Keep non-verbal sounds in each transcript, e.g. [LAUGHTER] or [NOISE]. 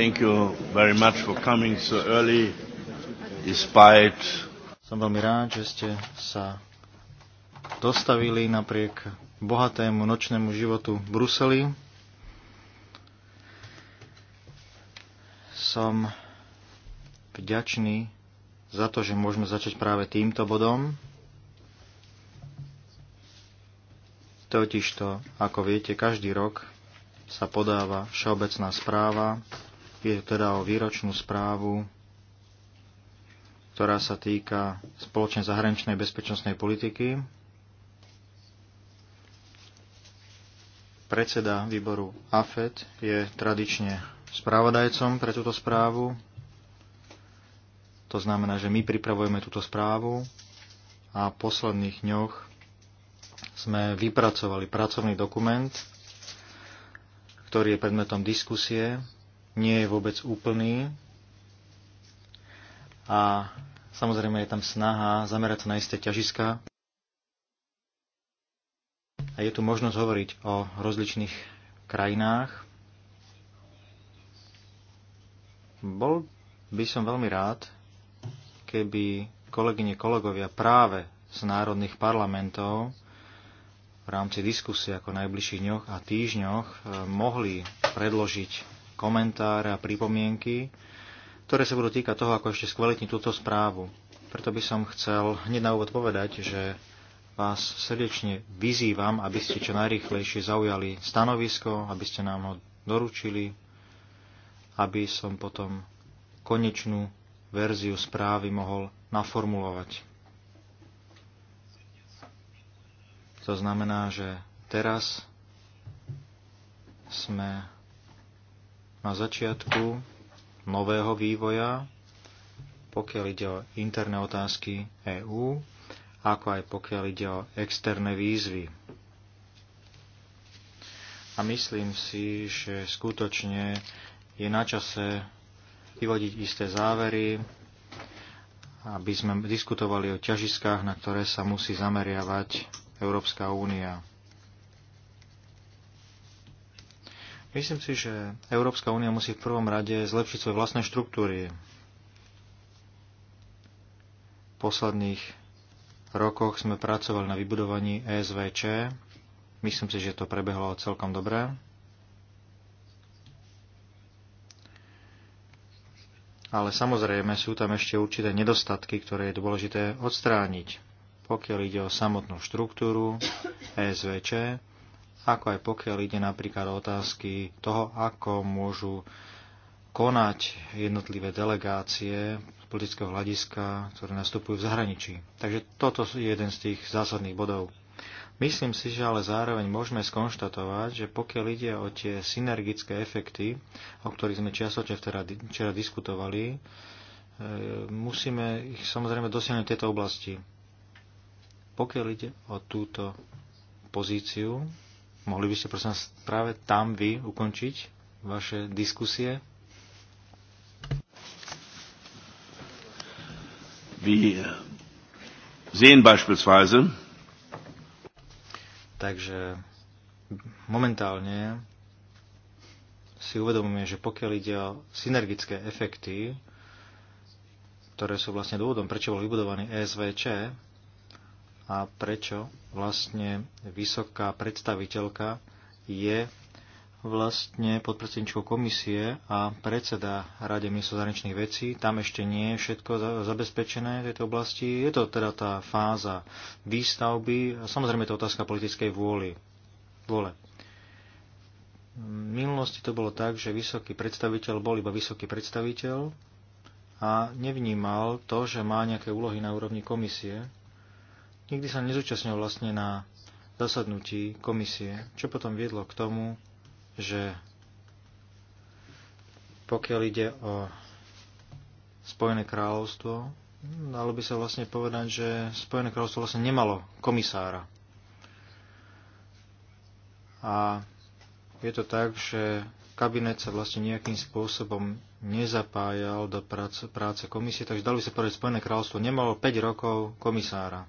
Thank you very much for coming so early, despite... Som veľmi rád, že ste sa dostavili napriek bohatému nočnému životu v Bruseli. Som vďačný za to, že môžeme začať práve týmto bodom. Totižto, ako viete, každý rok sa podáva všeobecná správa je teda o výročnú správu, ktorá sa týka spoločnej zahraničnej bezpečnostnej politiky. Predseda výboru AFET je tradične správodajcom pre túto správu. To znamená, že my pripravujeme túto správu a v posledných dňoch sme vypracovali pracovný dokument, ktorý je predmetom diskusie nie je vôbec úplný a samozrejme je tam snaha zamerať sa na isté ťažiska a je tu možnosť hovoriť o rozličných krajinách. Bol by som veľmi rád, keby kolegyne, kolegovia práve z národných parlamentov v rámci diskusie ako najbližších dňoch a týždňoch eh, mohli predložiť komentáre a pripomienky, ktoré sa budú týkať toho, ako ešte skvalitniť túto správu. Preto by som chcel hneď na úvod povedať, že vás srdečne vyzývam, aby ste čo najrychlejšie zaujali stanovisko, aby ste nám ho doručili, aby som potom konečnú verziu správy mohol naformulovať. To znamená, že teraz sme na začiatku nového vývoja, pokiaľ ide o interné otázky EÚ, ako aj pokiaľ ide o externé výzvy. A myslím si, že skutočne je na čase vyvodiť isté závery, aby sme diskutovali o ťažiskách, na ktoré sa musí zameriavať Európska únia. Myslím si, že Európska únia musí v prvom rade zlepšiť svoje vlastné štruktúry. V posledných rokoch sme pracovali na vybudovaní ESVČ. Myslím si, že to prebehlo celkom dobre. Ale samozrejme sú tam ešte určité nedostatky, ktoré je dôležité odstrániť. Pokiaľ ide o samotnú štruktúru ESVČ, ako aj pokiaľ ide napríklad o otázky toho, ako môžu konať jednotlivé delegácie z politického hľadiska, ktoré nastupujú v zahraničí. Takže toto je jeden z tých zásadných bodov. Myslím si, že ale zároveň môžeme skonštatovať, že pokiaľ ide o tie synergické efekty, o ktorých sme čiastočne včera, včera diskutovali, e, musíme ich samozrejme dosiahnuť v tejto oblasti. Pokiaľ ide o túto pozíciu, Mohli by ste prosím práve tam vy ukončiť vaše diskusie? sehen beispielsweise, Takže momentálne si uvedomujeme, že pokiaľ ide o synergické efekty, ktoré sú vlastne dôvodom, prečo bol vybudovaný ESVČ, a prečo vlastne vysoká predstaviteľka je vlastne podpredsedničkou komisie a predseda Rade ministrov zahraničných vecí. Tam ešte nie je všetko zabezpečené v tejto oblasti. Je to teda tá fáza výstavby a samozrejme je to otázka politickej vôly. vôle. V minulosti to bolo tak, že vysoký predstaviteľ bol iba vysoký predstaviteľ a nevnímal to, že má nejaké úlohy na úrovni komisie nikdy sa nezúčastnil vlastne na zasadnutí komisie, čo potom viedlo k tomu, že pokiaľ ide o Spojené kráľovstvo, dalo by sa vlastne povedať, že Spojené kráľovstvo vlastne nemalo komisára. A je to tak, že kabinet sa vlastne nejakým spôsobom nezapájal do práce, práce komisie, takže dalo by sa povedať, že Spojené kráľovstvo nemalo 5 rokov komisára.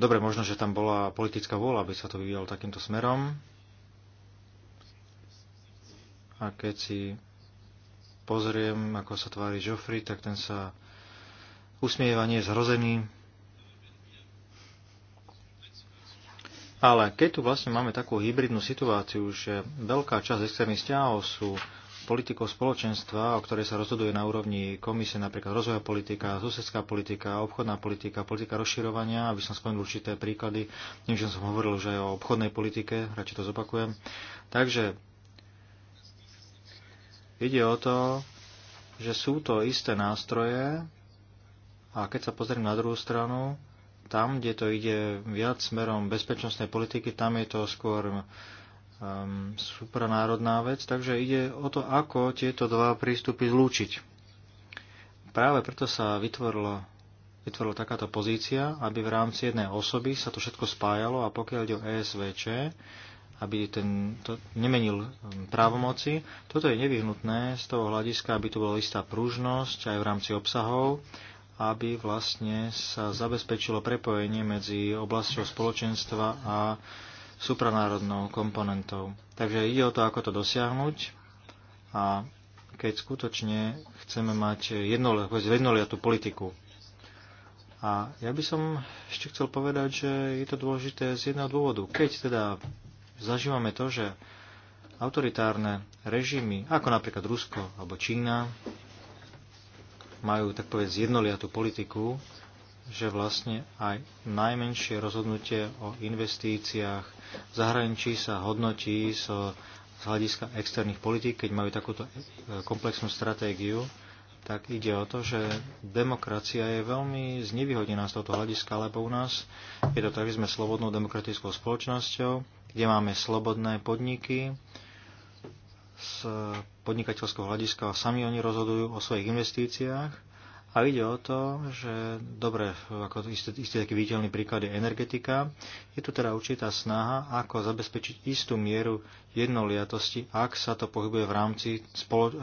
Dobre, možno, že tam bola politická vôľa, aby sa to vyvíjalo takýmto smerom. A keď si pozriem, ako sa tvári Joffrey, tak ten sa usmieva, nie je zhrozený. Ale keď tu vlastne máme takú hybridnú situáciu, že veľká časť extrémistiaho sú politikou spoločenstva, o ktorej sa rozhoduje na úrovni komisie, napríklad rozvoja politika, susedská politika, obchodná politika, politika rozširovania, aby som spomenul určité príklady. tým, že som hovoril už aj o obchodnej politike, radšej to zopakujem. Takže ide o to, že sú to isté nástroje a keď sa pozriem na druhú stranu, tam, kde to ide viac smerom bezpečnostnej politiky, tam je to skôr um, supranárodná vec, takže ide o to, ako tieto dva prístupy zlúčiť. Práve preto sa vytvorilo, vytvorila takáto pozícia, aby v rámci jednej osoby sa to všetko spájalo a pokiaľ ide o ESVČ, aby ten, to nemenil ehm, právomoci. Toto je nevyhnutné z toho hľadiska, aby tu bola istá pružnosť aj v rámci obsahov, aby vlastne sa zabezpečilo prepojenie medzi oblasťou spoločenstva a supranárodnou komponentou. Takže ide o to, ako to dosiahnuť a keď skutočne chceme mať jednoliatú politiku. A ja by som ešte chcel povedať, že je to dôležité z jedného dôvodu. Keď teda zažívame to, že autoritárne režimy, ako napríklad Rusko alebo Čína, majú tak povedať jednoliatú politiku, že vlastne aj najmenšie rozhodnutie o investíciách v zahraničí sa hodnotí so, z hľadiska externých politík, keď majú takúto e, komplexnú stratégiu, tak ide o to, že demokracia je veľmi znevýhodnená z tohto hľadiska, lebo u nás je to tak, že sme slobodnou demokratickou spoločnosťou, kde máme slobodné podniky, z podnikateľského hľadiska a sami oni rozhodujú o svojich investíciách a ide o to, že dobre, ako istý, istý taký viditeľný príklad je energetika, je tu teda určitá snaha, ako zabezpečiť istú mieru jednoliatosti, ak sa to pohybuje v rámci spolo, e,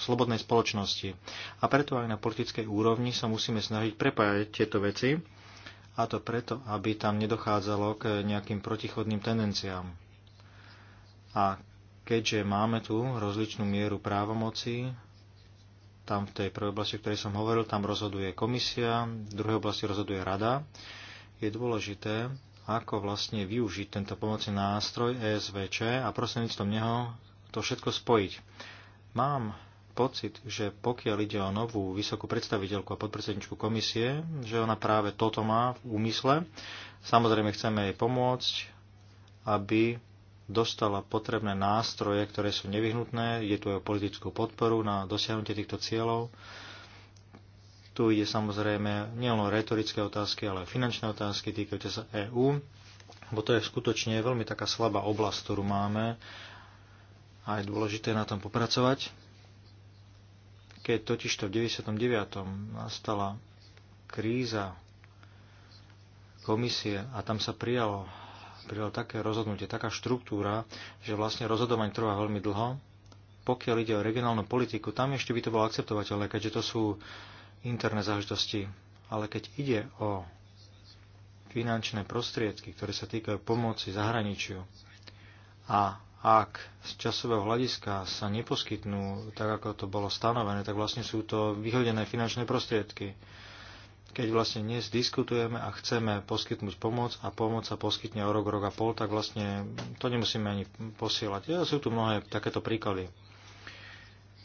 slobodnej spoločnosti. A preto aj na politickej úrovni sa musíme snažiť prepájať tieto veci, a to preto, aby tam nedochádzalo k nejakým protichodným tendenciám. A keďže máme tu rozličnú mieru právomoci, tam v tej prvej oblasti, o ktorej som hovoril, tam rozhoduje komisia, v druhej oblasti rozhoduje rada. Je dôležité, ako vlastne využiť tento pomocný nástroj ESVČ a prostredníctvom neho to všetko spojiť. Mám pocit, že pokiaľ ide o novú vysokú predstaviteľku a podpredsedničku komisie, že ona práve toto má v úmysle. Samozrejme chceme jej pomôcť, aby dostala potrebné nástroje, ktoré sú nevyhnutné. Je tu aj o politickú podporu na dosiahnutie týchto cieľov. Tu ide samozrejme nielen retorické otázky, ale aj finančné otázky týkajúce sa EÚ, bo to je skutočne veľmi taká slabá oblasť, ktorú máme a je dôležité na tom popracovať. Keď totižto v 99. nastala kríza komisie a tam sa prijalo prijal také rozhodnutie, taká štruktúra, že vlastne rozhodovanie trvá veľmi dlho. Pokiaľ ide o regionálnu politiku, tam ešte by to bolo akceptovateľné, keďže to sú interné záležitosti. Ale keď ide o finančné prostriedky, ktoré sa týkajú pomoci zahraničiu a ak z časového hľadiska sa neposkytnú tak, ako to bolo stanovené, tak vlastne sú to vyhodené finančné prostriedky keď vlastne dnes diskutujeme a chceme poskytnúť pomoc a pomoc sa poskytne o rok, rok a pol, tak vlastne to nemusíme ani posielať. Ja, sú tu mnohé takéto príklady.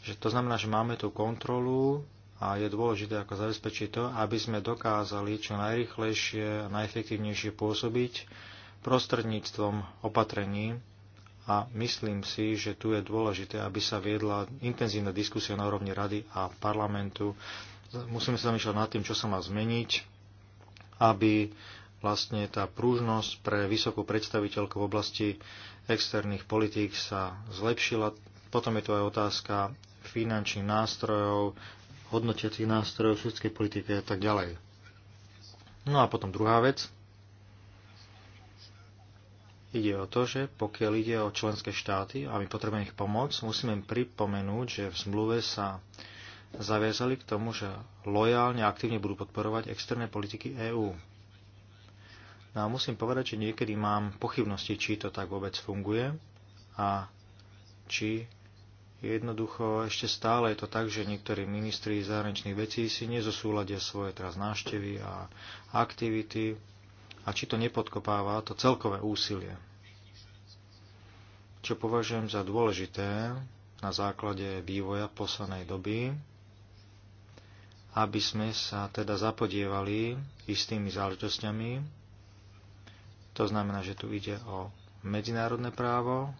Že to znamená, že máme tú kontrolu a je dôležité ako zabezpečiť to, aby sme dokázali čo najrychlejšie a najefektívnejšie pôsobiť prostredníctvom opatrení a myslím si, že tu je dôležité, aby sa viedla intenzívna diskusia na úrovni rady a parlamentu musíme sa zamýšľať nad tým, čo sa má zmeniť, aby vlastne tá prúžnosť pre vysokú predstaviteľku v oblasti externých politík sa zlepšila. Potom je tu aj otázka finančných nástrojov, hodnotiacich nástrojov, súdskej politiky a tak ďalej. No a potom druhá vec. Ide o to, že pokiaľ ide o členské štáty a my potrebujeme ich pomôcť, musíme im pripomenúť, že v zmluve sa zaviazali k tomu, že lojálne a aktívne budú podporovať externé politiky EÚ. No a musím povedať, že niekedy mám pochybnosti, či to tak vôbec funguje a či jednoducho ešte stále je to tak, že niektorí ministri zahraničných vecí si nezosúladia svoje teraz náštevy a aktivity a či to nepodkopáva to celkové úsilie. Čo považujem za dôležité na základe vývoja poslednej doby, aby sme sa teda zapodievali istými záležitostiami. To znamená, že tu ide o medzinárodné právo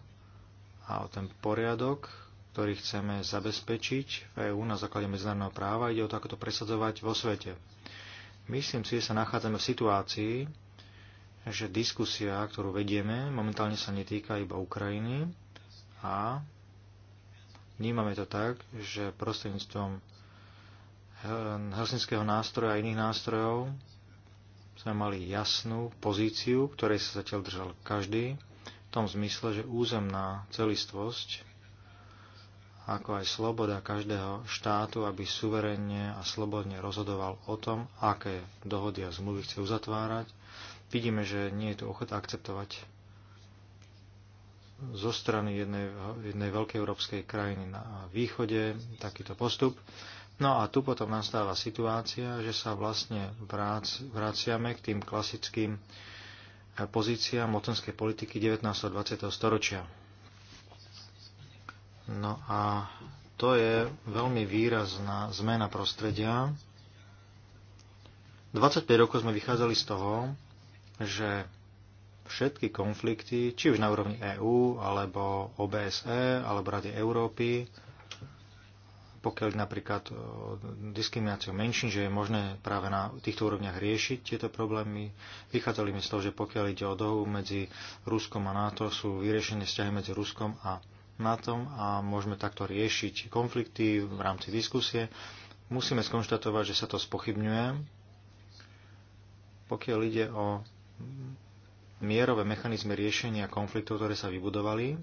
a o ten poriadok, ktorý chceme zabezpečiť v EÚ na základe medzinárodného práva. Ide o to, ako to presadzovať vo svete. Myslím si, že sa nachádzame v situácii, že diskusia, ktorú vedieme, momentálne sa netýka iba Ukrajiny a vnímame to tak, že prostredníctvom helsinského nástroja a iných nástrojov sme mali jasnú pozíciu, ktorej sa zatiaľ držal každý, v tom zmysle, že územná celistvosť, ako aj sloboda každého štátu, aby suverénne a slobodne rozhodoval o tom, aké dohody a zmluvy chce uzatvárať, vidíme, že nie je tu ochota akceptovať zo strany jednej, jednej veľkej európskej krajiny na východe takýto postup. No a tu potom nastáva situácia, že sa vlastne vraciame k tým klasickým e, pozíciám mocenskej politiky 19. a 20. storočia. No a to je veľmi výrazná zmena prostredia. 25 rokov sme vychádzali z toho, že všetky konflikty, či už na úrovni EÚ, alebo OBSE, alebo Rady Európy, pokiaľ napríklad e, diskrimináciu menšin, že je možné práve na týchto úrovniach riešiť tieto problémy. Vychádzali mi z toho, že pokiaľ ide o dohu medzi Ruskom a NATO, sú vyriešené vzťahy medzi Ruskom a NATO a môžeme takto riešiť konflikty v rámci diskusie. Musíme skonštatovať, že sa to spochybňuje. Pokiaľ ide o mierové mechanizmy riešenia konfliktov, ktoré sa vybudovali,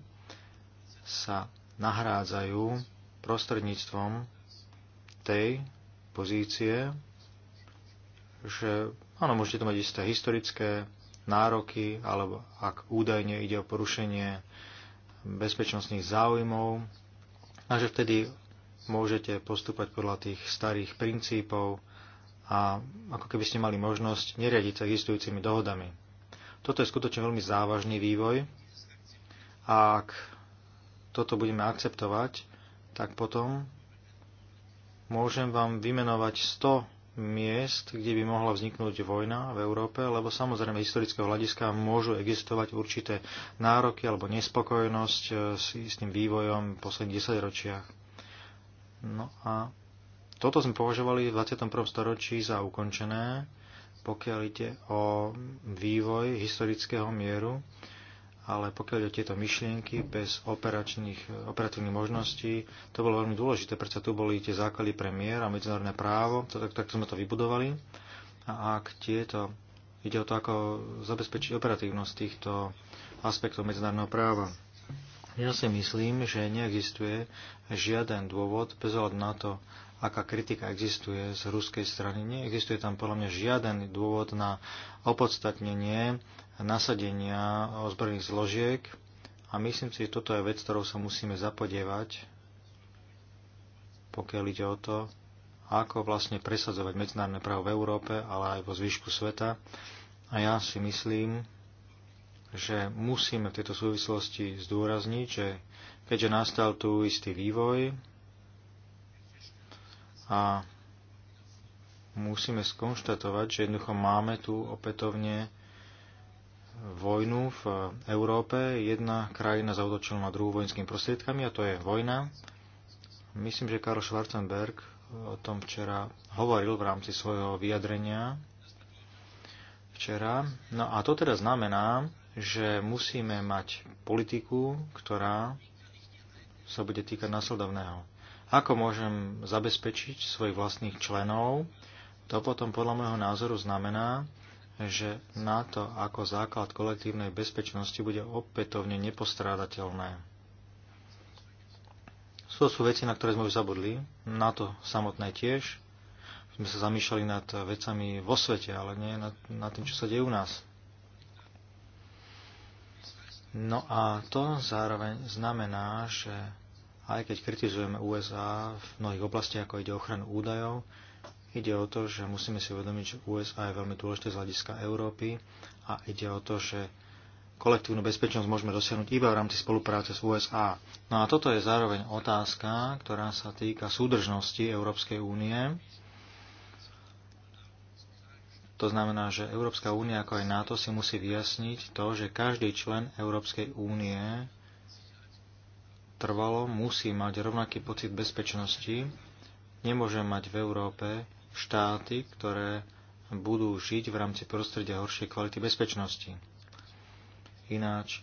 sa nahrádzajú prostredníctvom tej pozície, že áno, môžete to mať isté historické nároky, alebo ak údajne ide o porušenie bezpečnostných záujmov, a že vtedy môžete postúpať podľa tých starých princípov a ako keby ste mali možnosť neriadiť sa existujúcimi dohodami. Toto je skutočne veľmi závažný vývoj a ak toto budeme akceptovať, tak potom môžem vám vymenovať 100 miest, kde by mohla vzniknúť vojna v Európe, lebo samozrejme historického hľadiska môžu existovať určité nároky alebo nespokojnosť e, s istým vývojom v posledných 10 ročiach. No a toto sme považovali v 21. storočí za ukončené, pokiaľ ide o vývoj historického mieru ale pokiaľ ide tieto myšlienky bez operačných, operatívnych možností, to bolo veľmi dôležité, predsa tu boli tie základy pre mier a medzinárodné právo, to, tak, tak sme to vybudovali. A ak tieto, ide o to, ako zabezpečiť operatívnosť týchto aspektov medzinárodného práva. Ja si myslím, že neexistuje žiaden dôvod, bez ohľadu na to, aká kritika existuje z ruskej strany. Neexistuje tam podľa mňa žiaden dôvod na opodstatnenie nasadenia ozbrojených zložiek a myslím si, že toto je vec, ktorou sa musíme zapodievať, pokiaľ ide o to, ako vlastne presadzovať medzinárodné právo v Európe, ale aj vo zvyšku sveta. A ja si myslím, že musíme v tejto súvislosti zdôrazniť, že keďže nastal tu istý vývoj, a musíme skonštatovať, že jednoducho máme tu opätovne vojnu v Európe. Jedna krajina zautočila na druhú vojenskými prostriedkami a to je vojna. Myslím, že Karl Schwarzenberg o tom včera hovoril v rámci svojho vyjadrenia včera. No a to teda znamená, že musíme mať politiku, ktorá sa bude týkať následovného. Ako môžem zabezpečiť svojich vlastných členov? To potom podľa môjho názoru znamená, že na to, ako základ kolektívnej bezpečnosti bude opätovne nepostrádateľné. To sú veci, na ktoré sme už zabudli. Na to samotné tiež. Sme sa zamýšľali nad vecami vo svete, ale nie nad, nad tým, čo sa deje u nás. No a to zároveň znamená, že aj keď kritizujeme USA v mnohých oblastiach, ako ide o ochranu údajov, ide o to, že musíme si uvedomiť, že USA je veľmi dôležité z hľadiska Európy a ide o to, že kolektívnu bezpečnosť môžeme dosiahnuť iba v rámci spolupráce s USA. No a toto je zároveň otázka, ktorá sa týka súdržnosti Európskej únie. To znamená, že Európska únia ako aj NATO si musí vyjasniť to, že každý člen Európskej únie trvalo, musí mať rovnaký pocit bezpečnosti. Nemôže mať v Európe štáty, ktoré budú žiť v rámci prostredia horšej kvality bezpečnosti. Ináč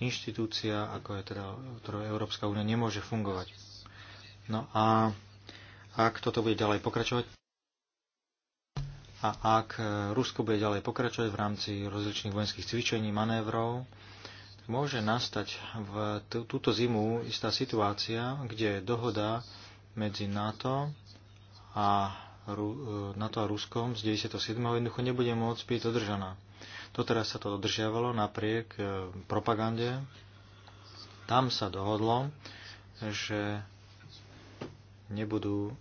inštitúcia, ako je teda, ktorou Európska únia nemôže fungovať. No a ak toto bude ďalej pokračovať, a ak Rusko bude ďalej pokračovať v rámci rozličných vojenských cvičení, manévrov, môže nastať v túto zimu istá situácia, kde dohoda medzi NATO a, e, NATO a Ruskom z 97. jednoducho nebude môcť byť dodržaná. Doteraz sa to dodržiavalo napriek e, propagande. Tam sa dohodlo, že nebudú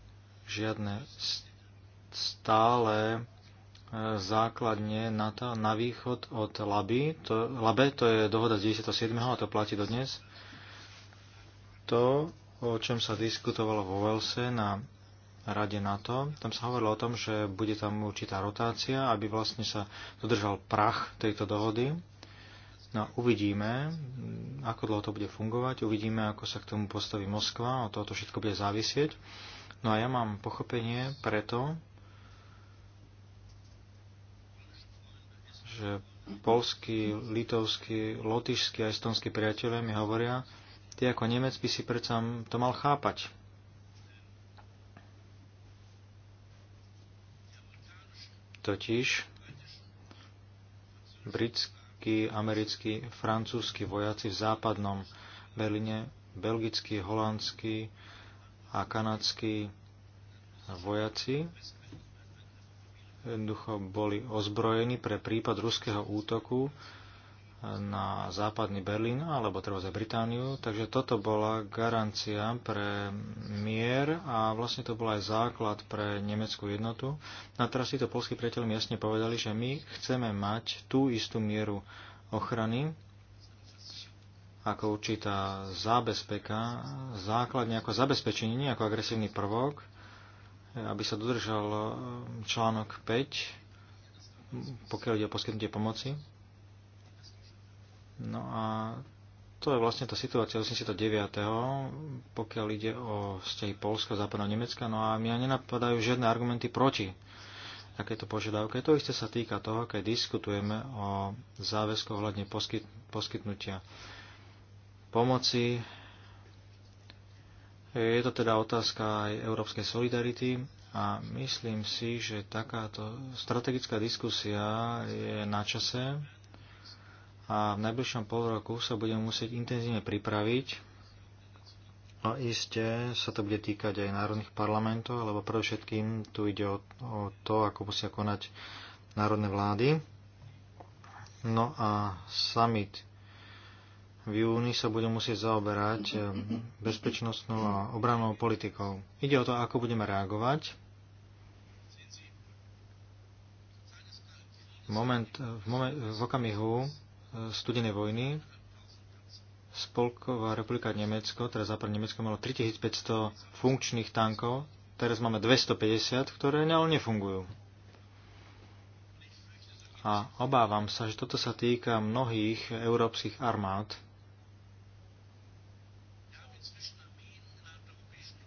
žiadne stále E, základne to, na východ od Laby. To, Labe, to je dohoda z 97. a to platí dodnes. To, o čom sa diskutovalo vo Velse na Rade NATO, tam sa hovorilo o tom, že bude tam určitá rotácia, aby vlastne sa dodržal prach tejto dohody. No uvidíme, ako dlho to bude fungovať, uvidíme, ako sa k tomu postaví Moskva, o toto všetko bude závisieť. No a ja mám pochopenie preto, že polskí, litovskí, lotišskí a estonskí priatelia mi hovoria, ty ako Nemec by si predsa to mal chápať. Totiž britskí, americkí, francúzskí vojaci v západnom Berlíne, belgickí, holandskí a kanadskí vojaci jednoducho boli ozbrojení pre prípad ruského útoku na západný Berlín alebo treba za Britániu. Takže toto bola garancia pre mier a vlastne to bol aj základ pre nemeckú jednotu. A teraz to polskí priateľmi jasne povedali, že my chceme mať tú istú mieru ochrany ako určitá zábezpeka, základne ako zabezpečenie, nie ako agresívny prvok, aby sa dodržal eh, článok 5, pokiaľ ide o poskytnutie pomoci. No a to je vlastne tá situácia 89. pokiaľ ide o vzťahy Polska, Západného Nemecka. No a mňa nenapadajú žiadne argumenty proti takéto požiadavke. To isté sa týka toho, keď diskutujeme o záväzku ohľadne poskyt, poskytnutia pomoci je to teda otázka aj európskej solidarity a myslím si, že takáto strategická diskusia je na čase a v najbližšom pol roku sa budeme musieť intenzívne pripraviť a iste sa to bude týkať aj národných parlamentov, lebo predovšetkým tu ide o, o to, ako musia konať národné vlády. No a summit v júni sa budem musieť zaoberať eh, bezpečnostnou a obranou politikou. Ide o to, ako budeme reagovať. Moment, eh, v, moment, v okamihu eh, studenej vojny Spolková republika Nemecko, teraz západ Nemecko malo 3500 funkčných tankov, teraz máme 250, ktoré ale nefungujú. A obávam sa, že toto sa týka mnohých európskych armád,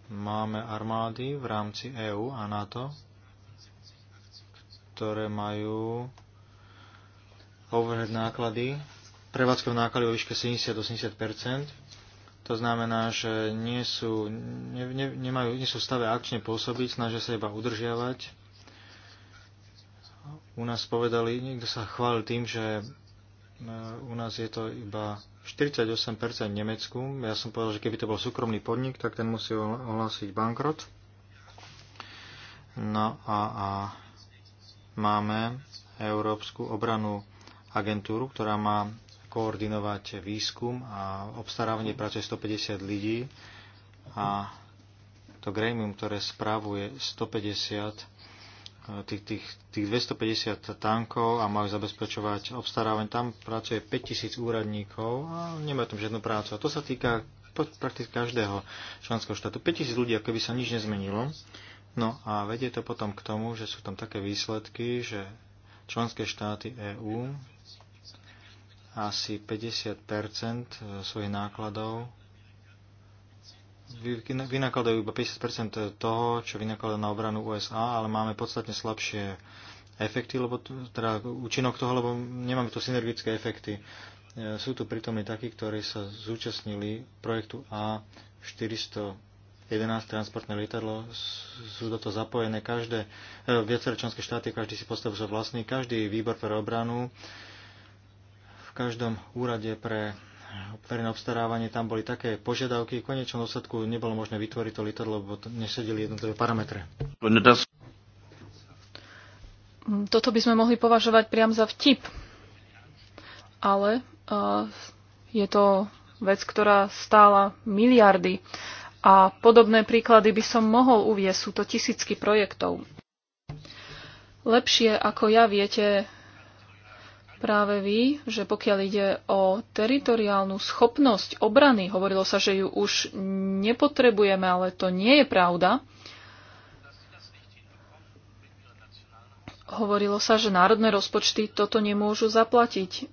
Máme armády v rámci EÚ a NATO, ktoré majú overhead náklady, prevádzkové náklady o výške 70-80 To znamená, že nie sú, ne, ne, nemajú, nie sú v stave akčne pôsobiť, snažia sa iba udržiavať. U nás povedali, niekto sa chválil tým, že e, u nás je to iba 48% v Nemecku. Ja som povedal, že keby to bol súkromný podnik, tak ten musí ohlásiť bankrot. No a, a máme Európsku obranú agentúru, ktorá má koordinovať výskum a obstarávanie pracuje 150 ľudí a to gremium, ktoré správuje 150 tých, tých, tých 250 tankov a majú zabezpečovať obstarávanie. Tam pracuje 5000 úradníkov a nemajú tam žiadnu prácu. A to sa týka prakticky každého členského štátu. 5000 ľudí, ako by sa nič nezmenilo. No a vedie to potom k tomu, že sú tam také výsledky, že členské štáty EÚ asi 50 eh, svojich nákladov vynakladajú iba 50% toho, čo vynakladajú na obranu USA, ale máme podstatne slabšie efekty, lebo teda účinok toho, lebo nemáme tu synergické efekty. E, sú tu pritomní takí, ktorí sa zúčastnili projektu A411 transportné lietadlo, sú do toho zapojené každé, e, viaceré členské štáty, každý si postavil za vlastný, každý výbor pre obranu, v každom úrade pre verejné obstarávanie, tam boli také požiadavky, v konečnom dôsledku nebolo možné vytvoriť to lietadlo, lebo nesedili jednotlivé parametre. Toto by sme mohli považovať priam za vtip, ale uh, je to vec, ktorá stála miliardy a podobné príklady by som mohol uvieť, sú to tisícky projektov. Lepšie ako ja viete práve vy, že pokiaľ ide o teritoriálnu schopnosť obrany, hovorilo sa, že ju už nepotrebujeme, ale to nie je pravda. Hovorilo sa, že národné rozpočty toto nemôžu zaplatiť.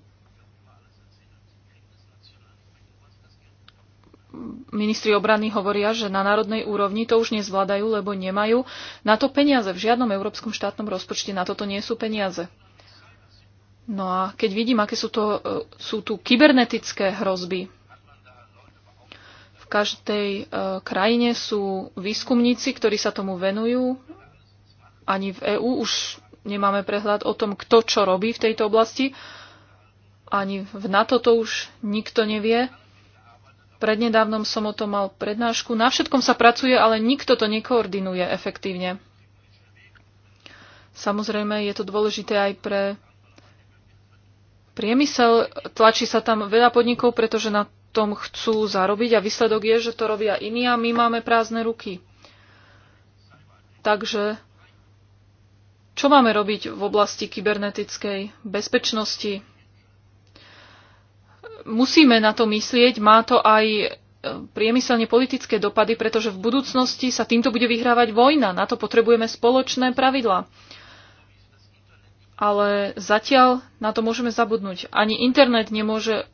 Ministri obrany hovoria, že na národnej úrovni to už nezvládajú, lebo nemajú na to peniaze. V žiadnom európskom štátnom rozpočte na toto nie sú peniaze. No a keď vidím, aké sú, to, e, sú tu kybernetické hrozby, v každej e, krajine sú výskumníci, ktorí sa tomu venujú. Ani v EÚ už nemáme prehľad o tom, kto čo robí v tejto oblasti. Ani v NATO to už nikto nevie. Prednedávnom som o tom mal prednášku. Na všetkom sa pracuje, ale nikto to nekoordinuje efektívne. Samozrejme, je to dôležité aj pre priemysel, tlačí sa tam veľa podnikov, pretože na tom chcú zarobiť a výsledok je, že to robia iní a my máme prázdne ruky. Takže čo máme robiť v oblasti kybernetickej bezpečnosti? Musíme na to myslieť, má to aj e, priemyselne politické dopady, pretože v budúcnosti sa týmto bude vyhrávať vojna. Na to potrebujeme spoločné pravidlá ale zatiaľ na to môžeme zabudnúť. Ani internet nemôže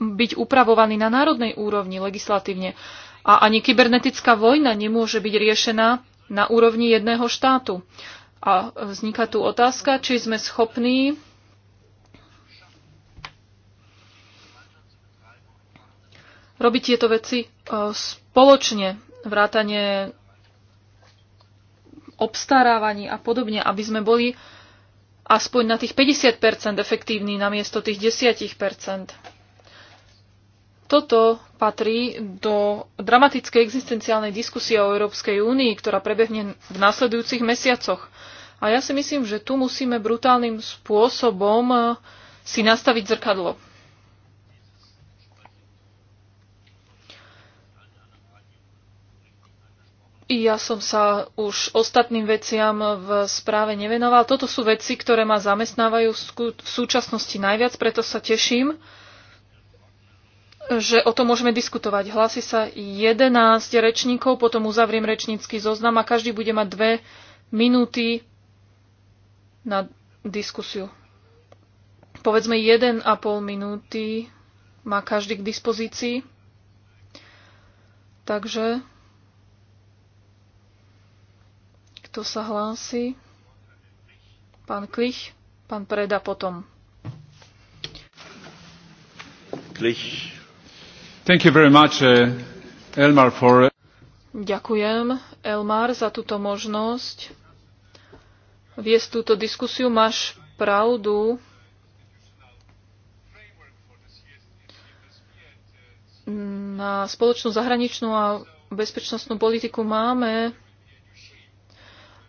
byť upravovaný na národnej úrovni legislatívne a ani kybernetická vojna nemôže byť riešená na úrovni jedného štátu. A vzniká tu otázka, či sme schopní robiť tieto veci e, spoločne, vrátanie obstarávaní a podobne, aby sme boli uh, aspoň na tých 50% efektívny namiesto tých 10%. Toto patrí do dramatickej existenciálnej diskusie o Európskej únii, ktorá prebehne v následujúcich mesiacoch. A ja si myslím, že tu musíme brutálnym spôsobom eh, si nastaviť zrkadlo. Ja som sa už ostatným veciam v správe nevenoval. Toto sú veci, ktoré ma zamestnávajú v súčasnosti najviac, preto sa teším, že o tom môžeme diskutovať. Hlási sa 11 rečníkov, potom uzavriem rečnícky zoznam a každý bude mať dve minúty na diskusiu. Povedzme 1,5 minúty má každý k dispozícii. Takže Kto sa hlási? Pán Klich, pán Preda potom. Klich. Thank you very much, uh, Elmar, for... Uh, Ďakujem, Elmar, za túto možnosť viesť túto diskusiu. Máš pravdu. Na spoločnú zahraničnú a bezpečnostnú politiku máme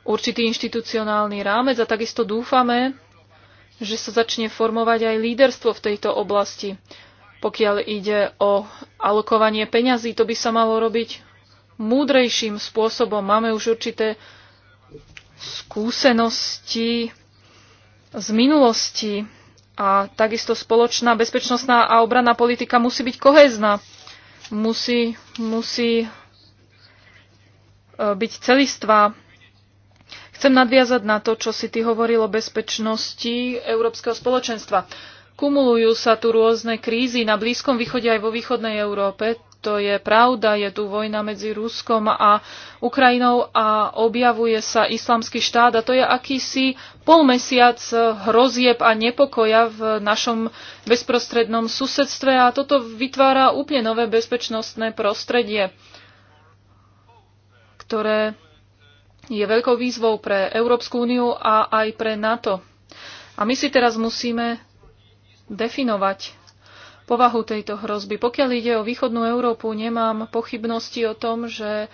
určitý inštitucionálny rámec a takisto dúfame, že sa začne formovať aj líderstvo v tejto oblasti. Pokiaľ ide o alokovanie peňazí, to by sa malo robiť múdrejším spôsobom. Máme už určité skúsenosti z minulosti a takisto spoločná bezpečnostná a obranná politika musí byť kohezná. Musí, musí e, byť celistvá Chcem nadviazať na to, čo si ty hovoril o bezpečnosti Európskeho spoločenstva. Kumulujú sa tu rôzne krízy na Blízkom východe aj vo východnej Európe. To je pravda, je tu vojna medzi Ruskom a Ukrajinou a objavuje sa islamský štát a to je akýsi polmesiac hrozieb a nepokoja v našom bezprostrednom susedstve a toto vytvára úplne nové bezpečnostné prostredie, ktoré je veľkou výzvou pre Európsku úniu a aj pre NATO. A my si teraz musíme definovať povahu tejto hrozby. Pokiaľ ide o východnú Európu, nemám pochybnosti o tom, že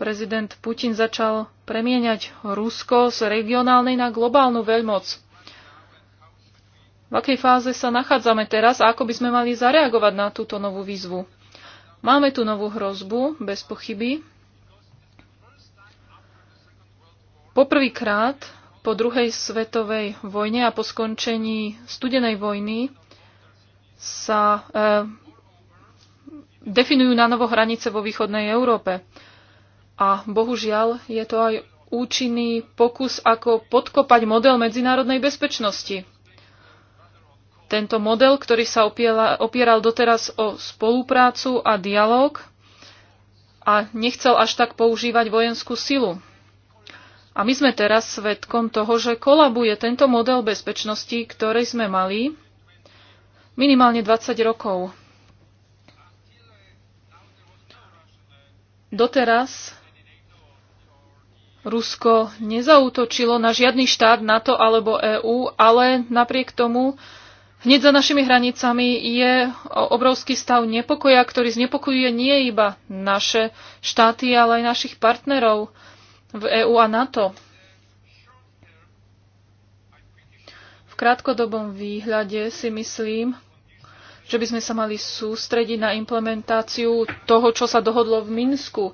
prezident Putin začal premieňať Rusko z regionálnej na globálnu veľmoc. V akej fáze sa nachádzame teraz a ako by sme mali zareagovať na túto novú výzvu? Máme tu novú hrozbu, bez pochyby, Poprvýkrát po druhej svetovej vojne a po skončení studenej vojny sa e, definujú na novo hranice vo východnej Európe. A bohužiaľ je to aj účinný pokus, ako podkopať model medzinárodnej bezpečnosti. Tento model, ktorý sa opiela, opieral doteraz o spoluprácu a dialog a nechcel až tak používať vojenskú silu. A my sme teraz svetkom toho, že kolabuje tento model bezpečnosti, ktorej sme mali minimálne 20 rokov. Doteraz Rusko nezautočilo na žiadny štát NATO alebo EÚ, ale napriek tomu hneď za našimi hranicami je obrovský stav nepokoja, ktorý znepokojuje nie iba naše štáty, ale aj našich partnerov v EÚ a NATO. V krátkodobom výhľade si myslím, že by sme sa mali sústrediť na implementáciu toho, čo sa dohodlo v Minsku.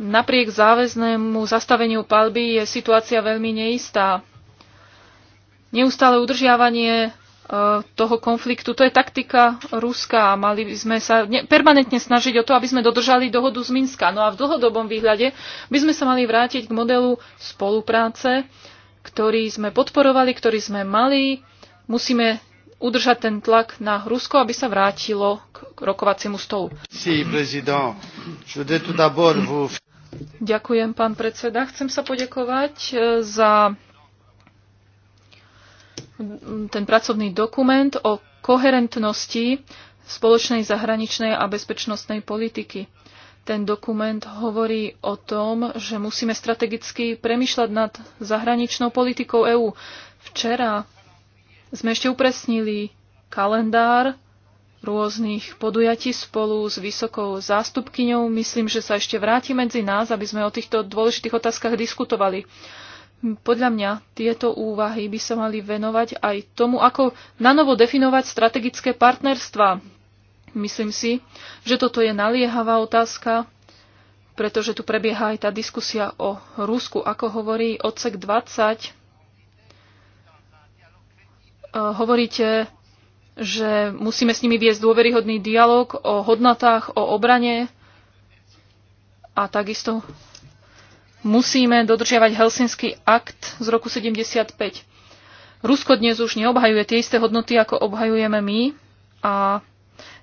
Napriek záväznému zastaveniu palby je situácia veľmi neistá. Neustále udržiavanie toho konfliktu. To je taktika Ruska a mali by sme sa permanentne snažiť o to, aby sme dodržali dohodu z Minska. No a v dlhodobom výhľade by sme sa mali vrátiť k modelu spolupráce, ktorý sme podporovali, ktorý sme mali. Musíme udržať ten tlak na Rusko, aby sa vrátilo k rokovaciemu stolu. Ďakujem, pán predseda. Chcem sa poďakovať eh, za ten pracovný dokument o koherentnosti spoločnej zahraničnej a bezpečnostnej politiky. Ten dokument hovorí o tom, že musíme strategicky premyšľať nad zahraničnou politikou EÚ. Včera sme ešte upresnili kalendár rôznych podujatí spolu s vysokou zástupkyňou. Myslím, že sa ešte vráti medzi nás, aby sme o týchto dôležitých otázkach diskutovali. Podľa mňa tieto úvahy by sa mali venovať aj tomu, ako nanovo definovať strategické partnerstva. Myslím si, že toto je naliehavá otázka, pretože tu prebieha aj tá diskusia o Rusku, ako hovorí odsek 20. Eh, hovoríte, že musíme s nimi viesť dôveryhodný dialog o hodnotách, o obrane a takisto musíme dodržiavať Helsinský akt z roku 75. Rusko dnes už neobhajuje tie isté hodnoty, ako obhajujeme my a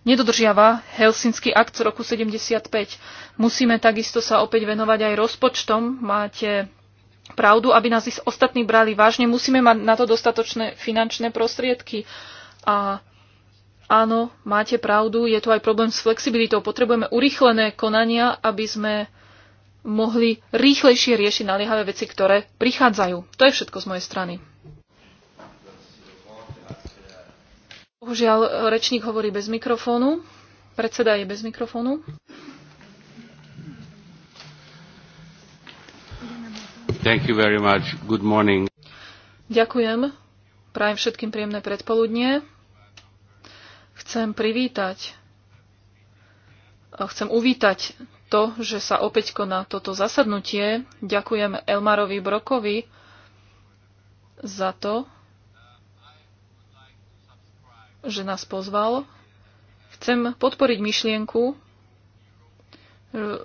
nedodržiava Helsinský akt z roku 75. Musíme takisto sa opäť venovať aj rozpočtom. Máte pravdu, aby nás ostatní brali vážne. Musíme mať na to dostatočné finančné prostriedky. A áno, máte pravdu, je tu aj problém s flexibilitou. Potrebujeme urýchlené konania, aby sme mohli rýchlejšie riešiť naliehavé veci, ktoré prichádzajú. To je všetko z mojej strany. Bohužiaľ, rečník hovorí bez mikrofónu. Predseda je bez mikrofónu. Thank you very much. Good morning. Ďakujem. Prajem všetkým príjemné predpoludnie. Chcem privítať, chcem uvítať to, že sa opäť koná toto zasadnutie. Ďakujem Elmarovi Brokovi za to, že nás pozval. Chcem podporiť myšlienku,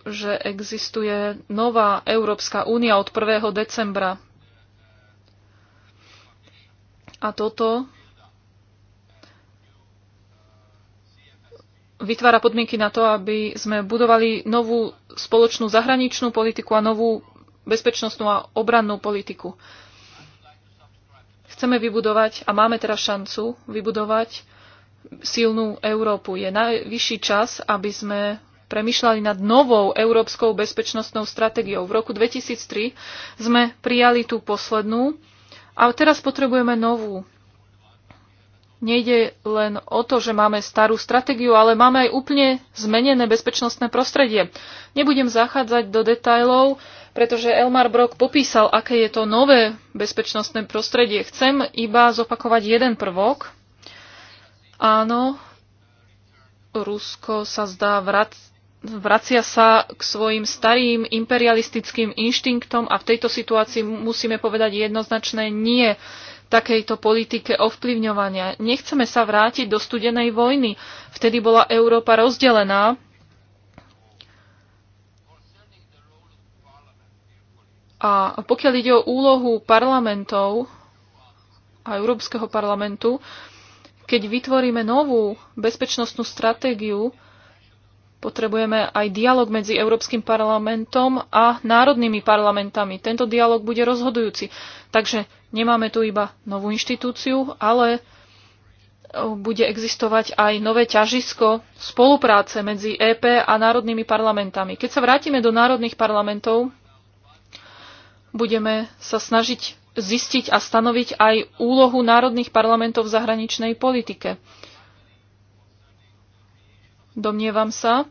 že existuje nová Európska únia od 1. decembra. A toto vytvára podmienky na to, aby sme budovali novú spoločnú zahraničnú politiku a novú bezpečnostnú a obrannú politiku. Chceme vybudovať a máme teraz šancu vybudovať silnú Európu. Je najvyšší čas, aby sme premyšľali nad novou európskou bezpečnostnou stratégiou. V roku 2003 sme prijali tú poslednú a teraz potrebujeme novú. Nejde len o to, že máme starú stratégiu, ale máme aj úplne zmenené bezpečnostné prostredie. Nebudem zachádzať do detajlov, pretože Elmar Brock popísal, aké je to nové bezpečnostné prostredie. Chcem iba zopakovať jeden prvok. Áno, Rusko sa zdá vrať, vracia sa k svojim starým imperialistickým inštinktom a v tejto situácii musíme povedať jednoznačné nie takejto politike ovplyvňovania. Nechceme sa vrátiť do studenej vojny. Vtedy bola Európa rozdelená. A pokiaľ ide o úlohu parlamentov a Európskeho parlamentu, keď vytvoríme novú bezpečnostnú stratégiu, Potrebujeme aj dialog medzi Európskym parlamentom a národnými parlamentami. Tento dialog bude rozhodujúci. Takže nemáme tu iba novú inštitúciu, ale e, bude existovať aj nové ťažisko spolupráce medzi EP a národnými parlamentami. Keď sa vrátime do národných parlamentov, budeme sa snažiť zistiť a stanoviť aj úlohu národných parlamentov v zahraničnej politike. Domnievam sa,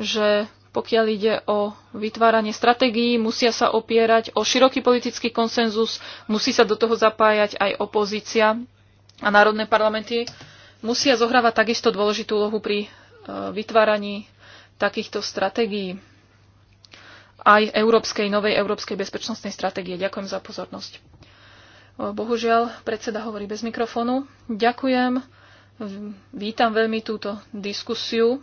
že pokiaľ ide o vytváranie stratégií, musia sa opierať o široký politický konsenzus, musí sa do toho zapájať aj opozícia a národné parlamenty musia zohrávať takisto dôležitú úlohu pri e, vytváraní takýchto stratégií aj európskej, novej európskej bezpečnostnej stratégie. Ďakujem za pozornosť. E, bohužiaľ, predseda hovorí bez mikrofónu. Ďakujem. Vítam veľmi túto diskusiu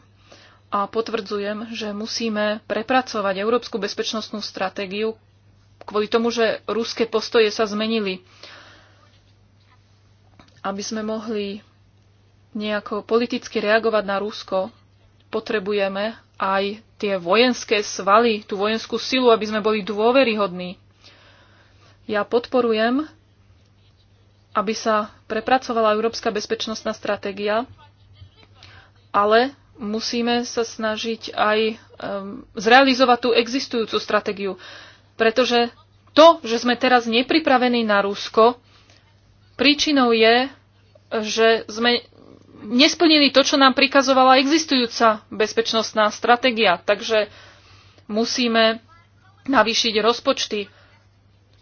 a potvrdzujem, že musíme prepracovať európsku bezpečnostnú stratégiu kvôli tomu, že ruské postoje sa zmenili. Aby sme mohli nejako politicky reagovať na Rusko, potrebujeme aj tie vojenské svaly, tú vojenskú silu, aby sme boli dôveryhodní. Ja podporujem aby sa prepracovala európska bezpečnostná stratégia, ale musíme sa snažiť aj zrealizovať tú existujúcu stratégiu. Pretože to, že sme teraz nepripravení na Rusko, príčinou je, že sme nesplnili to, čo nám prikazovala existujúca bezpečnostná stratégia. Takže musíme navýšiť rozpočty,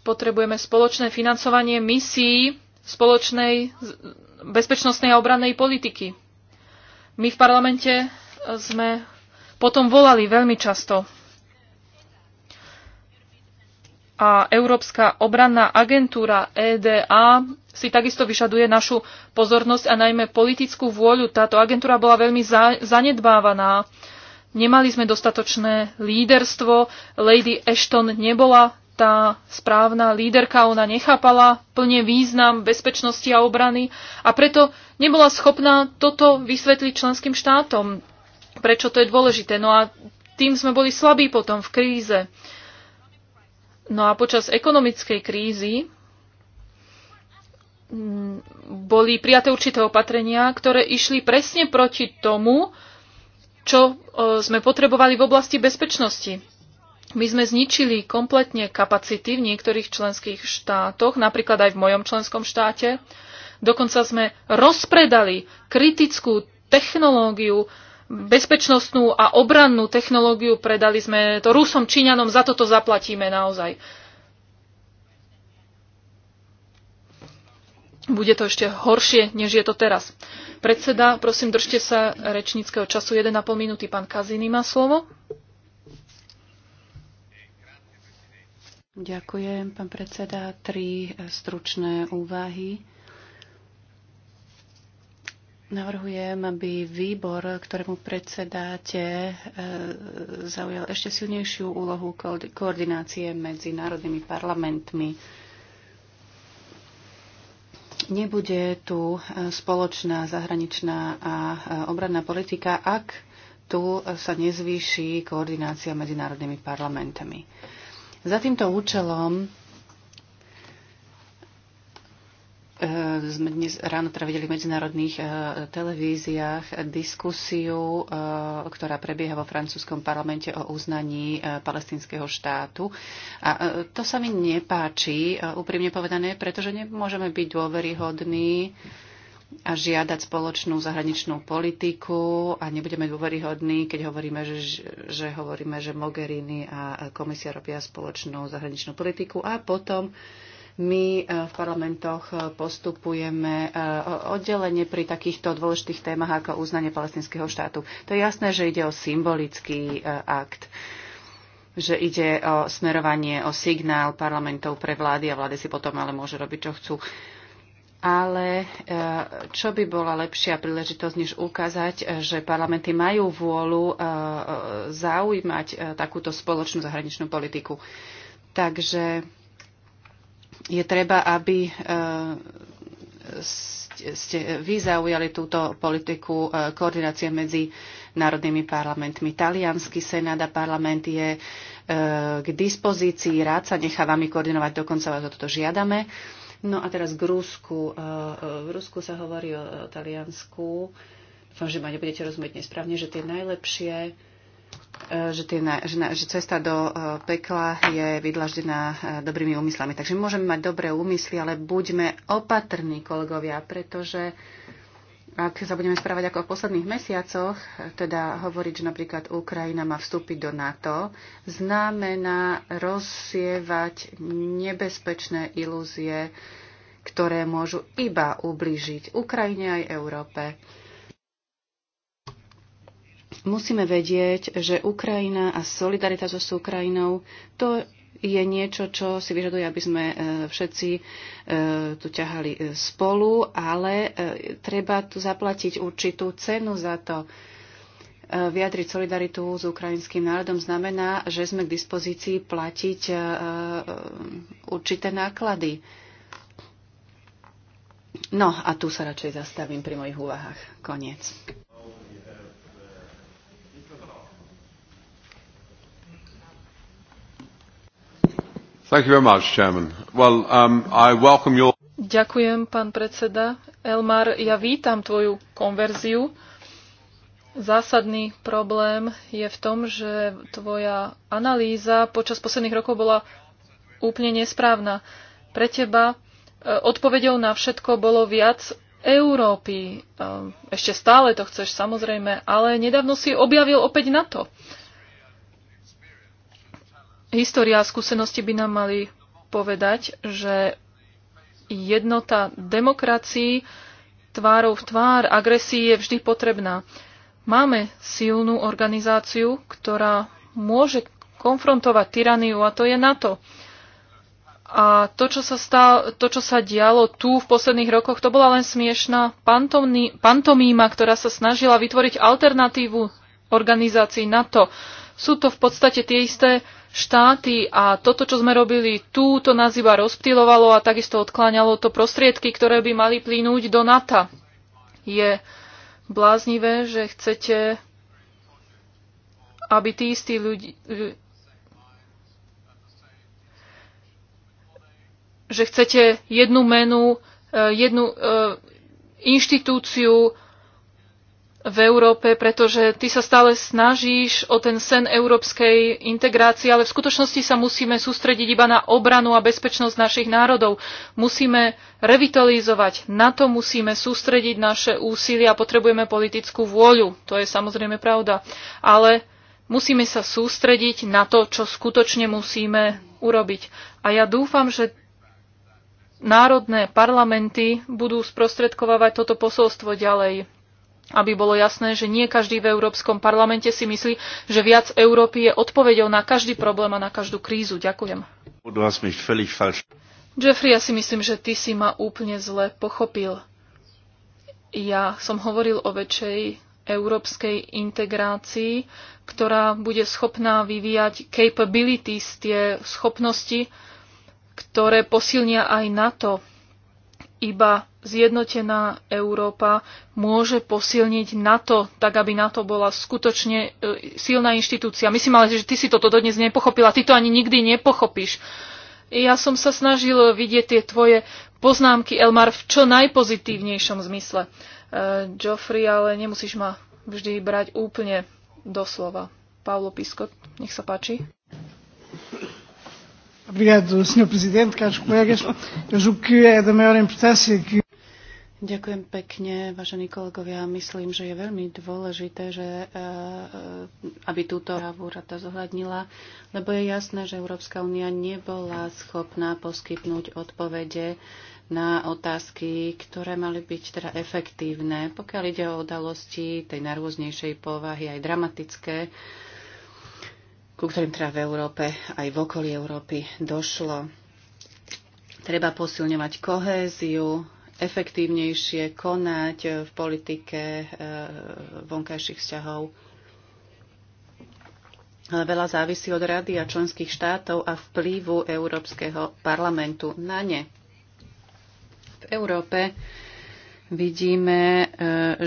potrebujeme spoločné financovanie misií, spoločnej bezpečnostnej a obrannej politiky. My v parlamente sme potom volali veľmi často. A Európska obranná agentúra EDA si takisto vyžaduje našu pozornosť a najmä politickú vôľu. Táto agentúra bola veľmi za- zanedbávaná. Nemali sme dostatočné líderstvo, Lady Ashton nebola tá správna líderka, ona nechápala plne význam bezpečnosti a obrany a preto nebola schopná toto vysvetliť členským štátom, prečo to je dôležité. No a tým sme boli slabí potom v kríze. No a počas ekonomickej krízy mm, boli prijaté určité opatrenia, ktoré išli presne proti tomu, čo e, sme potrebovali v oblasti bezpečnosti. My sme zničili kompletne kapacity v niektorých členských štátoch, napríklad aj v mojom členskom štáte. Dokonca sme rozpredali kritickú technológiu, bezpečnostnú a obrannú technológiu, predali sme to Rusom, Číňanom, za toto zaplatíme naozaj. Bude to ešte horšie, než je to teraz. Predseda, prosím, držte sa rečníckého času 1,5 minúty. Pán Kaziny má slovo. Ďakujem, pán predseda. Tri e, stručné úvahy. Navrhujem, aby výbor, ktorému predsedáte, e, zaujal ešte silnejšiu úlohu koordinácie medzi národnými parlamentmi. Nebude tu e, spoločná zahraničná a obranná politika, ak tu sa nezvýši koordinácia medzi národnými parlamentami. Za týmto účelom e, sme dnes ráno teda videli v medzinárodných e, televíziách diskusiu, e, ktorá prebieha vo francúzskom parlamente o uznaní palestinského štátu. A to sa mi nepáči, úprimne povedané, pretože nemôžeme byť dôveryhodní a žiadať spoločnú zahraničnú politiku a nebudeme dôveryhodní, keď hovoríme, že, že hovoríme, že Mogherini a komisia robia spoločnú zahraničnú politiku a potom my e, v parlamentoch postupujeme e, oddelenie pri takýchto dôležitých témach ako uznanie palestinského štátu. To je jasné, že ide o symbolický e, akt že ide o smerovanie, o signál parlamentov pre vlády a vlády si potom ale môže robiť, čo chcú. Uh, ale e, čo by bola lepšia príležitosť, než ukázať, e, že parlamenty majú vôľu e, zaujímať takúto spoločnú zahraničnú politiku. Takže je treba, aby ste vy zaujali túto politiku koordinácie medzi národnými parlamentmi. Talianský senát a parlament je k dispozícii, rád sa nechá vami koordinovať, dokonca vás o toto žiadame. No a teraz k Rusku. E, e, v Rusku sa hovorí o Taliansku. Dúfam, že ma nebudete rozumieť nesprávne, že tie najlepšie e, že, tie, že, že cesta do pekla je vydlaždená dobrými úmyslami. Takže môžeme mať dobré úmysly, ale buďme opatrní, kolegovia, pretože ak sa budeme správať ako v posledných mesiacoch, teda hovoriť, že napríklad Ukrajina má vstúpiť do NATO, znamená rozsievať nebezpečné ilúzie, ktoré môžu iba ublížiť Ukrajine aj Európe. Musíme vedieť, že Ukrajina a solidarita so Ukrajinou to je niečo, čo si vyžaduje, aby sme e, všetci e, tu ťahali e, spolu, ale treba tu zaplatiť určitú cenu za to. Vyjadriť solidaritu s ukrajinským národom znamená, že sme k dispozícii platiť určité náklady. No a tu sa radšej zastavím pri mojich úvahách. Koniec. Um, Ďakujem, pán predseda. Elmar, ja vítam tvoju konverziu. Zásadný problém je v tom, že tvoja analýza počas posledných rokov bola úplne nesprávna. Pre teba e, odpovedou na všetko bolo viac Európy. E, ešte stále to chceš, samozrejme, ale nedávno si objavil opäť NATO. História a skúsenosti by nám mali povedať, že jednota demokracií tvárov v tvár agresii je vždy potrebná. Máme silnú organizáciu, ktorá môže konfrontovať tyraniu a to je NATO. A to, čo sa, stalo, to, čo sa dialo tu v posledných rokoch, to bola len smiešná pantomní, pantomíma, ktorá sa snažila vytvoriť alternatívu organizácii NATO. Sú to v podstate tie isté štáty a toto, čo sme robili tu, to nás iba rozptýlovalo a takisto odkláňalo to prostriedky, ktoré by mali plínuť do NATO. Je bláznivé, že chcete, aby tí istí ľudí, že chcete jednu menu, eh, jednu eh, inštitúciu v Európe, pretože ty sa stále snažíš o ten sen európskej integrácie, ale v skutočnosti sa musíme sústrediť iba na obranu a bezpečnosť našich národov. Musíme revitalizovať, na to musíme sústrediť naše úsilie a potrebujeme politickú vôľu. To je samozrejme pravda. Ale musíme sa sústrediť na to, čo skutočne musíme urobiť. A ja dúfam, že národné parlamenty budú sprostredkovávať toto posolstvo ďalej aby bolo jasné, že nie každý v Európskom parlamente si myslí, že viac Európy je odpovedou na každý problém a na každú krízu. Ďakujem. Jeffrey, ja si myslím, že ty si ma úplne zle pochopil. Ja som hovoril o väčšej európskej integrácii, ktorá bude schopná vyvíjať capabilities, tie schopnosti, ktoré posilnia aj NATO. Iba zjednotená Európa môže posilniť NATO, tak aby NATO bola skutočne e, silná inštitúcia. Myslím ale, že ty si toto dodnes nepochopila, ty to ani nikdy nepochopíš. Ja som sa snažil vidieť tie tvoje poznámky, Elmar, v čo najpozitívnejšom zmysle. Uh, e, Joffrey, ale nemusíš ma vždy brať úplne doslova. Pavlo Piskot, nech sa páči. Obrigado, Sr. Presidente, caros colegas. Eu julgo que é da maior importância que... Ďakujem pekne, vážení kolegovia. Myslím, že je veľmi dôležité, že, eh, eh, aby túto právu rada zohľadnila, lebo je jasné, že Európska únia nebola schopná poskytnúť odpovede na otázky, ktoré mali byť teda efektívne, pokiaľ ide o udalosti tej najrôznejšej povahy, aj dramatické, ku ktorým teda v Európe aj v okolí Európy došlo. Treba posilňovať kohéziu, efektívnejšie konať v politike e, vonkajších vzťahov. Ale veľa závisí od rady a členských štátov a vplyvu Európskeho parlamentu na ne. V Európe Vidíme, e,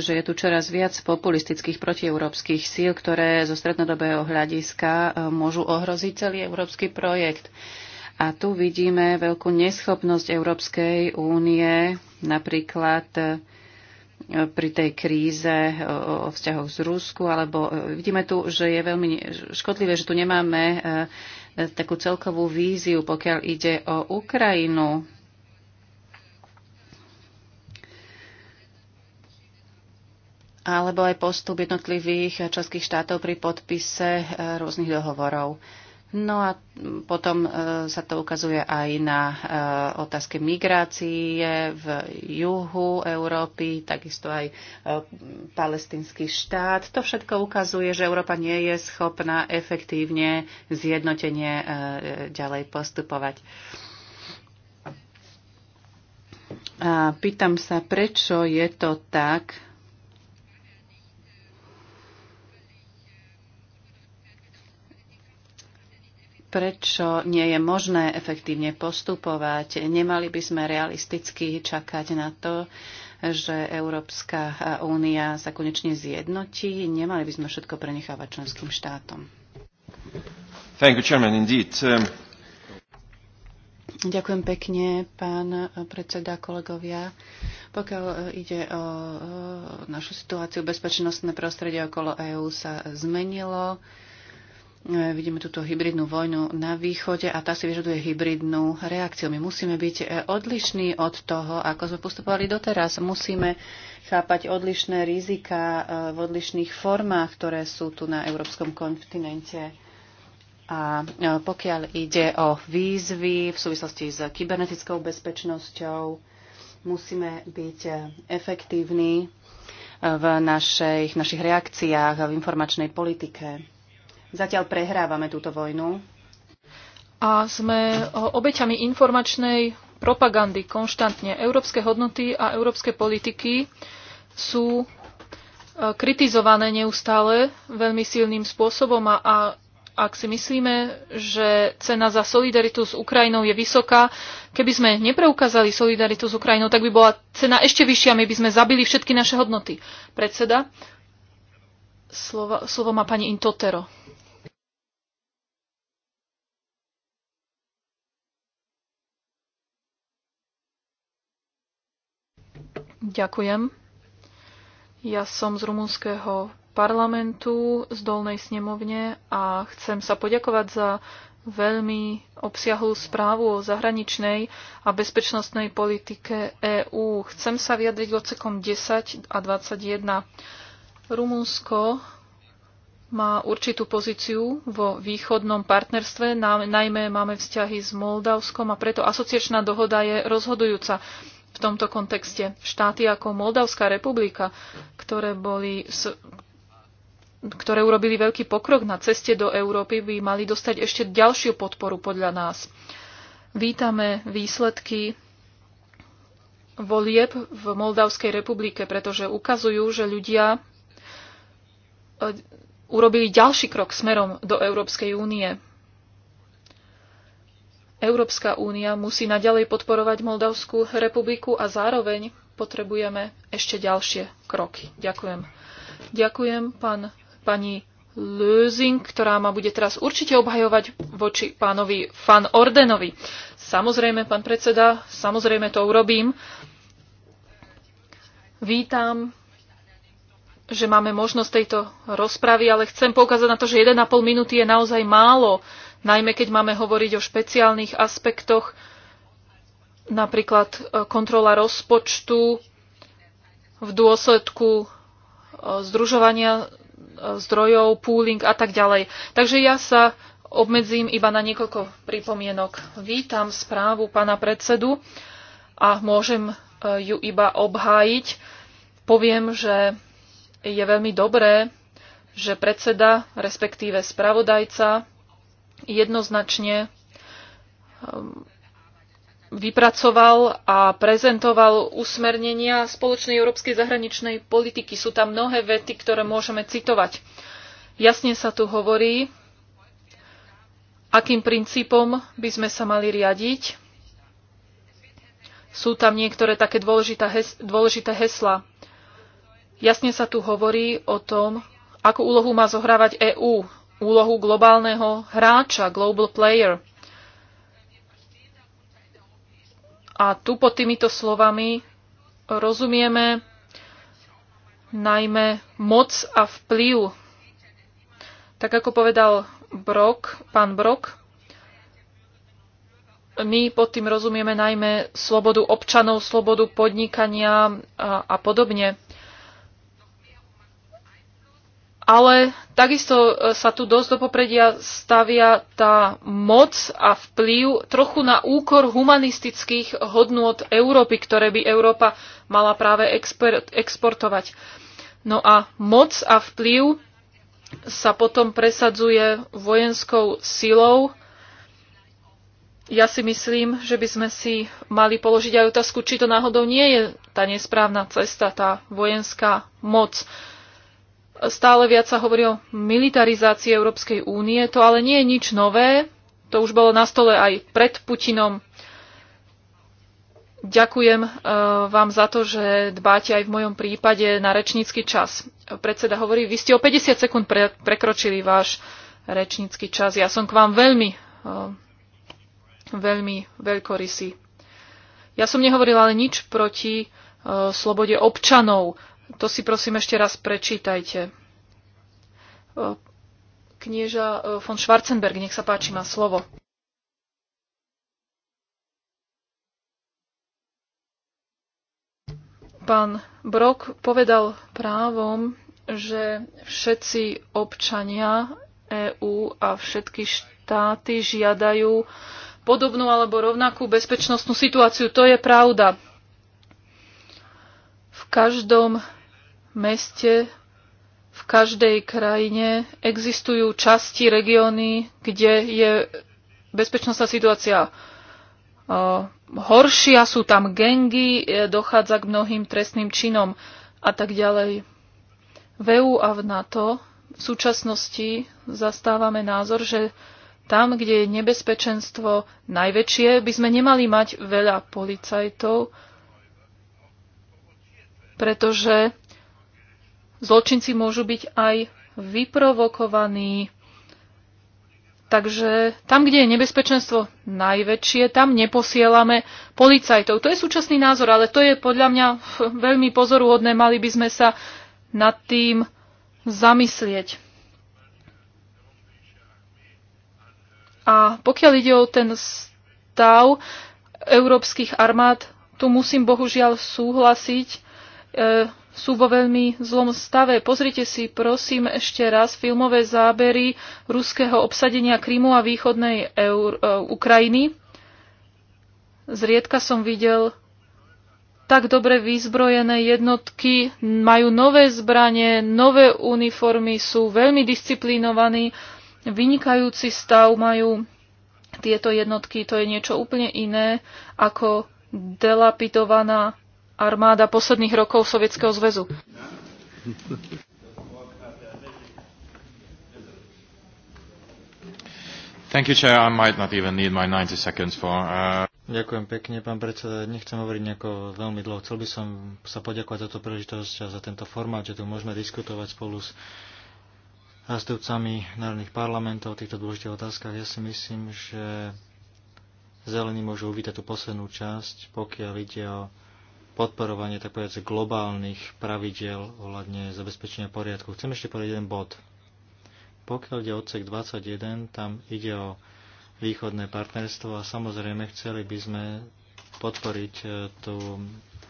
že je tu čoraz viac populistických protieurópskych síl, ktoré zo strednodobého hľadiska e, môžu ohroziť celý európsky projekt. A tu vidíme veľkú neschopnosť Európskej únie napríklad e, pri tej kríze o vzťahoch z Rusku, alebo vidíme tu, že je veľmi škodlivé, že tu nemáme takú celkovú víziu, pokiaľ ide o Ukrajinu alebo aj postup jednotlivých členských štátov pri podpise e, rôznych dohovorov. No a potom e, sa to ukazuje aj na e, otázke migrácie v juhu Európy, takisto aj palestinský štát. To všetko ukazuje, že Európa nie je schopná efektívne zjednotenie ďalej postupovať. A pýtam sa, prečo je to tak, prečo nie je možné efektívne postupovať. Nemali by sme realisticky čakať na to, že Európska únia sa konečne zjednotí. Nemali by sme všetko prenechávať členským štátom. Thank you, Chairman. Indeed. Um... Ďakujem pekne, pán predseda, kolegovia. Pokiaľ e, ide o e, našu situáciu, bezpečnostné prostredie okolo EÚ sa zmenilo. E, vidíme túto hybridnú vojnu na východe a tá si vyžaduje hybridnú reakciu. My musíme byť e, odlišní od toho, ako sme postupovali doteraz. Musíme chápať odlišné rizika e, v odlišných formách, ktoré sú tu na európskom kontinente. A pokiaľ ide o výzvy v súvislosti s kybernetickou bezpečnosťou, musíme byť efektívni v našich, našich reakciách a v informačnej politike Zatiaľ prehrávame túto vojnu. A sme obeťami informačnej propagandy konštantne. Európske hodnoty a európske politiky sú e, kritizované neustále veľmi silným spôsobom a, a ak si myslíme, že cena za solidaritu s Ukrajinou je vysoká, keby sme nepreukázali solidaritu s Ukrajinou, tak by bola cena ešte vyššia, my by sme zabili všetky naše hodnoty. Predseda, slovo, slovo má pani Intotero. Ďakujem. Ja som z rumunského parlamentu, z Dolnej snemovne a chcem sa poďakovať za veľmi obsiahlú správu o zahraničnej a bezpečnostnej politike EÚ. Chcem sa vyjadriť odsekom 10 a 21. Rumunsko má určitú pozíciu vo východnom partnerstve, najmä máme vzťahy s Moldavskom a preto asociačná dohoda je rozhodujúca v tomto kontexte. Štáty ako Moldavská republika, ktoré, boli, ktoré urobili veľký pokrok na ceste do Európy, by mali dostať ešte ďalšiu podporu podľa nás. Vítame výsledky volieb v Moldavskej republike, pretože ukazujú, že ľudia e, urobili ďalší krok smerom do Európskej únie. Európska únia musí naďalej podporovať Moldavskú republiku a zároveň potrebujeme ešte ďalšie kroky. Ďakujem. Ďakujem pán, pani Lösing, ktorá ma bude teraz určite obhajovať voči pánovi Fan Ordenovi. Samozrejme, pán predseda, samozrejme to urobím. Vítam, že máme možnosť tejto rozpravy, ale chcem poukázať na to, že 1,5 minúty je naozaj málo najmä keď máme hovoriť o špeciálnych aspektoch, napríklad e, kontrola rozpočtu v dôsledku e, združovania e, zdrojov, pooling a tak ďalej. Takže ja sa obmedzím iba na niekoľko pripomienok. Vítam správu pána predsedu a môžem ju iba obhájiť. Poviem, že je veľmi dobré, že predseda, respektíve spravodajca, jednoznačne um, vypracoval a prezentoval usmernenia spoločnej európskej zahraničnej politiky. Sú tam mnohé vety, ktoré môžeme citovať. Jasne sa tu hovorí, akým princípom by sme sa mali riadiť. Sú tam niektoré také dôležité hesla. Jasne sa tu hovorí o tom, akú úlohu má zohrávať EÚ úlohu globálneho hráča, global player. A tu pod týmito slovami rozumieme najmä moc a vplyv. Tak ako povedal Brock, pán Brok, my pod tým rozumieme najmä slobodu občanov, slobodu podnikania a, a podobne. Ale takisto e, sa tu dosť do popredia stavia tá moc a vplyv trochu na úkor humanistických hodnôt Európy, ktoré by Európa mala práve exportovať. No a moc a vplyv sa potom presadzuje vojenskou silou. Ja si myslím, že by sme si mali položiť aj otázku, či to náhodou nie je tá nesprávna cesta, tá vojenská moc Stále viac sa hovorí o militarizácii Európskej únie. To ale nie je nič nové. To už bolo na stole aj pred Putinom. Ďakujem eh, vám za to, že dbáte aj v mojom prípade na rečnícky čas. Predseda hovorí, vy ste o 50 sekúnd pre, prekročili váš rečnícky čas. Ja som k vám veľmi, eh, veľmi veľkorysý. Ja som nehovorila ale nič proti eh, slobode občanov. To si prosím ešte raz prečítajte. Knieža von Schwarzenberg, nech sa páči, má slovo. Pán Brok povedal právom, že všetci občania EÚ a všetky štáty žiadajú podobnú alebo rovnakú bezpečnostnú situáciu. To je pravda. V každom meste, v každej krajine existujú časti, regióny, kde je bezpečnostná situácia horšia, sú tam gengy, e, dochádza k mnohým trestným činom a tak ďalej. V EU a v NATO v súčasnosti zastávame názor, že tam, kde je nebezpečenstvo najväčšie, by sme nemali mať veľa policajtov, pretože zločinci môžu byť aj vyprovokovaní. Takže tam, kde je nebezpečenstvo najväčšie, tam neposielame policajtov. To je súčasný názor, ale to je podľa mňa veľmi pozoruhodné. Mali by sme sa nad tým zamyslieť. A pokiaľ ide o ten stav európskych armád, tu musím bohužiaľ súhlasiť E, sú vo veľmi zlom stave. Pozrite si prosím ešte raz filmové zábery ruského obsadenia Krymu a východnej Eur- e, Ukrajiny. Zriedka som videl tak dobre vyzbrojené jednotky, majú nové zbranie, nové uniformy, sú veľmi disciplinovaní, vynikajúci stav majú tieto jednotky, to je niečo úplne iné ako delapidovaná armáda posledných rokov Sovietskeho zväzu. Thank you, Chair. I might not even need my 90 seconds for... Uh... Ďakujem pekne, pán predseda. Nechcem hovoriť nejako veľmi dlho. Chcel by som sa poďakovať za tú príležitosť a za tento formát, že tu môžeme diskutovať spolu s zastupcami národných parlamentov o týchto dôležitých otázkach. Ja si myslím, že zelení môžu uvítať tú poslednú časť, pokiaľ ide o podporovanie tak povedať, globálnych pravidel ohľadne zabezpečenia poriadku. Chcem ešte povedať jeden bod. Pokiaľ ide odsek 21, tam ide o východné partnerstvo a samozrejme chceli by sme podporiť e, tú,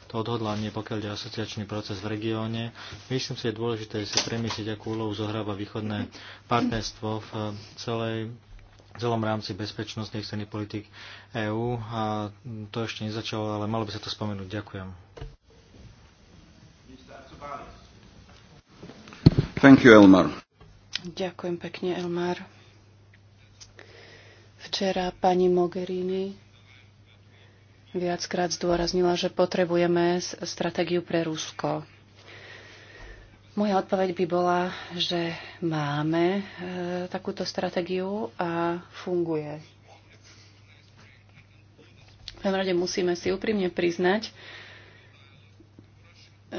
to odhodlanie, pokiaľ ide asociačný proces v regióne. Myslím si, je dôležité si premyslieť, akú úlohu zohráva východné partnerstvo v e, celej v celom rámci bezpečnosti externých politik EÚ a to ešte nezačalo, ale malo by sa to spomenúť. Ďakujem. Thank you, Elmar. Ďakujem pekne, Elmar. Včera pani Mogherini viackrát zdôraznila, že potrebujeme stratégiu pre Rusko. Moja odpoveď by bola, že máme e, takúto stratégiu a funguje. V prvom rade musíme si úprimne priznať,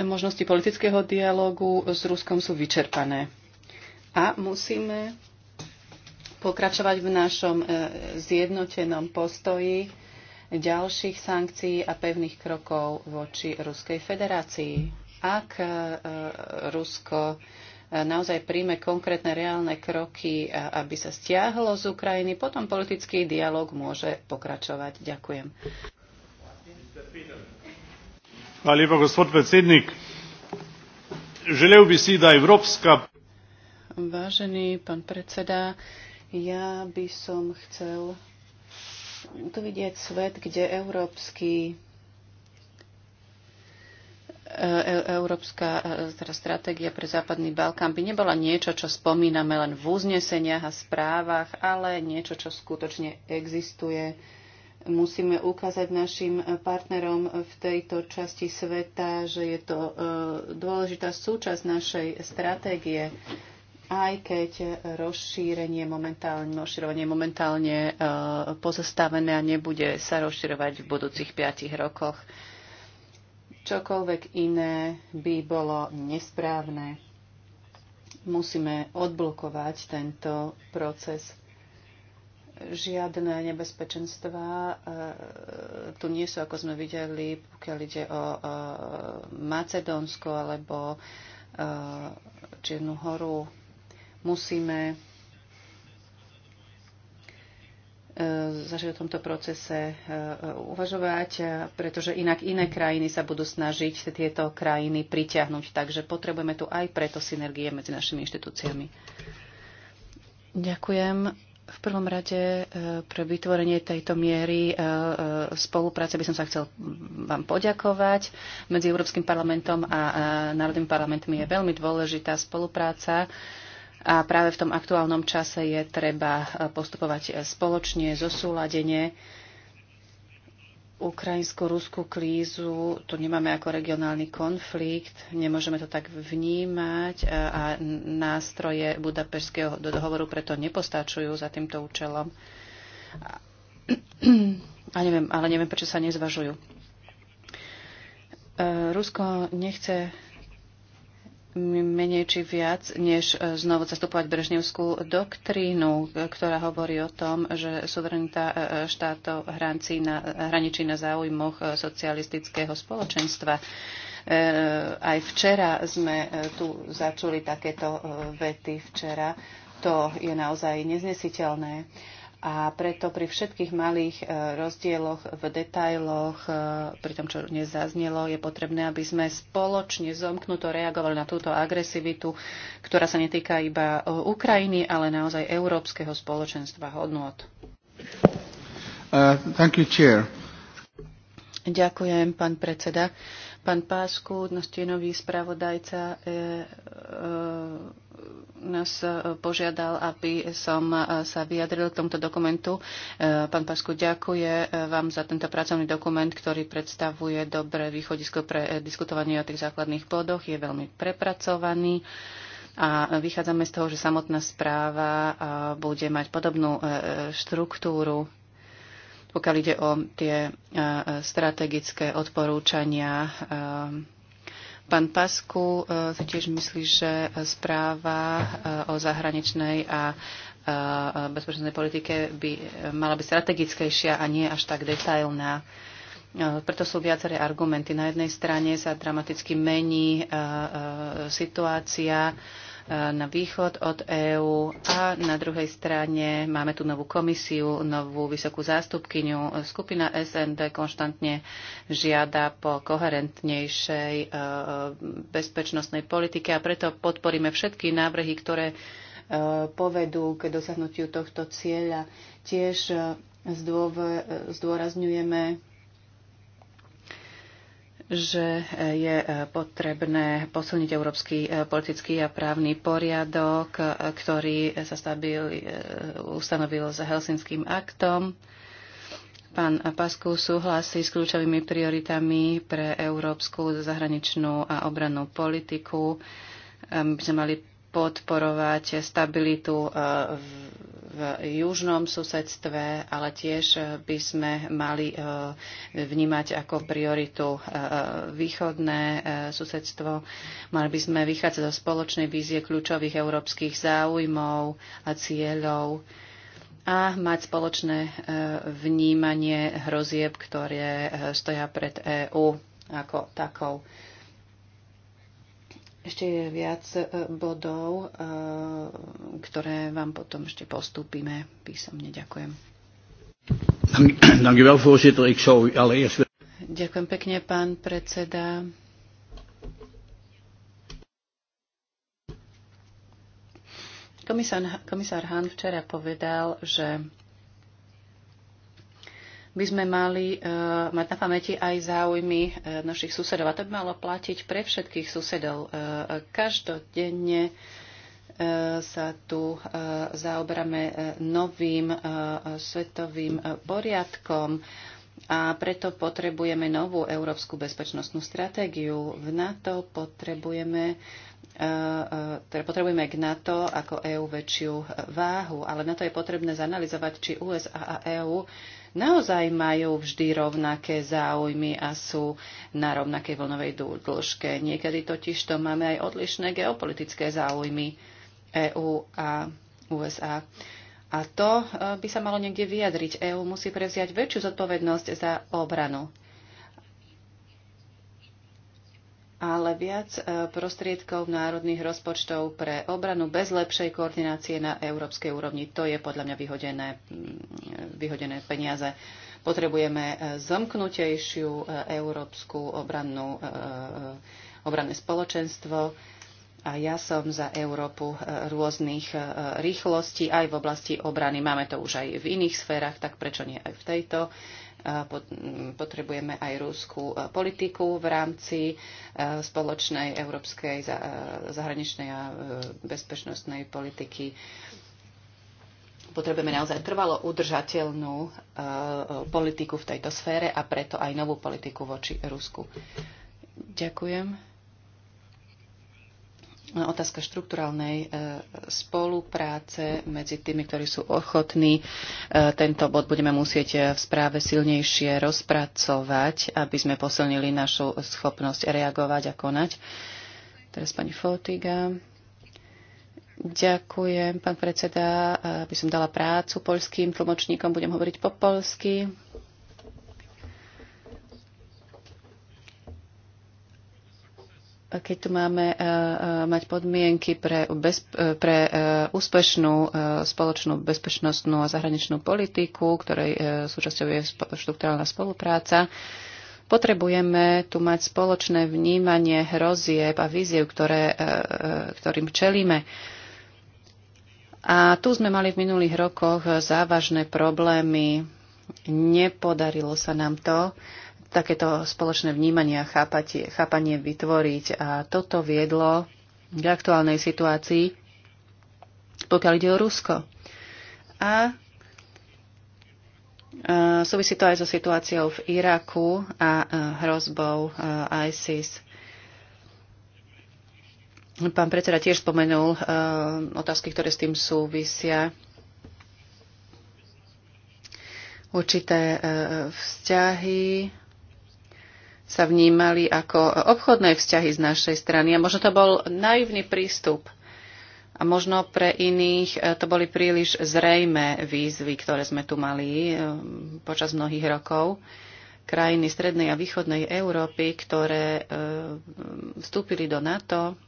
možnosti politického dialogu s Ruskom sú vyčerpané. A musíme pokračovať v našom e, zjednotenom postoji ďalších sankcií a pevných krokov voči Ruskej federácii ak e, Rusko e, naozaj príjme konkrétne reálne kroky, e, aby sa stiahlo z Ukrajiny, potom politický dialog môže pokračovať. Ďakujem. Hvala lepa, gospod predsednik. by si, da Vážený pán predseda, ja by som chcel tu vidieť svet, kde európsky E, e, Európska e, teda stratégia pre Západný Balkán by nebola niečo, čo spomíname len v uzneseniach a správach, ale niečo, čo skutočne existuje. Musíme ukázať našim partnerom v tejto časti sveta, že je to dôležitá súčasť našej stratégie, aj keď rozšírenie momentálne, rozširovanie momentálne pozastavené a nebude sa rozširovať v budúcich piatich rokoch. Čokoľvek iné by bolo nesprávne. Musíme odblokovať tento proces. Žiadne nebezpečenstvá eh, tu nie sú, ako sme videli, pokiaľ ide o eh, Macedónsko alebo eh, Čiernu horu. Musíme E, začať o tomto procese e, uvažovať, e, pretože inak iné krajiny sa budú snažiť tieto krajiny pritiahnuť. Takže potrebujeme tu aj preto synergie medzi našimi inštitúciami. Ďakujem. V prvom rade pre vytvorenie tejto miery spolupráce by som sa chcel vám poďakovať. Medzi Európskym parlamentom a Národným parlamentom je veľmi dôležitá spolupráca. A práve v tom aktuálnom čase je treba eh, postupovať eh, spoločne, zosúladenie. Ukrajinsko-ruskú krízu, tu nemáme ako regionálny konflikt, nemôžeme to tak vnímať eh, a nástroje budapešského dohovoru preto nepostačujú za týmto účelom. A neviem, ale neviem, prečo sa nezvažujú. Rusko nechce menej či viac, než e, znovu zastupovať brežnevskú doktrínu, e, ktorá hovorí o tom, že suverenita e, štátov hranci na, hraničí na záujmoch socialistického spoločenstva. Aj včera sme tu začuli takéto vety včera. To je naozaj neznesiteľné a preto pri všetkých malých e, rozdieloch v detailoch, e, pri tom, čo dnes zaznelo, je potrebné, aby sme spoločne zomknuto reagovali na túto agresivitu, ktorá sa netýka iba e, Ukrajiny, ale naozaj európskeho spoločenstva hodnot. Uh, thank you, chair. Ďakujem, pán predseda. Pán Pásku, nostienový spravodajca, e, e, nás požiadal, aby som e, sa vyjadril k tomuto dokumentu. E, pán Pásku, ďakuje e, vám za tento pracovný dokument, ktorý predstavuje dobré východisko pre e, diskutovanie o tých základných bodoch. Je veľmi prepracovaný. A vychádzame z toho, že samotná správa bude mať podobnú štruktúru pokiaľ ide o tie e, strategické odporúčania. E, Pán Pasku e, si tiež myslí, že správa o zahraničnej a bezpečnostnej politike by mala byť strategickejšia a nie až tak detailná. Preto sú viaceré argumenty. Na jednej strane sa dramaticky mení situácia, Eh, na východ od EÚ a na druhej strane máme tu novú komisiu, novú vysokú zástupkyňu. Skupina SND konštantne žiada po koherentnejšej eh, bezpečnostnej politike a preto podporíme všetky návrhy, ktoré eh, povedú k dosahnutiu tohto cieľa. Tiež zdôrazňujeme že e, je e, potrebné posilniť európsky e, politický a právny poriadok, ktorý sa stabil, ustanovil s Helsinským aktom. Pán Pasku súhlasí s kľúčovými prioritami pre európsku zahraničnú a obrannú politiku. By sme mali podporovať stabilitu e, v, v južnom susedstve, ale tiež by sme mali e, vnímať ako prioritu e, východné susedstvo. Mali by sme vychádzať zo spoločnej vízie kľúčových európskych záujmov a cieľov a mať spoločné vnímanie hrozieb, ktoré stoja pred EÚ ako takou. Ešte je viac e, bodov, e, ktoré vám potom ešte postúpime písomne. Ďakujem. Ďakujem pekne, pán predseda. Komisár, Han včera povedal, že by sme mali e, mať na pamäti aj záujmy e, našich susedov. A to by malo platiť pre všetkých susedov. E, každodenne sa tu zaoberáme novým svetovým poriadkom a preto potrebujeme novú európsku bezpečnostnú stratégiu. V NATO potrebujeme teda potrebujeme k NATO ako EÚ väčšiu váhu, ale na to je potrebné zanalizovať, či USA a EÚ naozaj majú vždy rovnaké záujmy a sú na rovnakej vlnovej dĺžke. Niekedy totiž to máme aj odlišné geopolitické záujmy EÚ a USA. A to e, by sa malo niekde vyjadriť. EÚ musí prevziať väčšiu zodpovednosť za obranu. ale viac e, prostriedkov národných rozpočtov pre obranu bez lepšej koordinácie na európskej úrovni. To je podľa mňa vyhodené, mm, vyhodené peniaze. Potrebujeme e, zomknutejšiu e, európsku obrannú, obranné spoločenstvo a ja som za Európu rôznych rýchlostí aj v oblasti obrany. Máme to už aj v iných sférach, tak prečo nie aj v tejto? potrebujeme aj rúskú e, politiku v rámci e, spoločnej európskej e, zahraničnej a bezpečnostnej politiky. Potrebujeme naozaj trvalo udržateľnú politiku v tejto sfére a preto aj novú politiku voči Rusku. Ďakujem otázka štrukturálnej e, spolupráce medzi tými, ktorí sú ochotní. E, tento bod budeme musieť e, v správe silnejšie rozpracovať, aby sme posilnili našu schopnosť reagovať a konať. Teraz pani Fotiga. Ďakujem, pán predseda, aby som dala prácu polským tlmočníkom. Budem hovoriť po polsky. keď tu máme e, e, mať podmienky pre, bez, e, pre úspešnú spoločnú bezpečnostnú a zahraničnú politiku, ktorej súčasťou je štruktúrálna spolupráca, potrebujeme tu mať spoločné vnímanie hrozieb a víziev, ktoré, ktorým čelíme. A tu sme mali v minulých rokoch závažné problémy. Nepodarilo sa nám to takéto spoločné vnímanie a chápanie, chápanie vytvoriť. A toto viedlo k aktuálnej situácii, pokiaľ ide o Rusko. A súvisí to aj so situáciou v Iraku a hrozbou ISIS. Pán predseda tiež spomenul otázky, ktoré s tým súvisia. Určité e, e, vzťahy sa vnímali ako obchodné vzťahy z našej strany. A možno to bol naivný prístup. A možno pre iných e, to boli príliš zrejmé výzvy, ktoré sme tu mali e, počas mnohých rokov. Krajiny strednej a východnej Európy, ktoré e, vstúpili do NATO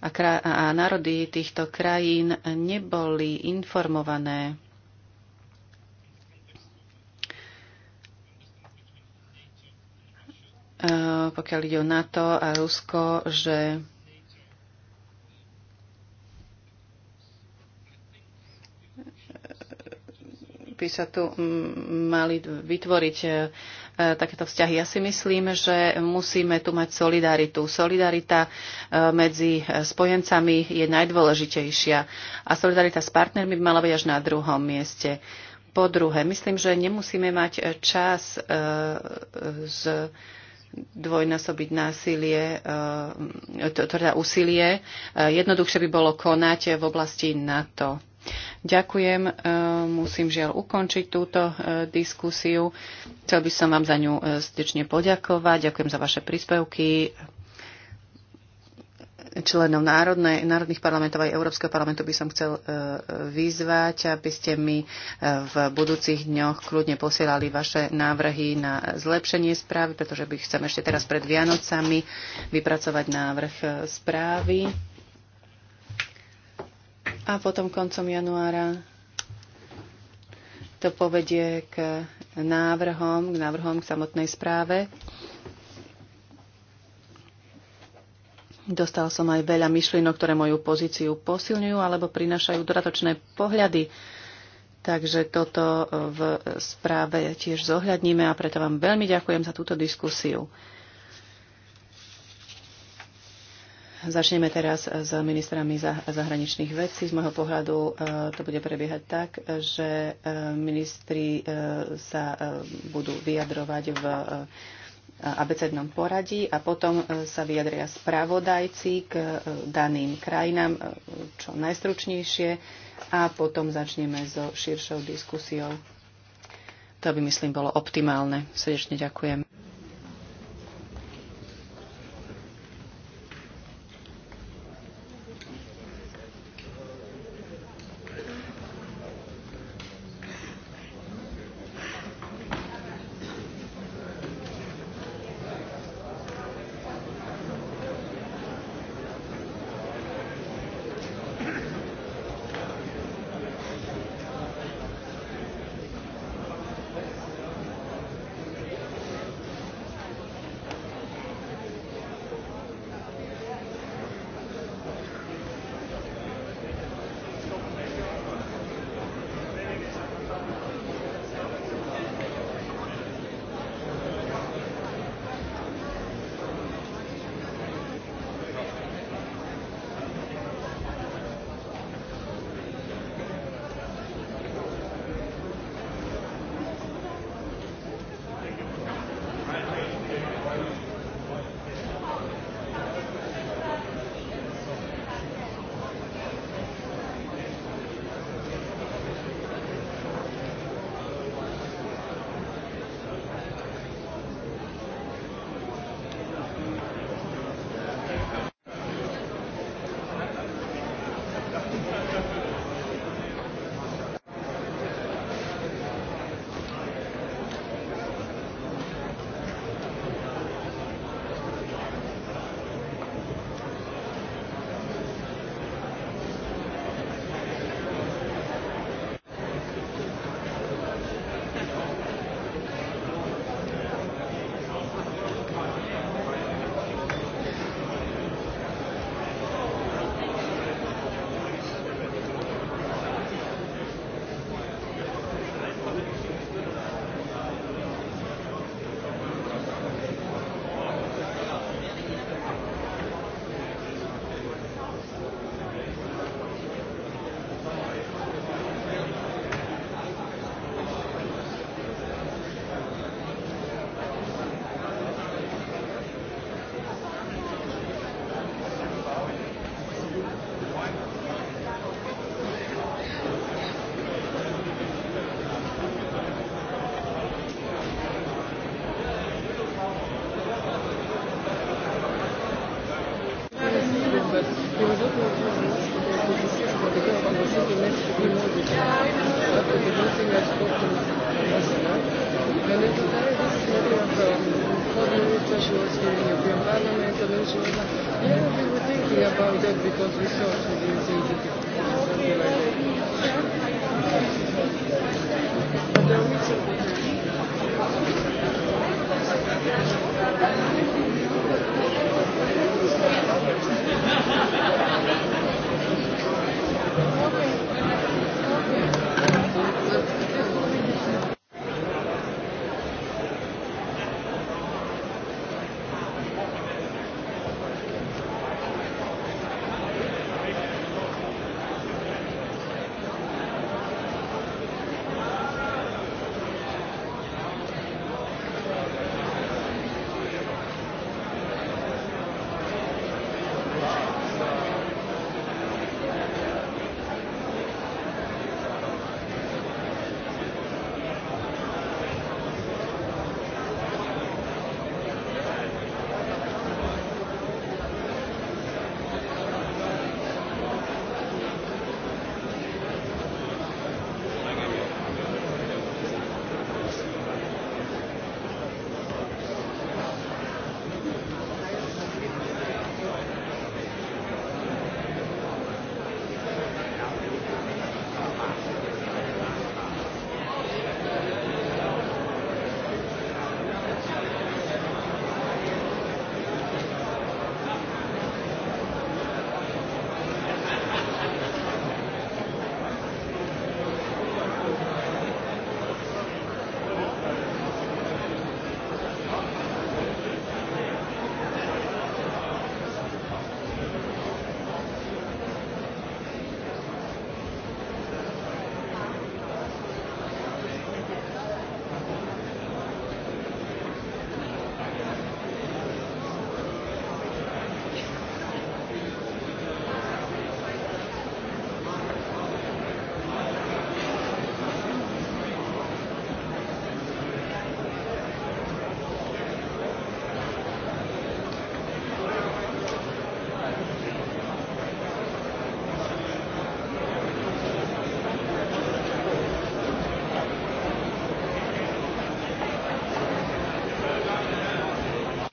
a, a národy týchto krajín neboli informované Eh, pokiaľ ide o NATO a Rusko, že by sa tu mali vytvoriť eh, takéto vzťahy. Ja si myslím, že musíme tu mať solidaritu. Solidarita eh, medzi spojencami je najdôležitejšia a solidarita s partnermi by mala byť až na druhom mieste. Po druhé, myslím, že nemusíme mať čas z dvojnásobiť násilie, e, teda úsilie. E, jednoduchšie by bolo konať v oblasti NATO. Ďakujem, e, musím žiaľ ukončiť túto diskusiu. Chcel by som vám za ňu srdečne poďakovať. Ďakujem za vaše príspevky členov národnej, národných parlamentov aj Európskeho parlamentu by som chcel e, vyzvať, aby ste mi e, v budúcich dňoch kľudne posielali vaše návrhy na zlepšenie správy, pretože by chcem ešte teraz pred Vianocami vypracovať návrh e, správy. A potom koncom januára to povedie k návrhom, k návrhom k samotnej správe. Dostal som aj veľa myšlienok, ktoré moju pozíciu posilňujú alebo prinášajú dodatočné pohľady. Takže toto e, v správe tiež zohľadníme a preto vám veľmi ďakujem za túto diskusiu. Začneme teraz s ministrami zahraničných vecí. Z môjho pohľadu e, to bude prebiehať tak, že e, ministri sa budú vyjadrovať v abecednom poradí a potom e, sa vyjadria spravodajci k e, daným krajinám e, čo najstručnejšie a potom začneme so širšou diskusiou. To by, myslím, bolo optimálne. Srdečne ďakujem.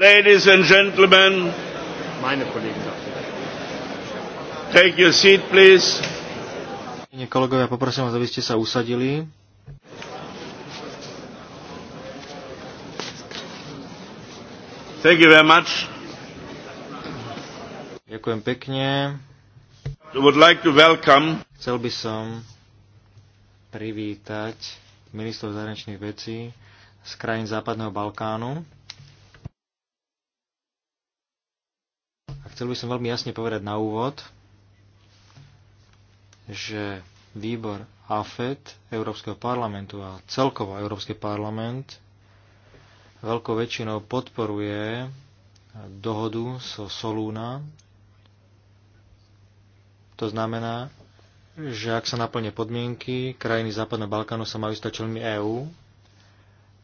Ladies and gentlemen, meine Kollegen Take your seat, please. Kolegovia, poprosím vás, aby ste sa usadili. Thank you very much. Ďakujem pekne. Would like to welcome. Chcel by som privítať ministrov zahraničných vecí z krajín Západného Balkánu. A chcel by som veľmi jasne povedať na úvod, že výbor AFET Európskeho parlamentu a celkovo Európsky parlament veľkou väčšinou podporuje dohodu so Solúna. To znamená, že ak sa naplne podmienky, krajiny Západného Balkánu sa majú stať členmi EÚ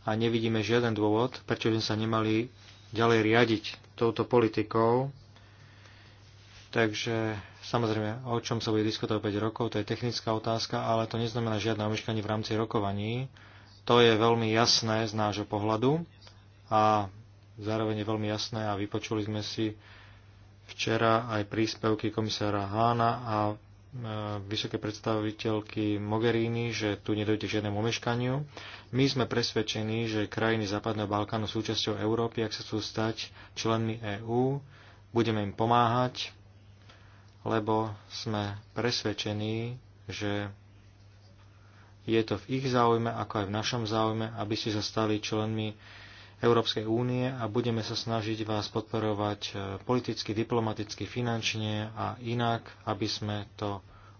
a nevidíme žiaden dôvod, prečo by sa nemali ďalej riadiť touto politikou Takže samozrejme, o čom sa bude diskutovať 5 rokov, to je technická otázka, ale to neznamená žiadne omeškanie v rámci rokovaní. To je veľmi jasné z nášho pohľadu a zároveň je veľmi jasné a vypočuli sme si včera aj príspevky komisára Hána a e, vysoké predstaviteľky Mogherini, že tu nedojde k žiadnemu omeškaniu. My sme presvedčení, že krajiny Západného Balkánu sú súčasťou Európy, ak sa chcú stať členmi EÚ, budeme im pomáhať lebo sme presvedčení, že je to v ich záujme, ako aj v našom záujme, aby ste sa stali členmi Európskej únie a budeme sa snažiť vás podporovať e, politicky, diplomaticky, finančne a inak, aby sme to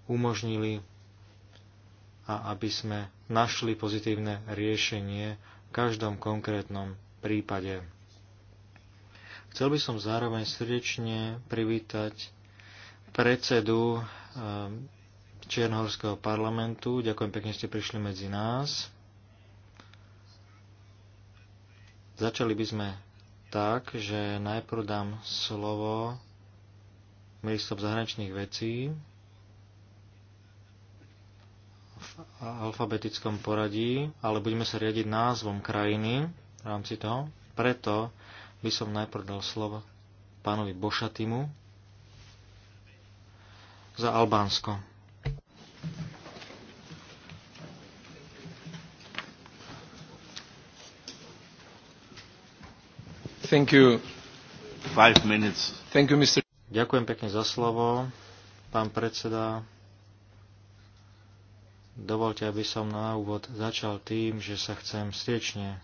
umožnili a aby sme našli pozitívne riešenie v každom konkrétnom prípade. Chcel by som zároveň srdečne privítať predsedu eh, Čiernohorského parlamentu. Ďakujem pekne, že ste prišli medzi nás. Začali by sme tak, že najprv dám slovo ministrom zahraničných vecí v alfabetickom poradí, ale budeme sa riadiť názvom krajiny v rámci toho. Preto by som najprv dal slovo pánovi Bošatimu, za Albánsko. Thank you. Five minutes. Thank you, Mr. Ďakujem pekne za slovo, pán predseda. Dovolte, aby som na úvod začal tým, že sa chcem striečne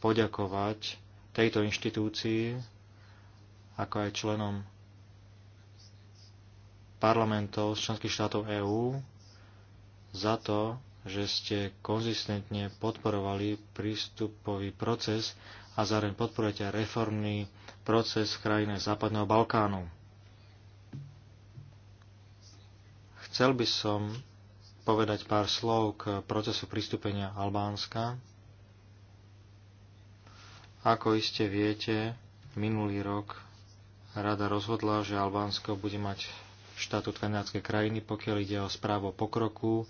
poďakovať tejto inštitúcii, ako aj členom parlamentov z členských štátov EÚ za to, že ste konzistentne podporovali prístupový proces a zároveň podporujete reformný proces v krajine Západného Balkánu. Chcel by som povedať pár slov k procesu pristúpenia Albánska. Ako iste viete, minulý rok rada rozhodla, že Albánsko bude mať štatút kandidátskej krajiny, pokiaľ ide o správu o pokroku.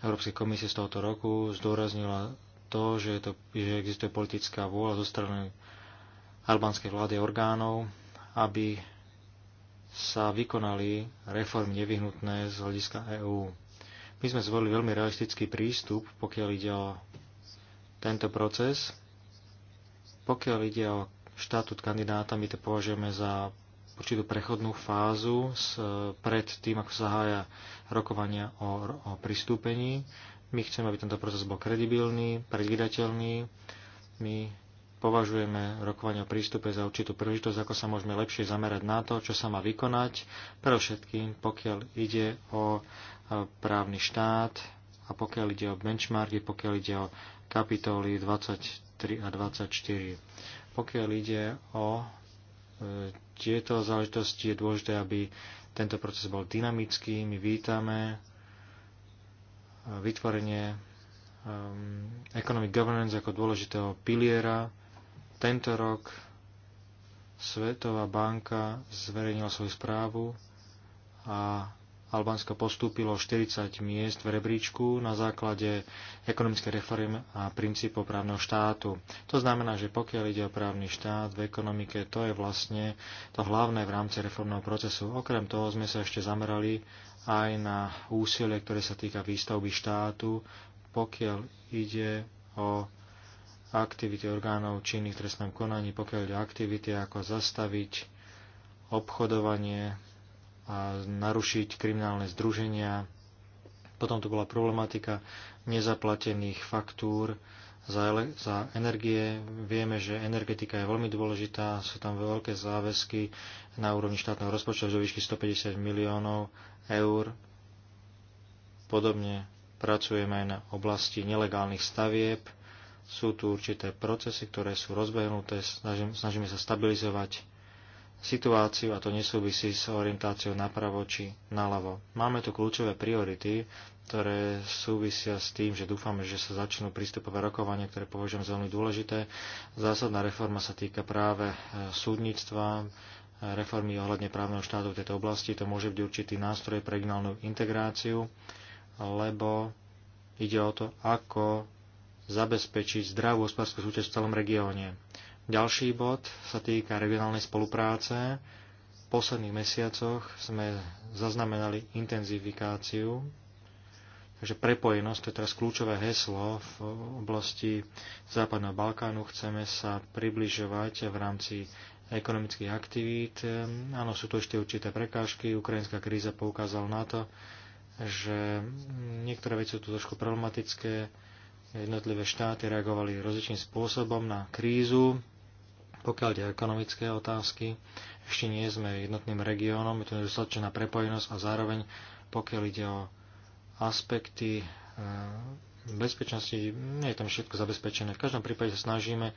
Európskej komisie z tohoto roku zdôraznila to, že, to, že existuje politická vôľa zo strany albánskej vlády a orgánov, aby sa vykonali reformy nevyhnutné z hľadiska EÚ. My sme zvolili veľmi realistický prístup, pokiaľ ide o tento proces. Pokiaľ ide o štatút kandidáta, my to považujeme za určitú prechodnú fázu s, e, pred tým, ako sa hája rokovania o, o pristúpení. My chceme, aby tento proces bol kredibilný, predvydateľný. My považujeme rokovanie o prístupe za určitú príležitosť, ako sa môžeme lepšie zamerať na to, čo sa má vykonať, pre všetkým, pokiaľ ide o e, právny štát a pokiaľ ide o benchmarky, pokiaľ ide o kapitoly 23 a 24. Pokiaľ ide o tieto záležitosti je dôležité, aby tento proces bol dynamický. My vítame eh, vytvorenie um, Economic Governance ako dôležitého piliera. Tento rok Svetová banka zverejnila svoju správu a Albánsko postúpilo 40 miest v rebríčku na základe ekonomickej reformy a princípov právneho štátu. To znamená, že pokiaľ ide o právny štát v ekonomike, to je vlastne to hlavné v rámci reformného procesu. Okrem toho sme sa ešte zamerali aj na úsilie, ktoré sa týka výstavby štátu, pokiaľ ide o aktivity orgánov činných v trestnom konaní, pokiaľ ide o aktivity, ako zastaviť obchodovanie a narušiť kriminálne združenia. Potom tu bola problematika nezaplatených faktúr za, za energie. Vieme, že energetika je veľmi dôležitá, sú tam veľké záväzky na úrovni štátneho rozpočtu do výšky 150 miliónov eur. Podobne pracujeme aj na oblasti nelegálnych stavieb. Sú tu určité procesy, ktoré sú rozbehnuté, snažíme sa stabilizovať situáciu a to nesúvisí s orientáciou napravo či nalavo. Máme tu kľúčové priority, ktoré súvisia s tým, že dúfame, že sa začnú prístupové rokovania, ktoré považujem za veľmi dôležité. Zásadná reforma sa týka práve e, súdnictva, e, reformy ohľadne právneho štátu v tejto oblasti. To môže byť určitý nástroj pre regionálnu integráciu, lebo ide o to, ako zabezpečiť zdravú hospodárskú súťaž v celom regióne. Ďalší bod sa týka regionálnej spolupráce. V posledných mesiacoch sme zaznamenali intenzifikáciu, takže prepojenosť, to je teraz kľúčové heslo v oblasti Západného Balkánu. Chceme sa približovať v rámci ekonomických aktivít. Áno, sú to ešte určité prekážky. Ukrajinská kríza poukázala na to, že niektoré veci sú tu trošku problematické. Jednotlivé štáty reagovali rozličným spôsobom na krízu. Pokiaľ ide ekonomické otázky, ešte nie sme jednotným regiónom, je tu nedostatočná prepojenosť a zároveň pokiaľ ide o aspekty e, bezpečnosti, nie je tam všetko zabezpečené. V každom prípade sa snažíme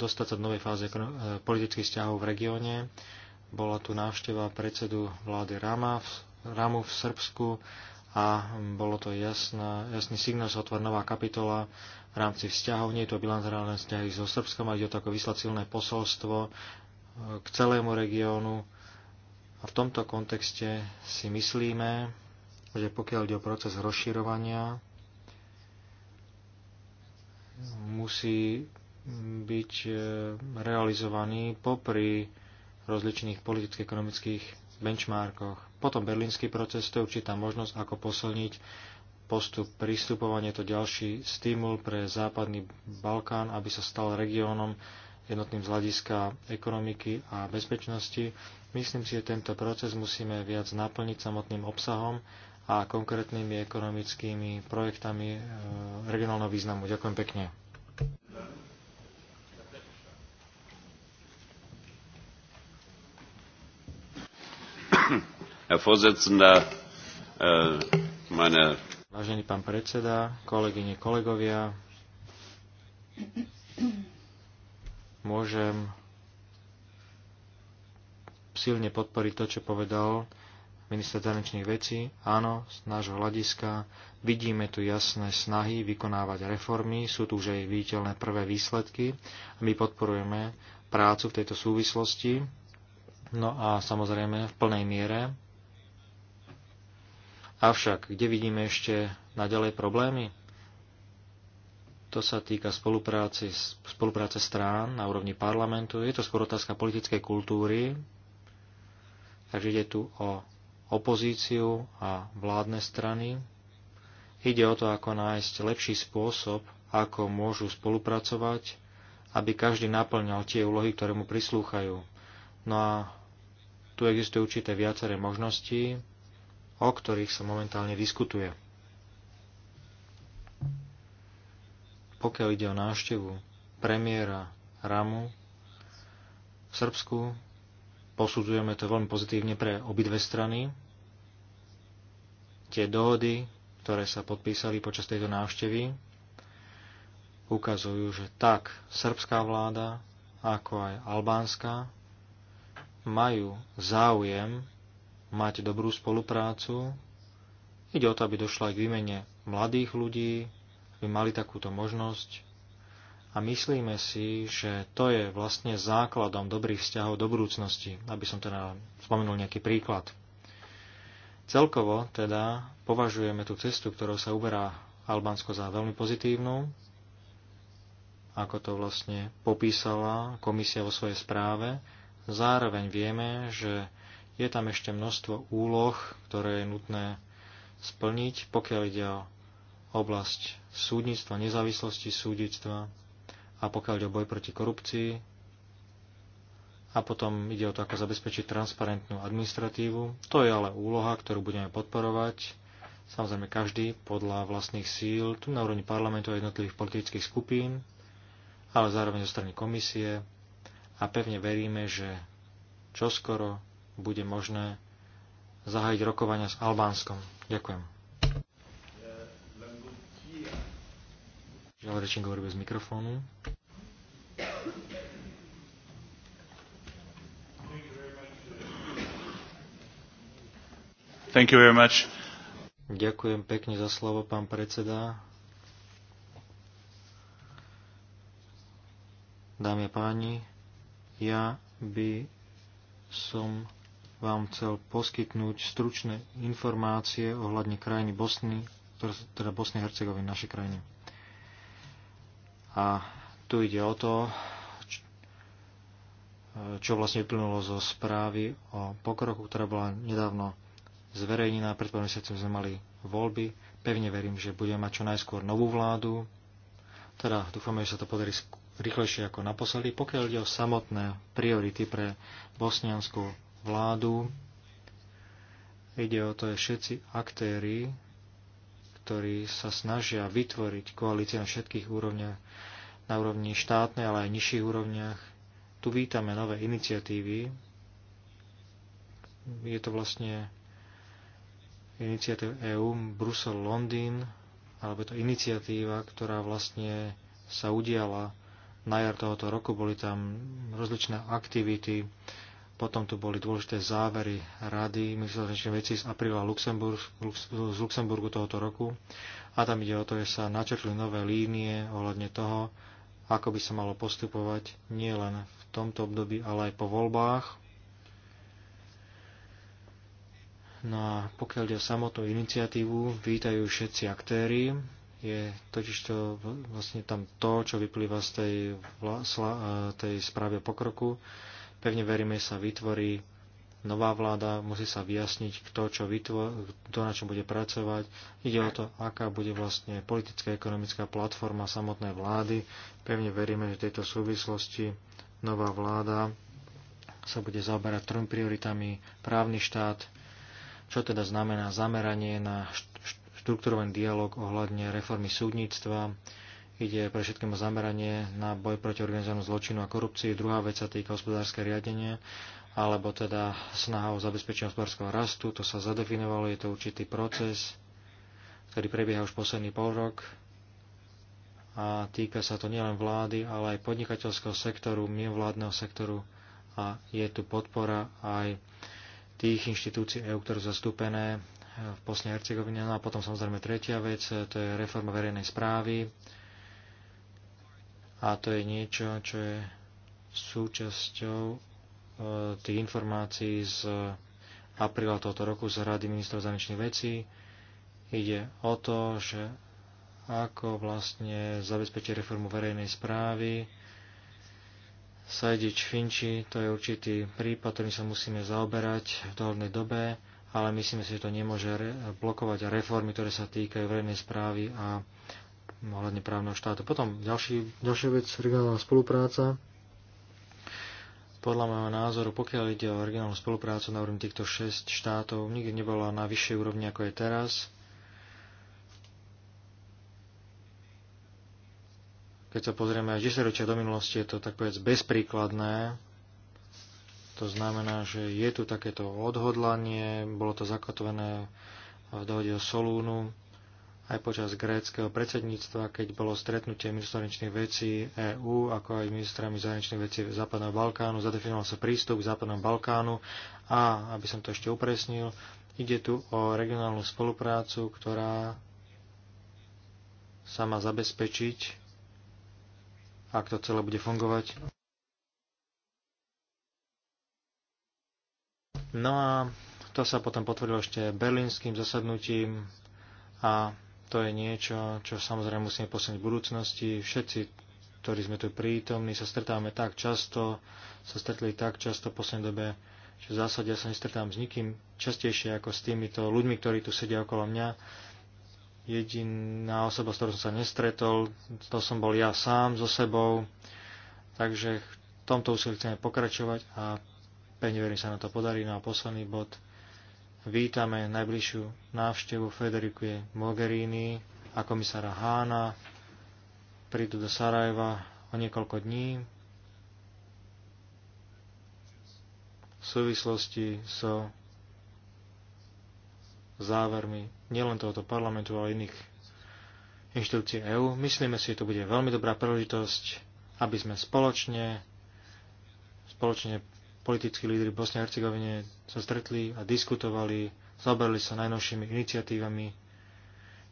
dostať sa do novej fázy e, politických vzťahov v regióne. Bola tu návšteva predsedu vlády Rama, Ramu v Srbsku a bolo to jasná, jasný signál, že sa nová kapitola v rámci vzťahov. Nie je to bilaterálne vzťahy so Srbskom, ale ide o to ako vyslať silné posolstvo e, k celému regiónu. A v tomto kontexte si myslíme, že pokiaľ ide o proces rozširovania, musí byť e, realizovaný popri rozličných politických ekonomických benchmarkoch potom berlínsky proces to je určitá možnosť, ako posilniť postup pristupovanie, to ďalší stimul pre západný Balkán, aby sa stal regiónom jednotným z hľadiska ekonomiky a bezpečnosti. Myslím si, že tento proces musíme viac naplniť samotným obsahom a konkrétnymi ekonomickými projektami e, regionálneho významu. Ďakujem pekne. Herr Vorsitzender, äh, meine... Vážený pán predseda, kolegyne, kolegovia, môžem silne podporiť to, čo povedal minister zahraničných vecí. Áno, z nášho hľadiska vidíme tu jasné snahy vykonávať reformy, sú tu už aj viditeľné prvé výsledky a my podporujeme prácu v tejto súvislosti. No a samozrejme v plnej miere Avšak, kde vidíme ešte naďalej problémy? To sa týka spolupráce, spolupráce strán na úrovni parlamentu. Je to skôr otázka politickej kultúry, takže ide tu o opozíciu a vládne strany. Ide o to, ako nájsť lepší spôsob, ako môžu spolupracovať, aby každý naplňal tie úlohy, ktoré mu prislúchajú. No a tu existujú určité viaceré možnosti o ktorých sa momentálne diskutuje. Pokiaľ ide o návštevu premiéra Ramu v Srbsku, posudzujeme to veľmi pozitívne pre obidve strany. Tie dohody, ktoré sa podpísali počas tejto návštevy, ukazujú, že tak srbská vláda, ako aj albánska, majú záujem mať dobrú spoluprácu. Ide o to, aby došlo aj k výmene mladých ľudí, aby mali takúto možnosť. A myslíme si, že to je vlastne základom dobrých vzťahov do budúcnosti, aby som teda spomenul nejaký príklad. Celkovo teda považujeme tú cestu, ktorou sa uberá Albánsko za veľmi pozitívnu, ako to vlastne popísala komisia vo svojej správe. Zároveň vieme, že je tam ešte množstvo úloh, ktoré je nutné splniť, pokiaľ ide o oblasť súdnictva, nezávislosti súdnictva a pokiaľ ide o boj proti korupcii. A potom ide o to, ako zabezpečiť transparentnú administratívu. To je ale úloha, ktorú budeme podporovať. Samozrejme každý podľa vlastných síl, tu na úrovni parlamentu a jednotlivých politických skupín, ale zároveň zo strany komisie. A pevne veríme, že čoskoro bude možné zahájiť rokovania s Albánskom. Ďakujem. Žiaľ, rečím, hovorí bez mikrofónu. Thank you very much. Ďakujem pekne za slovo, pán predseda. Dámy a páni, ja by som vám chcel poskytnúť stručné informácie ohľadne krajiny Bosny, teda Bosny a Hercegoviny, našej krajiny. A tu ide o to, čo vlastne vyplynulo zo správy o pokroku, ktorá bola nedávno zverejnená. Pred pár mesiacom sme mali voľby. Pevne verím, že budeme mať čo najskôr novú vládu. Teda dúfame, že sa to podarí rýchlejšie ako naposledy. Pokiaľ ide o samotné priority pre bosnianskú vládu. Ide o to, že všetci aktéry, ktorí sa snažia vytvoriť koalície na všetkých úrovniach, na úrovni štátnej, ale aj nižších úrovniach. Tu vítame nové iniciatívy. Je to vlastne iniciatíva EU, Brusel, Londýn, alebo je to iniciatíva, ktorá vlastne sa udiala na jar tohoto roku. Boli tam rozličné aktivity, potom tu boli dôležité závery Rady medzinárodných vecí z apríla Luxemburg, Lux, z Luxemburgu tohoto roku. A tam ide o to, že sa načrtli nové línie ohľadne toho, ako by sa malo postupovať nielen v tomto období, ale aj po voľbách. No a pokiaľ ide o samotnú iniciatívu, vítajú všetci aktéry. Je totiž to vlastne tam to, čo vyplýva z tej, eh, tej správy o pokroku. Pevne veríme, že sa vytvorí nová vláda, musí sa vyjasniť, kto čo vytvo- kto na čo bude pracovať. Ide o to, aká bude vlastne politická ekonomická platforma samotnej vlády. Pevne veríme, že v tejto súvislosti nová vláda sa bude zaoberať trom prioritami právny štát, čo teda znamená zameranie na štruktúrovaný dialog ohľadne reformy súdnictva, Ide pre všetkému zameranie na boj proti organizovanému zločinu a korupcii. Druhá vec sa týka hospodárske riadenie, alebo teda snaha o zabezpečenie hospodárskeho rastu. To sa zadefinovalo, je to určitý proces, ktorý prebieha už posledný pol rok a týka sa to nielen vlády, ale aj podnikateľského sektoru, mimovládneho sektoru a je tu podpora aj tých inštitúcií EU, ktoré sú zastúpené v Bosne a Hercegovine. No a potom samozrejme tretia vec, to je reforma verejnej správy a to je niečo, čo je súčasťou e, tých informácií z apríla tohto roku z Rady ministrov zahraničných vecí. Ide o to, že ako vlastne zabezpečiť reformu verejnej správy. Sajdič Finči, to je určitý prípad, ktorým sa musíme zaoberať v dohodnej dobe, ale myslíme si, že to nemôže blokovať reformy, ktoré sa týkajú verejnej správy a ohľadne právneho štátu. Potom ďalší, ďalšia vec, regionálna spolupráca. Podľa môjho názoru, pokiaľ ide o regionálnu spoluprácu na úrovni týchto 6 štátov, nikdy nebola na vyššej úrovni ako je teraz. Keď sa pozrieme aj 10 ročia do minulosti, je to tak povedz bezpríkladné. To znamená, že je tu takéto odhodlanie, bolo to zakotvené v dohode o Solúnu, aj počas gréckého predsedníctva, keď bolo stretnutie ministra zahraničných vecí EÚ, ako aj ministrami zahraničných vecí Západného Balkánu, zadefinoval sa prístup k Západnému Balkánu a, aby som to ešte upresnil, ide tu o regionálnu spoluprácu, ktorá sa má zabezpečiť, ak to celé bude fungovať. No a to sa potom potvrdilo ešte berlínským zasadnutím a to je niečo, čo samozrejme musíme posunúť v budúcnosti. Všetci, ktorí sme tu prítomní, sa stretávame tak často, sa stretli tak často v poslednej dobe, že v zásade ja sa nestretám s nikým častejšie ako s týmito ľuďmi, ktorí tu sedia okolo mňa. Jediná osoba, s ktorou som sa nestretol, to som bol ja sám so sebou. Takže v tomto úsilí chceme pokračovať a pevne verím sa na to podarí. No a posledný bod, Vítame najbližšiu návštevu Federiku Mogherini a komisára Hána. Prídu do Sarajeva o niekoľko dní v súvislosti so závermi nielen tohoto parlamentu, ale iných inštitúcií EÚ. Myslíme si, že to bude veľmi dobrá príležitosť, aby sme spoločne, spoločne politickí lídry v Bosne a Hercegovine sa stretli a diskutovali, zaberli sa najnovšími iniciatívami.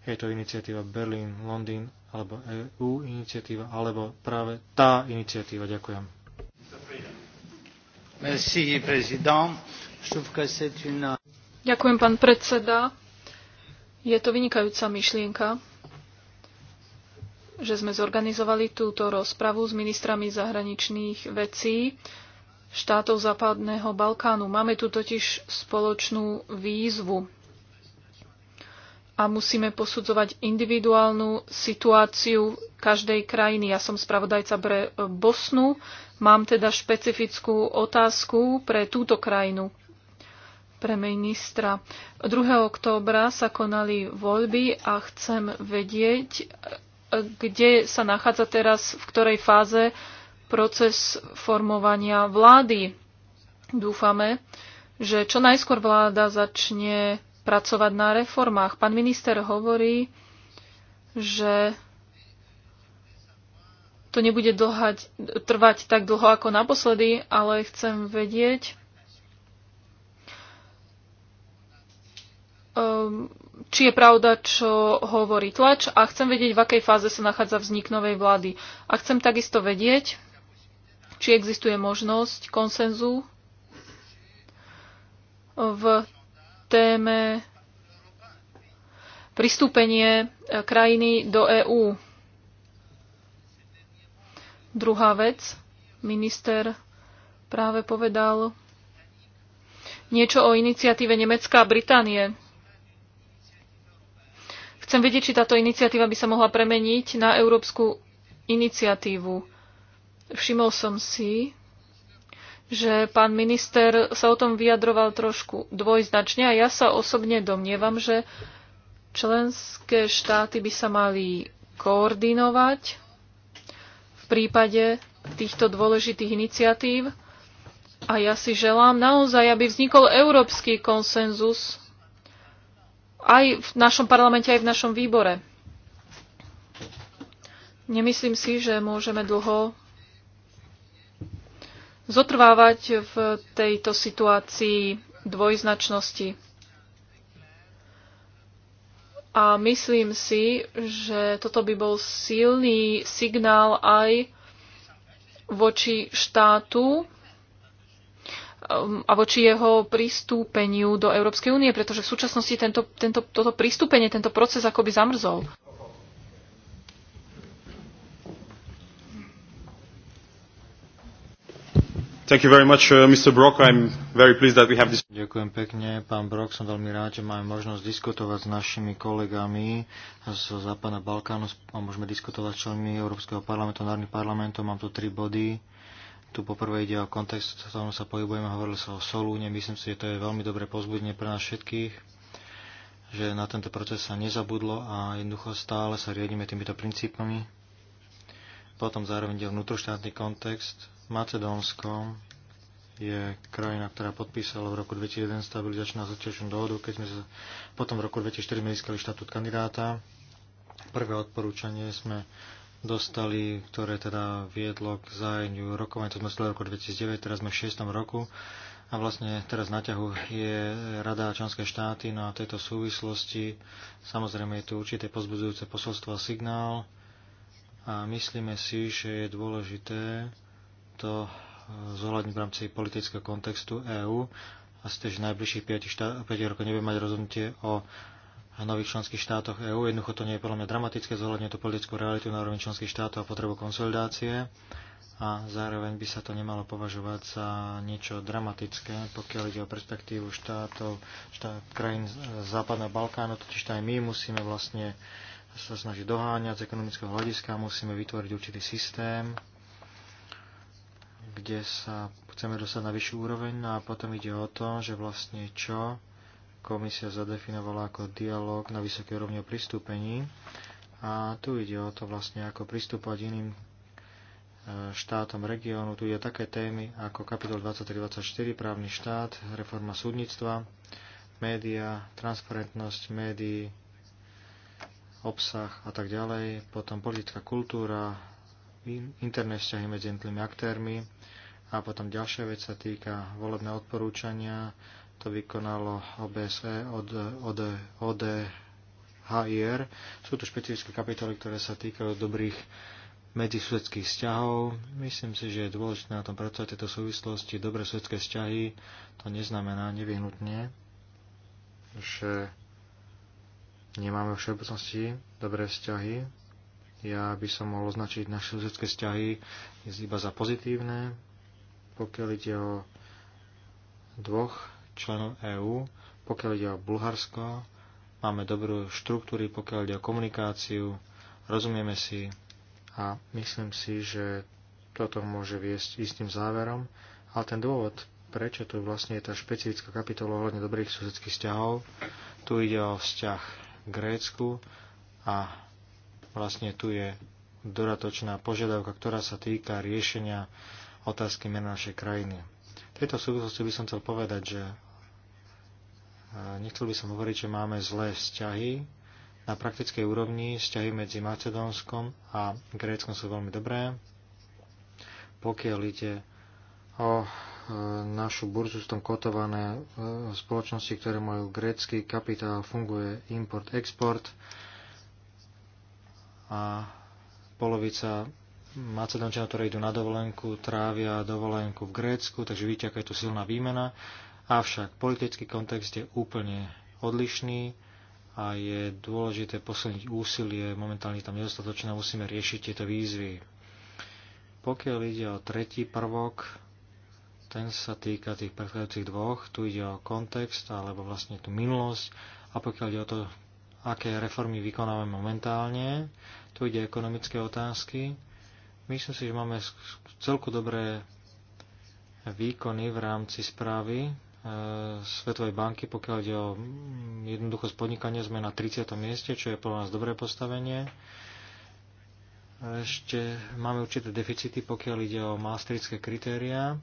Je to iniciatíva Berlin, Londýn alebo EU iniciatíva, alebo práve tá iniciatíva. Ďakujem. Merci, Ďakujem, pán predseda. Je to vynikajúca myšlienka, že sme zorganizovali túto rozpravu s ministrami zahraničných vecí štátov západného Balkánu. Máme tu totiž spoločnú výzvu a musíme posudzovať individuálnu situáciu každej krajiny. Ja som spravodajca pre Bosnu, mám teda špecifickú otázku pre túto krajinu, pre ministra. 2. októbra sa konali voľby a chcem vedieť, kde sa nachádza teraz, v ktorej fáze proces formovania vlády. Dúfame, že čo najskôr vláda začne pracovať na reformách. Pán minister hovorí, že to nebude dlhať, trvať tak dlho ako naposledy, ale chcem vedieť, ehm, či je pravda, čo hovorí tlač a chcem vedieť, v akej fáze sa nachádza vznik novej vlády. A chcem takisto vedieť, či existuje možnosť konsenzu v téme pristúpenie eh, krajiny do EÚ. Druhá vec, minister práve povedal niečo o iniciatíve Nemecka a Británie. Chcem vedieť, či táto iniciatíva by sa mohla premeniť na európsku iniciatívu. Všimol som si, že pán minister sa o tom vyjadroval trošku dvojznačne a ja sa osobne domnievam, že členské štáty by sa mali koordinovať v prípade týchto dôležitých iniciatív a ja si želám naozaj, aby vznikol európsky konsenzus aj v našom parlamente, aj v našom výbore. Nemyslím si, že môžeme dlho zotrvávať v tejto situácii dvojznačnosti. A myslím si, že toto by bol silný signál aj voči štátu um, a voči jeho pristúpeniu do Európskej únie, pretože v súčasnosti tento, tento, toto pristúpenie, tento proces akoby zamrzol. Thank you very much, uh, Mr. Brock. I'm very pleased that we have this... Ďakujem pekne, pán Brock. Som veľmi rád, že máme možnosť diskutovať s našimi kolegami z Západného Balkánu a môžeme diskutovať s členmi Európskeho parlamentu, národných parlamentov. Mám tu tri body. Tu poprvé ide o kontext, v ktorom sa pohybujeme. Hovorili sa o Solúne. Myslím si, že to je veľmi dobré pozbudenie pre nás všetkých, že na tento proces sa nezabudlo a jednoducho stále sa riadíme týmito princípami. Potom zároveň ide o vnútroštátny kontext, Macedónsko je krajina, ktorá podpísala v roku 2001 stabilizačnú asociačnú dohodu, keď sme sa potom v roku 2004 sme získali štatút kandidáta. Prvé odporúčanie sme dostali, ktoré teda viedlo k zájeniu rokovania, to sme v roku 2009, teraz sme v 6. roku a vlastne teraz na ťahu je Rada členské štáty, no a tejto súvislosti samozrejme je tu určité pozbudzujúce posolstvo a signál a myslíme si, že je dôležité to eh, zohľadniť v rámci politického kontextu EÚ a ste, že najbližších 5, štát, 5 rokov nebude mať rozhodnutie o nových členských štátoch EÚ. Jednoducho to nie je podľa mňa dramatické, zohľadňuje to politickú realitu na úrovni členských štátov a potrebu konsolidácie a zároveň by sa to nemalo považovať za niečo dramatické, pokiaľ ide o perspektívu štátov, štát, krajín eh, Západného Balkánu, totiž aj my musíme vlastne sa snažiť doháňať z ekonomického hľadiska, musíme vytvoriť určitý systém, kde sa chceme dostať na vyššiu úroveň no a potom ide o to, že vlastne čo komisia zadefinovala ako dialog na vysokej úrovni o pristúpení a tu ide o to vlastne ako pristúpať iným e, štátom regiónu. Tu je také témy ako kapitol 2324, právny štát, reforma súdnictva, média, transparentnosť médií, obsah a tak ďalej, potom politická kultúra, interné vzťahy medzi jednotlivými aktérmi. A potom ďalšia vec sa týka volebné odporúčania. To vykonalo OBSE od, od, od HIR. Sú tu špecifické kapitoly, ktoré sa týkajú dobrých medzisudských vzťahov. Myslím si, že je dôležité na tom pracovať tieto súvislosti. Dobré sudské vzťahy to neznamená nevyhnutne, že nemáme v všeobecnosti dobré vzťahy ja by som mohol označiť naše susedské vzťahy iba za pozitívne, pokiaľ ide o dvoch členov EÚ, pokiaľ ide o Bulharsko, máme dobrú štruktúry, pokiaľ ide o komunikáciu, rozumieme si a myslím si, že toto môže viesť istým záverom, ale ten dôvod, prečo tu vlastne je tá špecifická kapitola ohľadne dobrých susedských vzťahov. Tu ide o vzťah k Grécku a Vlastne tu je dodatočná požiadavka, ktorá sa týka riešenia otázky mena našej krajiny. V tejto súvislosti by som chcel povedať, že e, nechcel by som hovoriť, že máme zlé vzťahy. Na praktickej úrovni vzťahy medzi Macedónskom a Gréckom sú veľmi dobré. Pokiaľ ide o e, našu burzu sú tam kotované e, spoločnosti, ktoré majú grécky kapitál, funguje import-export a polovica Macedončanov, ktorí idú na dovolenku, trávia dovolenku v Grécku, takže vidíte, aká je tu silná výmena. Avšak politický kontext je úplne odlišný a je dôležité posilniť úsilie, momentálne tam nedostatočné, musíme riešiť tieto výzvy. Pokiaľ ide o tretí prvok, ten sa týka tých predchádzajúcich dvoch, tu ide o kontext alebo vlastne tú minulosť a pokiaľ ide o to, aké reformy vykonávame momentálne. Tu ide ekonomické otázky. Myslím si, že máme celku dobré výkony v rámci správy e, Svetovej banky, pokiaľ ide o jednoducho podnikanie, sme na 30. mieste, čo je podľa nás dobré postavenie. Ešte máme určité deficity, pokiaľ ide o maastrické kritériá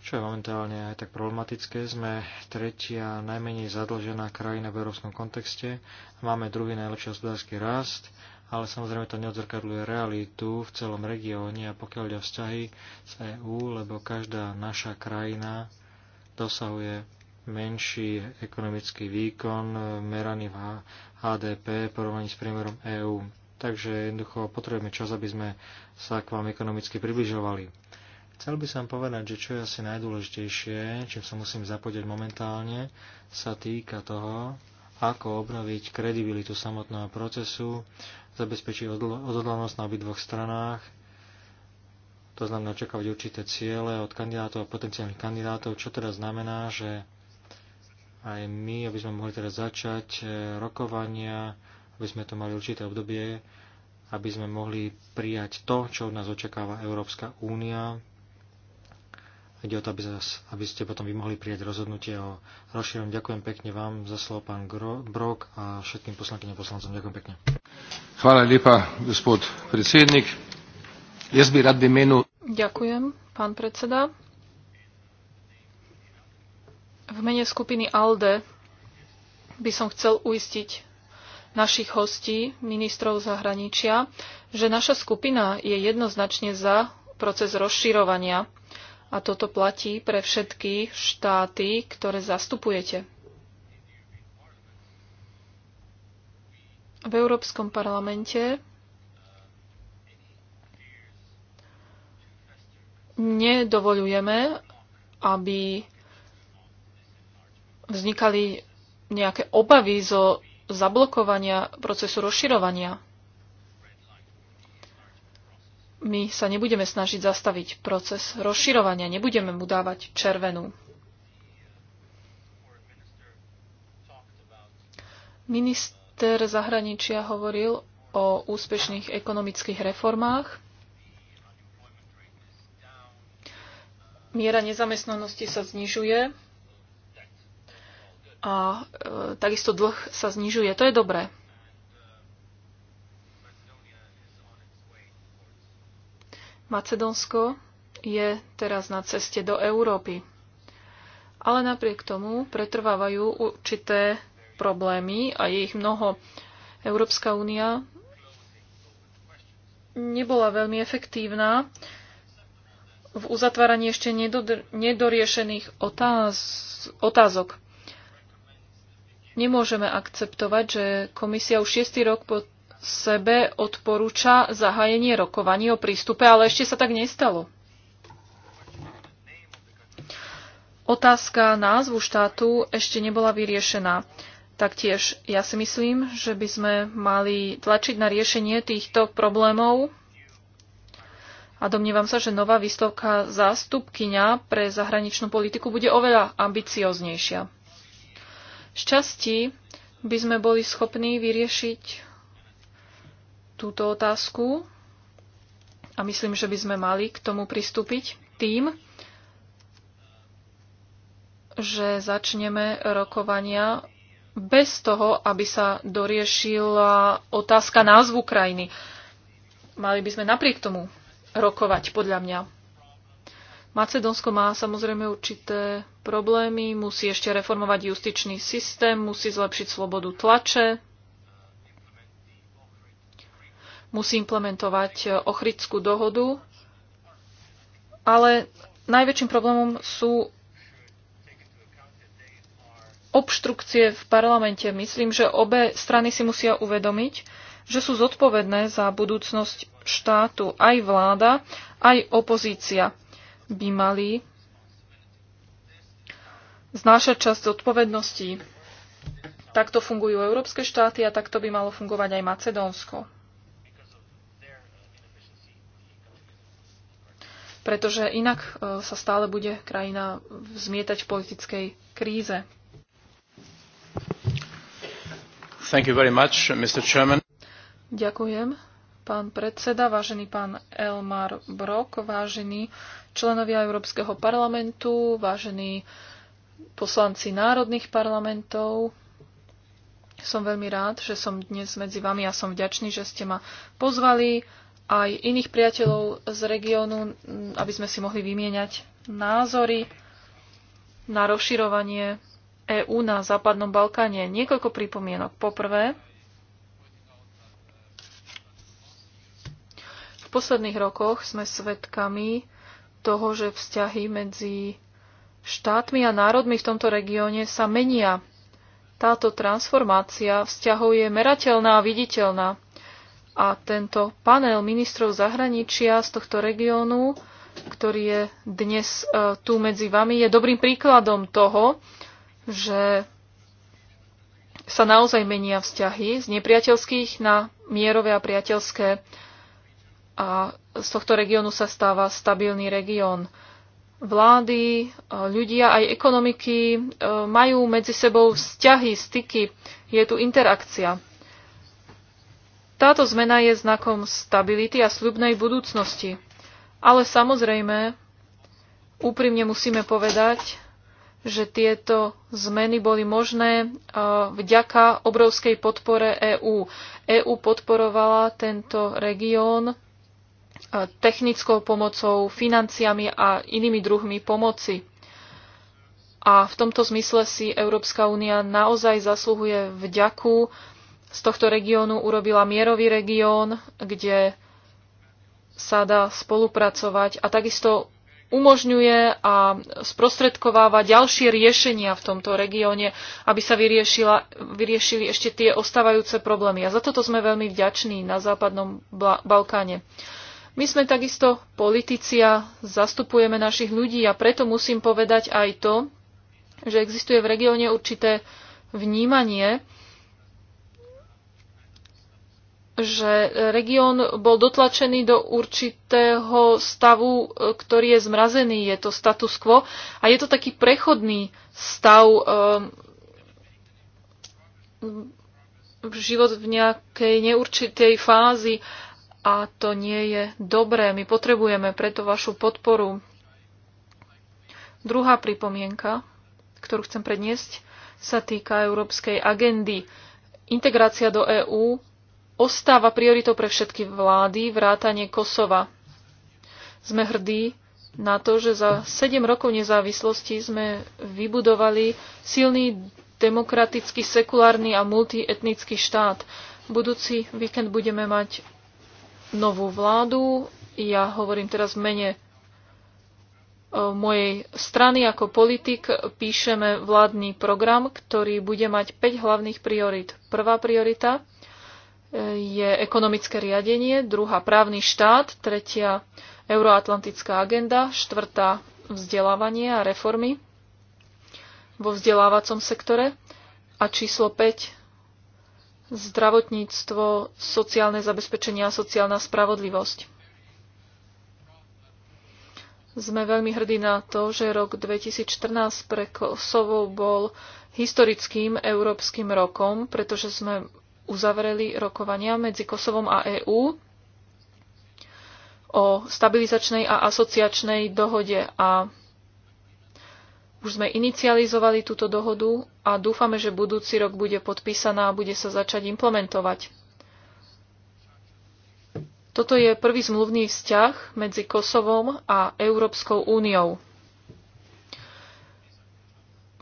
čo je momentálne aj tak problematické. Sme tretia najmenej zadlžená krajina v európskom kontexte. Máme druhý najlepší hospodársky rast, ale samozrejme to neodzrkadľuje realitu v celom regióne a pokiaľ ide vzťahy s EÚ, lebo každá naša krajina dosahuje menší ekonomický výkon meraný v HDP v porovnaní s priemerom EÚ. Takže jednoducho potrebujeme čas, aby sme sa k vám ekonomicky približovali. Chcel by som povedať, že čo je asi najdôležitejšie, čo sa musím zapodeť momentálne, sa týka toho, ako obnoviť kredibilitu samotného procesu, zabezpečiť odhodlanosť na obidvoch stranách, to znamená očakávať určité ciele od kandidátov a potenciálnych kandidátov, čo teda znamená, že aj my, aby sme mohli teraz začať e, rokovania, aby sme to mali určité obdobie, aby sme mohli prijať to, čo od nás očakáva Európska únia, Ide o to, aby, zas, aby ste potom vy mohli prijať rozhodnutie o rozšírení. Ďakujem pekne vám za slovo, pán Brok a všetkým poslankyňom poslancom. Ďakujem pekne. Hvala lepa, gospod predsednik. Jaz by rad v Ďakujem, pán predseda. V mene skupiny ALDE by som chcel uistiť našich hostí, ministrov zahraničia, že naša skupina je jednoznačne za proces rozširovania a toto platí pre všetky štáty, ktoré zastupujete. V Európskom parlamente nedovolujeme, aby vznikali nejaké obavy zo zablokovania procesu rozširovania my sa nebudeme snažiť zastaviť proces rozširovania, nebudeme mu dávať červenú. Minister zahraničia hovoril o úspešných ekonomických reformách. Miera nezamestnanosti sa znižuje a e, takisto dlh sa znižuje. To je dobré. Macedónsko je teraz na ceste do Európy. Ale napriek tomu pretrvávajú určité problémy a je ich mnoho. Európska únia nebola veľmi efektívna v uzatváraní ešte nedoriešených otáz, otázok. Nemôžeme akceptovať, že komisia už šiestý rok po sebe odporúča zahájenie rokovaní o prístupe, ale ešte sa tak nestalo. Otázka názvu štátu ešte nebola vyriešená. Taktiež ja si myslím, že by sme mali tlačiť na riešenie týchto problémov a domnievam sa, že nová výstavka zástupkyňa pre zahraničnú politiku bude oveľa ambicioznejšia. Šťastí by sme boli schopní vyriešiť túto otázku a myslím, že by sme mali k tomu pristúpiť tým, že začneme rokovania bez toho, aby sa doriešila otázka názvu krajiny. Mali by sme napriek tomu rokovať, podľa mňa. Macedónsko má samozrejme určité problémy, musí ešte reformovať justičný systém, musí zlepšiť slobodu tlače, musí implementovať e, Ochrickú dohodu, ale najväčším problémom sú obštrukcie v parlamente. Myslím, že obe strany si musia uvedomiť, že sú zodpovedné za budúcnosť štátu. Aj vláda, aj opozícia by mali znášať časť zodpovedností. Takto fungujú európske štáty a takto by malo fungovať aj Macedónsko. pretože inak e, sa stále bude krajina zmietať v politickej kríze. Thank you very much, Mr. Chairman. Ďakujem, pán predseda, vážený pán Elmar Brok, vážení členovia Európskeho parlamentu, vážení poslanci národných parlamentov. Som veľmi rád, že som dnes medzi vami a som vďačný, že ste ma pozvali aj iných priateľov z regiónu, mm, aby sme si mohli vymieňať názory na rozširovanie EÚ na Západnom Balkáne. Niekoľko pripomienok. Poprvé, v posledných rokoch sme svedkami toho, že vzťahy medzi štátmi a národmi v tomto regióne sa menia. Táto transformácia vzťahov je merateľná a viditeľná a tento panel ministrov zahraničia z tohto regiónu, ktorý je dnes e, tu medzi vami, je dobrým príkladom toho, že sa naozaj menia vzťahy z nepriateľských na mierové a priateľské a z tohto regiónu sa stáva stabilný región. Vlády, e, ľudia aj ekonomiky e, majú medzi sebou vzťahy, styky, je tu interakcia. Táto zmena je znakom stability a sľubnej budúcnosti. Ale samozrejme, úprimne musíme povedať, že tieto zmeny boli možné e, vďaka obrovskej podpore EÚ. EÚ podporovala tento región e, technickou pomocou, financiami a inými druhmi pomoci. A v tomto zmysle si Európska únia naozaj zasluhuje vďaku z tohto regiónu urobila mierový región, kde sa dá spolupracovať a takisto umožňuje a sprostredkováva ďalšie riešenia v tomto regióne, aby sa vyriešila, vyriešili ešte tie ostávajúce problémy. A za toto sme veľmi vďační na Západnom Balkáne. My sme takisto politici a zastupujeme našich ľudí a preto musím povedať aj to, že existuje v regióne určité vnímanie, že región bol dotlačený do určitého stavu, e, ktorý je zmrazený, je to status quo a je to taký prechodný stav um, život v nejakej neurčitej fázi a to nie je dobré. My potrebujeme preto vašu podporu. Druhá pripomienka, ktorú chcem predniesť, sa týka európskej agendy. Integrácia do EÚ ostáva prioritou pre všetky vlády, vrátanie Kosova. Sme hrdí na to, že za 7 rokov nezávislosti sme vybudovali silný demokratický, sekulárny a multietnický štát. Budúci víkend budeme mať novú vládu. Ja hovorím teraz mene e, mojej strany ako politik píšeme vládny program, ktorý bude mať 5 hlavných priorit. Prvá priorita je ekonomické riadenie, druhá právny štát, tretia euroatlantická agenda, štvrtá vzdelávanie a reformy vo vzdelávacom sektore a číslo 5 zdravotníctvo, sociálne zabezpečenie a sociálna spravodlivosť. Sme veľmi hrdí na to, že rok 2014 pre Kosovo bol historickým európskym rokom, pretože sme uzavreli rokovania medzi Kosovom a EÚ o stabilizačnej a asociačnej dohode a už sme inicializovali túto dohodu a dúfame, že budúci rok bude podpísaná a bude sa začať implementovať. Toto je prvý zmluvný vzťah medzi Kosovom a Európskou úniou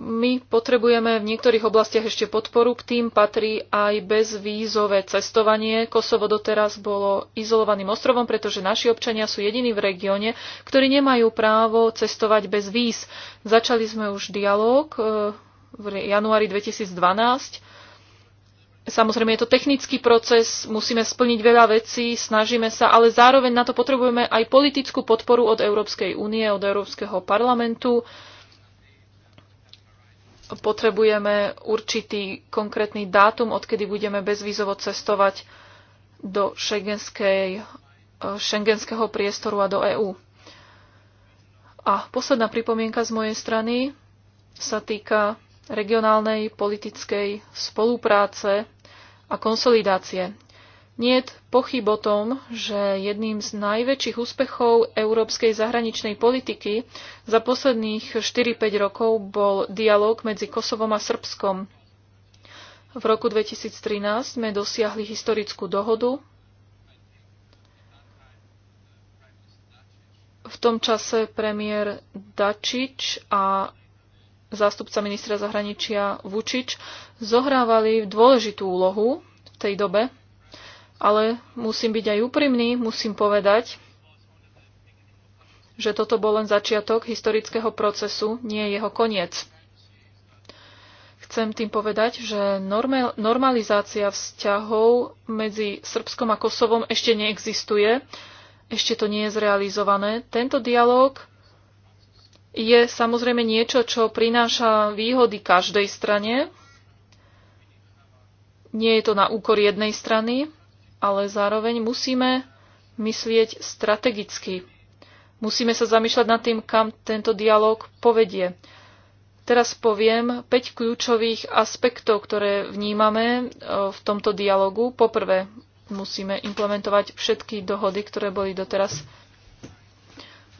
my potrebujeme v niektorých oblastiach ešte podporu, k tým patrí aj bezvízové cestovanie. Kosovo doteraz bolo izolovaným ostrovom, pretože naši občania sú jediní v regióne, ktorí nemajú právo cestovať bez víz. Začali sme už dialog e, v januári 2012. Samozrejme je to technický proces, musíme splniť veľa vecí, snažíme sa, ale zároveň na to potrebujeme aj politickú podporu od Európskej únie, od Európskeho parlamentu potrebujeme určitý konkrétny dátum, odkedy budeme bezvízovo cestovať do e, šengenského priestoru a do EÚ. A posledná pripomienka z mojej strany sa týka regionálnej politickej spolupráce a konsolidácie. Niet pochyb o tom, že jedným z najväčších úspechov európskej zahraničnej politiky za posledných 4-5 rokov bol dialog medzi Kosovom a Srbskom. V roku 2013 sme dosiahli historickú dohodu. V tom čase premiér Dačič a zástupca ministra zahraničia Vučič zohrávali dôležitú úlohu v tej dobe ale musím byť aj úprimný, musím povedať, že toto bol len začiatok historického procesu, nie jeho koniec. Chcem tým povedať, že normalizácia vzťahov medzi Srbskom a Kosovom ešte neexistuje, ešte to nie je zrealizované. Tento dialog je samozrejme niečo, čo prináša výhody každej strane. Nie je to na úkor jednej strany, ale zároveň musíme myslieť strategicky. Musíme sa zamýšľať nad tým, kam tento dialog povedie. Teraz poviem 5 kľúčových aspektov, ktoré vnímame e, v tomto dialogu. Poprvé, musíme implementovať všetky dohody, ktoré boli doteraz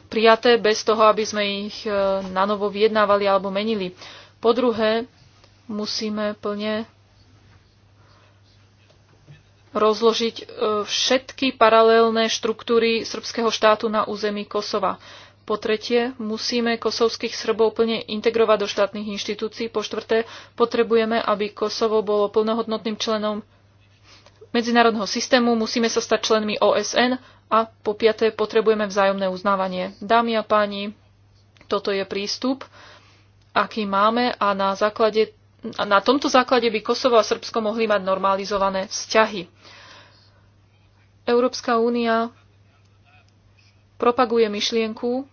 prijaté, bez toho, aby sme ich e, nanovo vyjednávali alebo menili. Po druhé, musíme plne rozložiť e, všetky paralelné štruktúry srbského štátu na území Kosova. Po tretie, musíme kosovských Srbov plne integrovať do štátnych inštitúcií. Po štvrté, potrebujeme, aby Kosovo bolo plnohodnotným členom medzinárodného systému, musíme sa stať členmi OSN a po piaté, potrebujeme vzájomné uznávanie. Dámy a páni, toto je prístup, aký máme a na základe a na tomto základe by Kosovo a Srbsko mohli mať normalizované vzťahy. Európska únia propaguje myšlienku,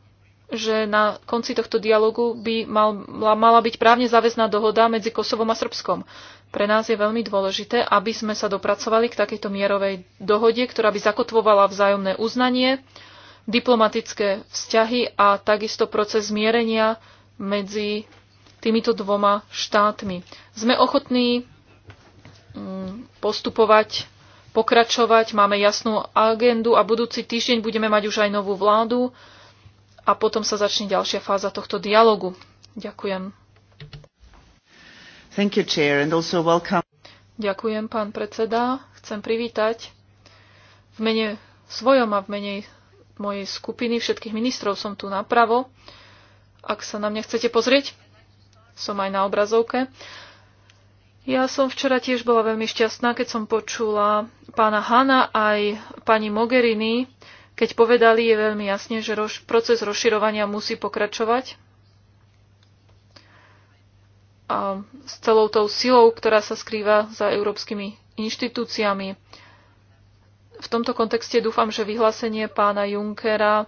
že na konci tohto dialogu by mal, mala byť právne záväzná dohoda medzi Kosovom a Srbskom. Pre nás je veľmi dôležité, aby sme sa dopracovali k takejto mierovej dohode, ktorá by zakotvovala vzájomné uznanie, diplomatické vzťahy a takisto proces zmierenia medzi týmito dvoma štátmi. Sme ochotní mm, postupovať pokračovať, máme jasnú agendu a budúci týždeň budeme mať už aj novú vládu a potom sa začne ďalšia fáza tohto dialogu. Ďakujem. Thank you, Chair, and also welcome. Ďakujem, pán predseda. Chcem privítať v mene svojom a v mene mojej skupiny všetkých ministrov som tu napravo. Ak sa na mňa chcete pozrieť, som aj na obrazovke. Ja som včera tiež bola veľmi šťastná, keď som počula pána Hana aj pani Mogherini, keď povedali, je veľmi jasne, že roš- proces rozširovania musí pokračovať. A s celou tou silou, ktorá sa skrýva za európskymi inštitúciami. V tomto kontexte dúfam, že vyhlásenie pána Junckera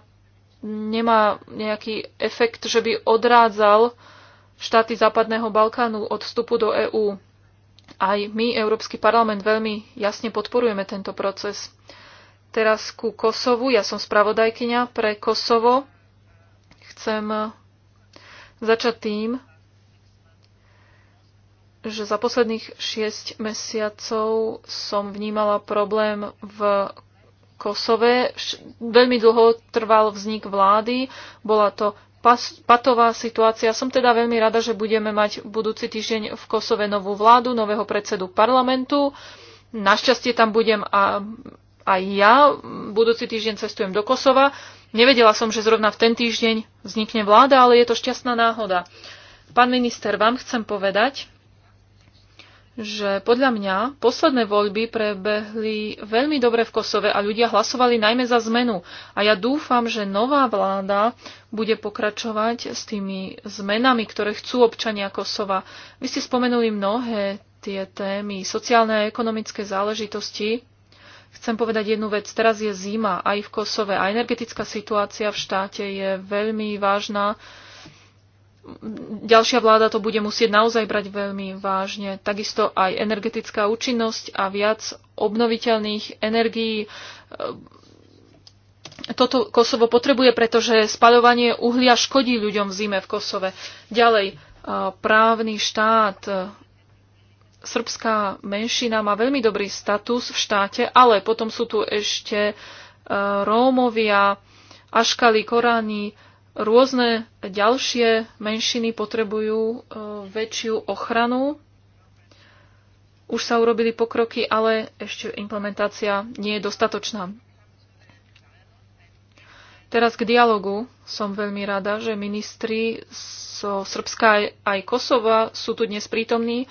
nemá nejaký efekt, že by odrádzal štáty Západného Balkánu od vstupu do EÚ. Aj my, Európsky parlament, veľmi jasne podporujeme tento proces. Teraz ku Kosovu. Ja som spravodajkyňa pre Kosovo. Chcem začať tým, že za posledných 6 mesiacov som vnímala problém v Kosove. Veľmi dlho trval vznik vlády, bola to patová situácia. Som teda veľmi rada, že budeme mať budúci týždeň v Kosove novú vládu, nového predsedu parlamentu. Našťastie tam budem a, aj ja. Budúci týždeň cestujem do Kosova. Nevedela som, že zrovna v ten týždeň vznikne vláda, ale je to šťastná náhoda. Pán minister, vám chcem povedať, že podľa mňa posledné voľby prebehli veľmi dobre v Kosove a ľudia hlasovali najmä za zmenu. A ja dúfam, že nová vláda bude pokračovať s tými zmenami, ktoré chcú občania Kosova. Vy ste spomenuli mnohé tie témy, sociálne a ekonomické záležitosti. Chcem povedať jednu vec. Teraz je zima aj v Kosove a energetická situácia v štáte je veľmi vážna ďalšia vláda to bude musieť naozaj brať veľmi vážne. Takisto aj energetická účinnosť a viac obnoviteľných energií. E, toto Kosovo potrebuje, pretože spaľovanie uhlia škodí ľuďom v zime v Kosove. Ďalej, e, právny štát. E, srbská menšina má veľmi dobrý status v štáte, ale potom sú tu ešte Rómovia, Aškali, Koráni, Rôzne ďalšie menšiny potrebujú e, väčšiu ochranu. Už sa urobili pokroky, ale ešte implementácia nie je dostatočná. Teraz k dialogu. Som veľmi rada, že ministri zo so Srbska aj Kosova sú tu dnes prítomní.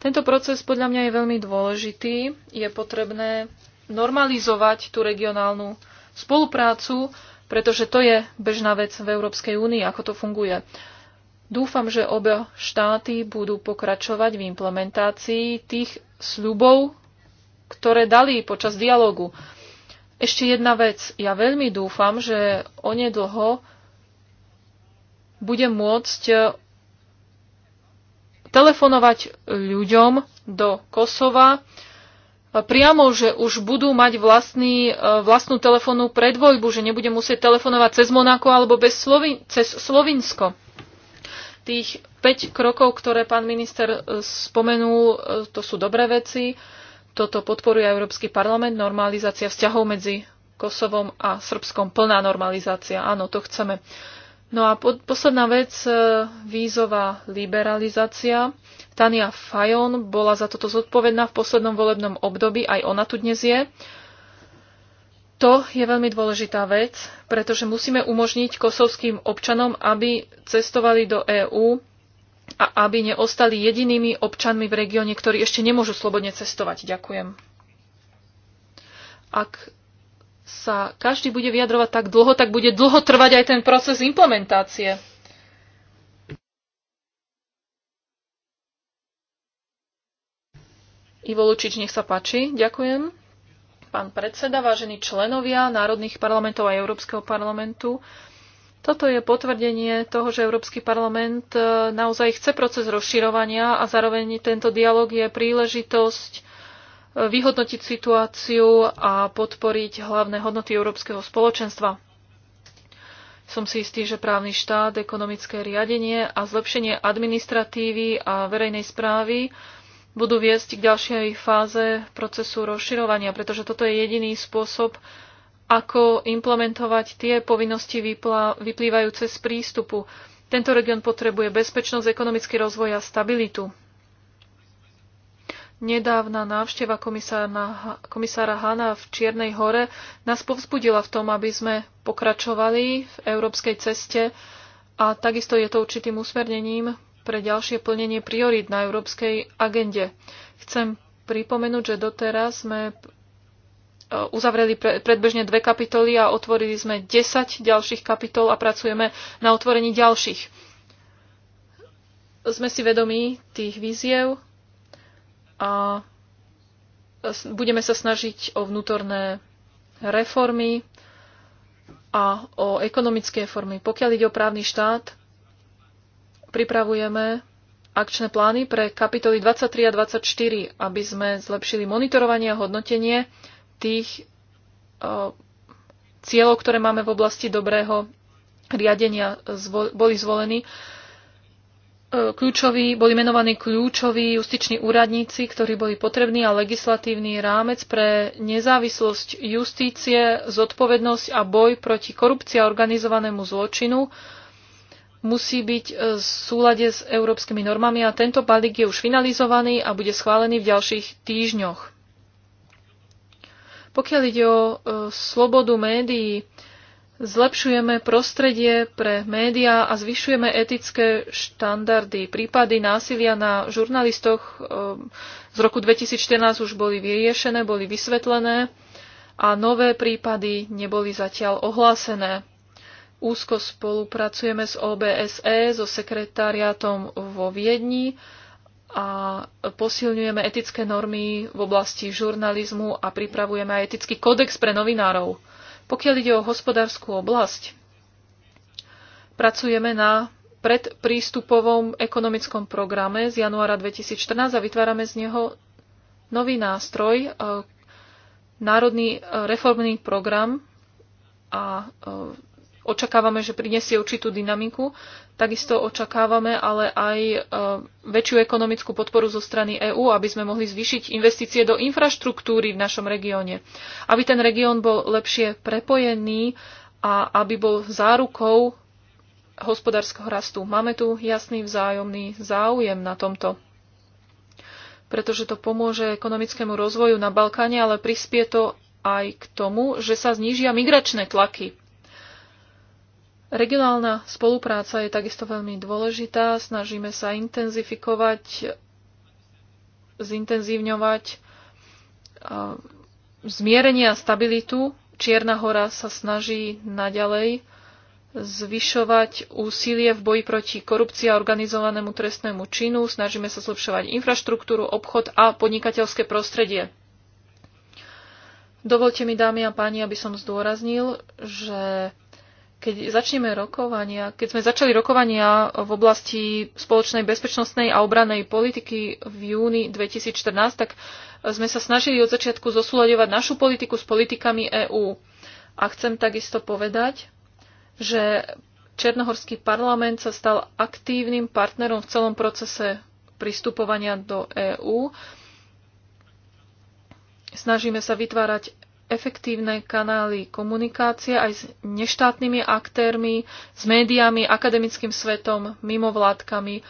Tento proces podľa mňa je veľmi dôležitý. Je potrebné normalizovať tú regionálnu spoluprácu pretože to je bežná vec v Európskej únii, ako to funguje. Dúfam, že obe štáty budú pokračovať v implementácii tých sľubov, ktoré dali počas dialogu. Ešte jedna vec. Ja veľmi dúfam, že onedlho budem môcť telefonovať ľuďom do Kosova, priamo, že už budú mať vlastný, e, vlastnú telefónnu predvojbu, že nebude musieť telefonovať cez Monako alebo bez Slovi- cez Slovinsko. Tých 5 krokov, ktoré pán minister e, spomenul, e, to sú dobré veci. Toto podporuje Európsky parlament, normalizácia vzťahov medzi Kosovom a Srbskom, plná normalizácia. Áno, to chceme. No a pod, posledná vec, e, vízová liberalizácia. Tania Fajon bola za toto zodpovedná v poslednom volebnom období, aj ona tu dnes je. To je veľmi dôležitá vec, pretože musíme umožniť kosovským občanom, aby cestovali do EÚ a aby neostali jedinými občanmi v regióne, ktorí ešte nemôžu slobodne cestovať. Ďakujem. Ak sa každý bude vyjadrovať tak dlho, tak bude dlho trvať aj ten proces implementácie. Ivo Lučič, nech sa páči. Ďakujem. Pán predseda, vážení členovia národných parlamentov a Európskeho parlamentu, toto je potvrdenie toho, že Európsky parlament eh, naozaj chce proces rozširovania a zároveň tento dialog je príležitosť vyhodnotiť situáciu a podporiť hlavné hodnoty Európskeho spoločenstva. Som si istý, že právny štát, ekonomické riadenie a zlepšenie administratívy a verejnej správy budú viesť k ďalšej fáze procesu rozširovania, pretože toto je jediný spôsob, ako implementovať tie povinnosti vyplývajúce z prístupu. Tento región potrebuje bezpečnosť, ekonomický rozvoj a stabilitu. Nedávna návšteva komisára Hana v Čiernej hore nás povzbudila v tom, aby sme pokračovali v európskej ceste a takisto je to určitým usmernením pre ďalšie plnenie priorít na európskej agende. Chcem pripomenúť, že doteraz sme e, uzavreli predbežne dve kapitoly a otvorili sme 10 ďalších kapitol a pracujeme na otvorení ďalších. Sme si vedomí tých víziev, a budeme sa snažiť o vnútorné reformy a o ekonomické reformy. Pokiaľ ide o právny štát, pripravujeme akčné plány pre kapitoly 23 a 24, aby sme zlepšili monitorovanie a hodnotenie tých cieľov, ktoré máme v oblasti dobrého riadenia, boli zvolení. E, kľúčoví, boli menovaní kľúčoví justiční úradníci, ktorí boli potrební a legislatívny rámec pre nezávislosť justície, zodpovednosť a boj proti korupcii a organizovanému zločinu musí byť e, v súlade s európskymi normami a tento balík je už finalizovaný a bude schválený v ďalších týždňoch. Pokiaľ ide o e, slobodu médií, zlepšujeme prostredie pre médiá a zvyšujeme etické štandardy. Prípady násilia na žurnalistoch ehm, z roku 2014 už boli vyriešené, boli vysvetlené a nové prípady neboli zatiaľ ohlásené. Úzko spolupracujeme s OBSE, so sekretariátom vo Viedni a posilňujeme etické normy v oblasti žurnalizmu a pripravujeme aj etický kódex pre novinárov. Pokiaľ ide o hospodárskú oblasť, pracujeme na predprístupovom ekonomickom programe z januára 2014 a vytvárame z neho nový nástroj, e, národný e, reformný program a e, očakávame, že prinesie určitú dynamiku. Takisto očakávame ale aj e, väčšiu ekonomickú podporu zo strany EÚ, aby sme mohli zvýšiť investície do infraštruktúry v našom regióne. Aby ten región bol lepšie prepojený a aby bol zárukou hospodárskeho rastu. Máme tu jasný vzájomný záujem na tomto pretože to pomôže ekonomickému rozvoju na Balkáne, ale prispie to aj k tomu, že sa znížia migračné tlaky Regionálna spolupráca je takisto veľmi dôležitá. Snažíme sa intenzifikovať, zintenzívňovať eh, zmierenie a stabilitu. Čierna hora sa snaží naďalej zvyšovať úsilie v boji proti korupcii a organizovanému trestnému činu. Snažíme sa zlepšovať infraštruktúru, obchod a podnikateľské prostredie. Dovolte mi, dámy a páni, aby som zdôraznil, že keď začneme rokovania, keď sme začali rokovania v oblasti spoločnej bezpečnostnej a obranej politiky v júni 2014, tak sme sa snažili od začiatku zosúľadovať našu politiku s politikami EÚ. A chcem takisto povedať, že Černohorský parlament sa stal aktívnym partnerom v celom procese pristupovania do EÚ. Snažíme sa vytvárať efektívne kanály komunikácie aj s neštátnymi aktérmi, s médiami, akademickým svetom, mimovládkami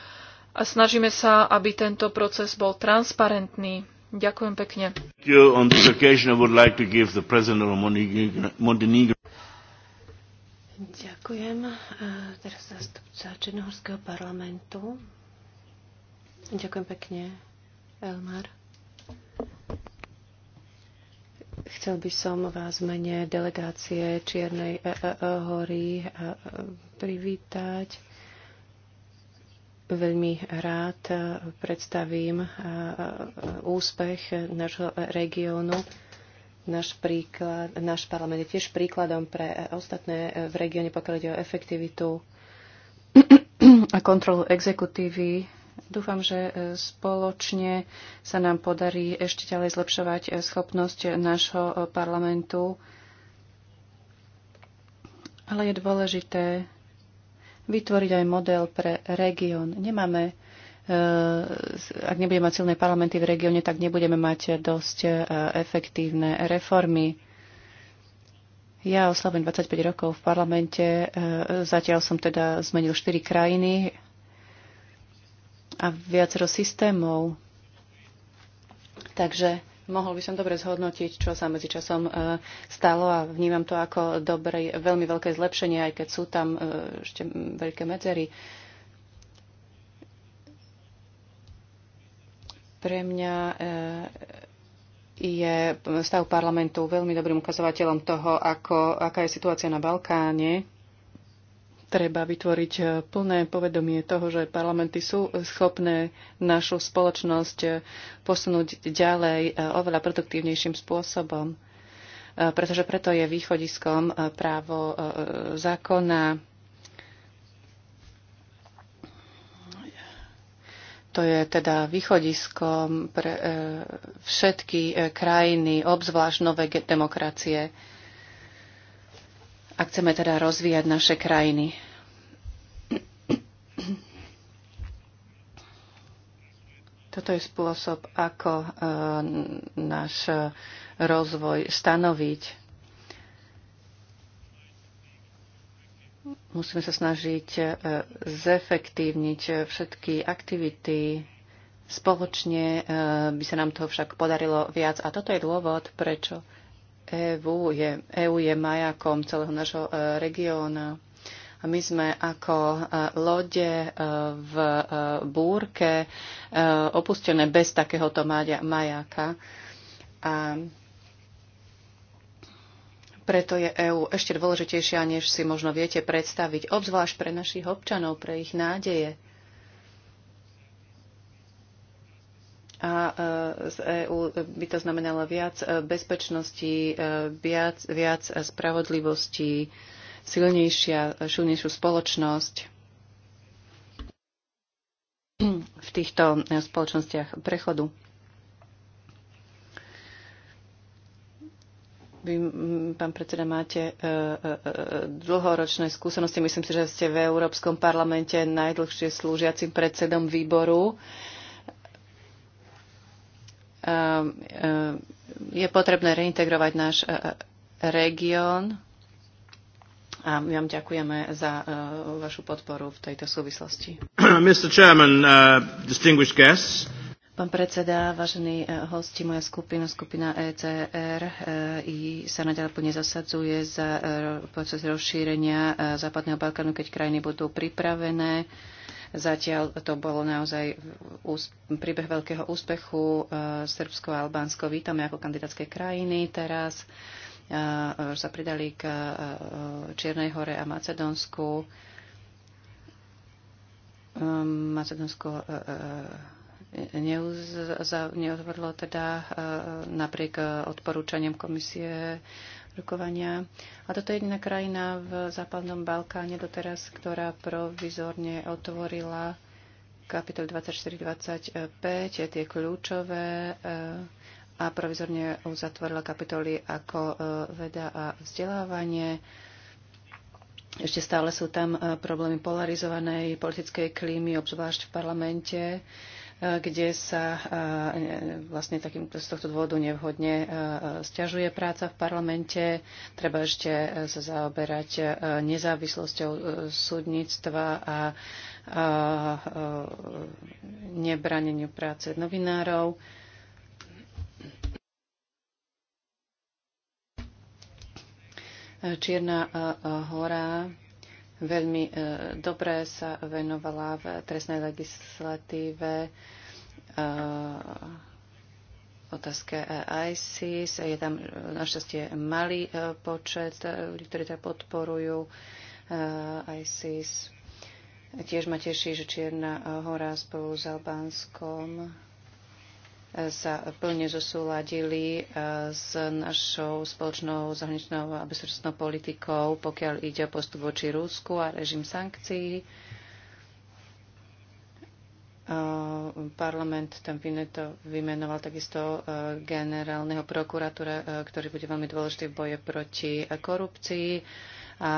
a snažíme sa, aby tento proces bol transparentný. Ďakujem pekne. Ďakujem. Teraz zastupca Černohorského parlamentu. Ďakujem pekne, Elmar. Chcel by som vás v mene delegácie Čiernej e, e, e, hory privítať. Veľmi rád predstavím úspech nášho regiónu. Náš, príklad, náš parlament je tiež príkladom pre ostatné v regióne, pokiaľ ide o efektivitu a kontrolu exekutívy Dúfam, že e, spoločne sa nám podarí ešte ďalej zlepšovať e, schopnosť nášho e, parlamentu. Ale je dôležité vytvoriť aj model pre región. Nemáme ak nebudeme mať silné parlamenty v regióne, tak nebudeme mať dosť efektívne reformy. Ja oslavujem 25 rokov v parlamente, zatiaľ som teda zmenil 4 krajiny, a viacero systémov. Takže mohol by som dobre zhodnotiť, čo sa medzi časom e, stalo a vnímam to ako dobre, veľmi veľké zlepšenie, aj keď sú tam e, ešte veľké medzery. Pre mňa e, je stav parlamentu veľmi dobrým ukazovateľom toho, ako, aká je situácia na Balkáne treba vytvoriť eh, plné povedomie toho, že parlamenty sú schopné našu spoločnosť eh, posunúť ďalej eh, oveľa produktívnejším spôsobom. Pretože preto je východiskom právo zákona. To je teda východiskom pre všetky krajiny, obzvlášť nové demokracie ak chceme teda rozvíjať naše krajiny. Toto je spôsob, ako e, náš rozvoj stanoviť musíme sa snažiť e, zefektívniť všetky aktivity. Spoločne e, by sa nám to však podarilo viac. A toto je dôvod, prečo EU je, EU je majakom celého nášho regióna my sme ako e, lode e, v e, búrke opustené bez takéhoto majáka. A preto je EÚ ešte dôležitejšia, než si možno viete predstaviť, obzvlášť pre našich občanov, pre ich nádeje. a z EÚ by to znamenalo viac bezpečnosti, viac, viac spravodlivosti, silnejšia, silnejšiu spoločnosť v týchto spoločnostiach prechodu. Vy, pán predseda, máte e, e, e, dlhoročné skúsenosti. Myslím si, že ste v Európskom parlamente najdlhšie slúžiacim predsedom výboru. Ehm, ehm, je potrebné reintegrovať náš región a my vám ďakujeme za uh, vašu podporu v tejto súvislosti. [CLEARS THROAT] Mr. Chairman, uh, distinguished guests. Pán predseda, vážení e, hosti, moja skupina, skupina ECR, e, e sa naďalej plne zasadzuje za e, proces rozšírenia e, Západného Balkánu, keď krajiny budú pripravené. Zatiaľ to bolo naozaj ús- príbeh veľkého úspechu. E, Srbsko a Albánsko vítame ako kandidátske krajiny teraz. E, sa pridali k Čiernej hore a Macedónsku. Ehm, Macedónsko e, e, e, neuzavrlo teda napriek odporúčaniam komisie rukovania. A toto je jediná krajina v západnom Balkáne doteraz, ktorá provizorne otvorila kapitol 24-25, tie kľúčové a provizorne uzatvorila kapitoly ako e, veda a vzdelávanie. Ešte stále sú tam e, problémy polarizovanej politickej klímy, obzvlášť v parlamente, e, kde sa vlastne takým, z tohto dôvodu nevhodne stiažuje práca v parlamente. Treba ešte sa zaoberať nezávislosťou súdnictva a nebraneniu práce novinárov. Čierna e, e, hora veľmi e, dobre sa venovala v trestnej legislatíve otázke ISIS. Je tam našťastie malý počet ľudí, ktorí teda podporujú ISIS. Tiež ma teší, že Čierna hora spolu s Albánskom sa plne zosúladili e, s našou spoločnou zahraničnou a bezpečnostnou politikou, pokiaľ ide o postup voči Rúsku a režim sankcií. E, parlament tam vymenoval takisto e, generálneho prokuratúra, ktorý bude veľmi dôležitý v boje proti korupcii a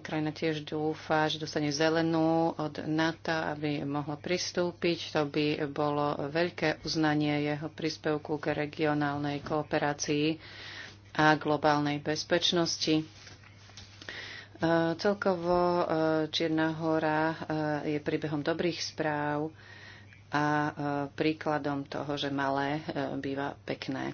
krajina tiež dúfa, že dostane zelenú od NATO, aby mohla pristúpiť. To by bolo veľké uznanie jeho príspevku k regionálnej kooperácii a globálnej bezpečnosti. E, celkovo e, Čierna hora e, je príbehom dobrých správ a príkladom toho, že malé býva pekné.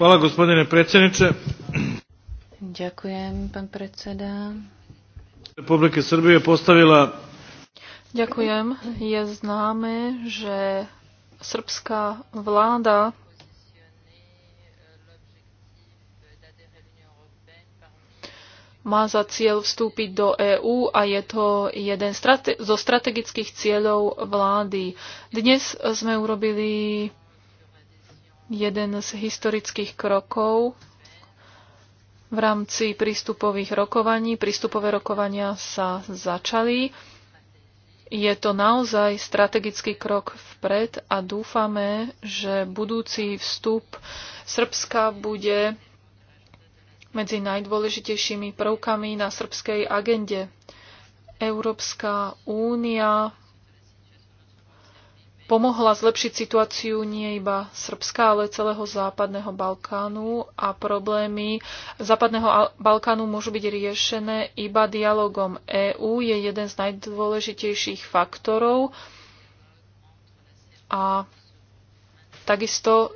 Hvala, gospodine predsjedniče. Ďakujem, pán predseda. Republike Srbije postavila... Ďakujem. Je známe, že srbská vláda má za cieľ vstúpiť do EÚ a je to jeden strate- zo strategických cieľov vlády. Dnes sme urobili jeden z historických krokov v rámci prístupových rokovaní. Prístupové rokovania sa začali. Je to naozaj strategický krok vpred a dúfame, že budúci vstup Srbska bude medzi najdôležitejšími prvkami na srbskej agende. Európska únia pomohla zlepšiť situáciu nie iba Srbska, ale celého Západného Balkánu a problémy Západného Balkánu môžu byť riešené iba dialogom. EÚ je jeden z najdôležitejších faktorov a takisto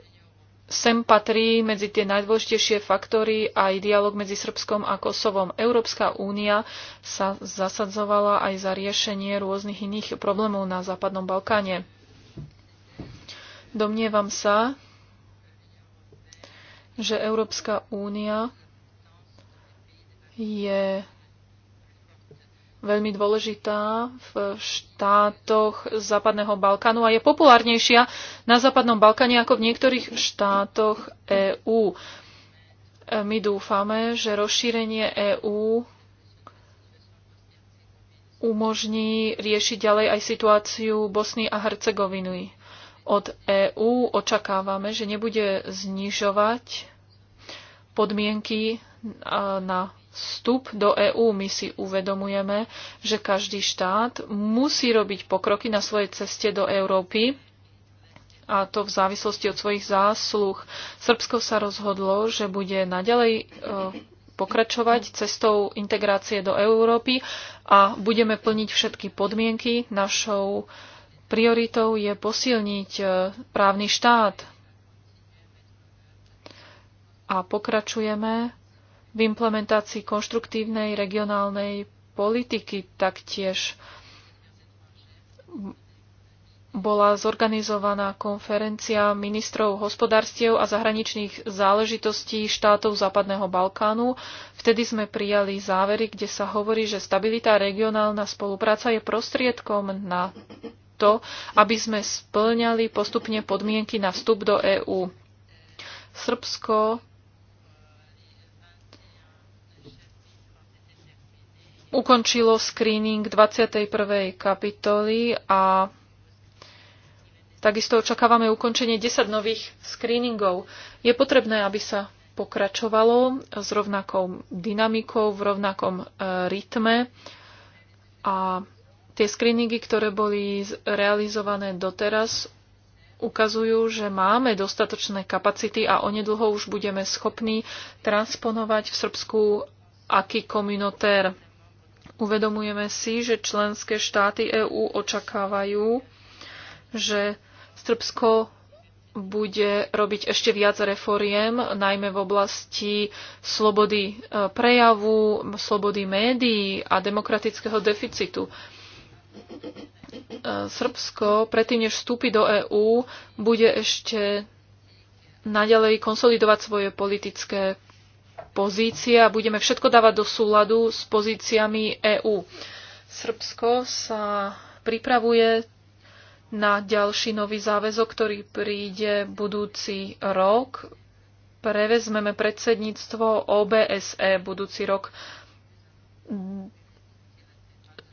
sem patrí medzi tie najdôležitejšie faktory aj dialog medzi Srbskom a Kosovom. Európska únia sa zasadzovala aj za riešenie rôznych iných problémov na Západnom Balkáne. Domnievam sa, že Európska únia je veľmi dôležitá v štátoch Západného Balkánu a je populárnejšia na Západnom Balkáne ako v niektorých štátoch EÚ. E, my dúfame, že rozšírenie EÚ umožní riešiť ďalej aj situáciu Bosny a Hercegoviny od EÚ očakávame, že nebude znižovať podmienky e, na vstup do EÚ. My si uvedomujeme, že každý štát musí robiť pokroky na svojej ceste do Európy a to v závislosti od svojich zásluh. Srbsko sa rozhodlo, že bude naďalej e, pokračovať cestou integrácie do Európy a budeme plniť všetky podmienky našou Prioritou je posilniť e, právny štát a pokračujeme v implementácii konštruktívnej regionálnej politiky taktiež bola zorganizovaná konferencia ministrov hospodárstiev a zahraničných záležitostí štátov Západného Balkánu. Vtedy sme prijali závery, kde sa hovorí, že stabilita a regionálna spolupráca je prostriedkom na to, aby sme splňali postupne podmienky na vstup do EÚ. Srbsko ukončilo screening 21. kapitoly a takisto očakávame ukončenie 10 nových screeningov. Je potrebné, aby sa pokračovalo s rovnakou dynamikou, v rovnakom e, rytme a Tie skriningy, ktoré boli realizované doteraz, ukazujú, že máme dostatočné kapacity a onedlho už budeme schopní transponovať v Srbsku aký komunitér. Uvedomujeme si, že členské štáty EÚ očakávajú, že Srbsko bude robiť ešte viac reforiem, najmä v oblasti slobody e, prejavu, slobody médií a demokratického deficitu. Srbsko predtým, než vstúpi do EÚ, bude ešte naďalej konsolidovať svoje politické pozície a budeme všetko dávať do súladu s pozíciami EÚ. Srbsko sa pripravuje na ďalší nový záväzok, ktorý príde budúci rok. Prevezmeme predsedníctvo OBSE budúci rok.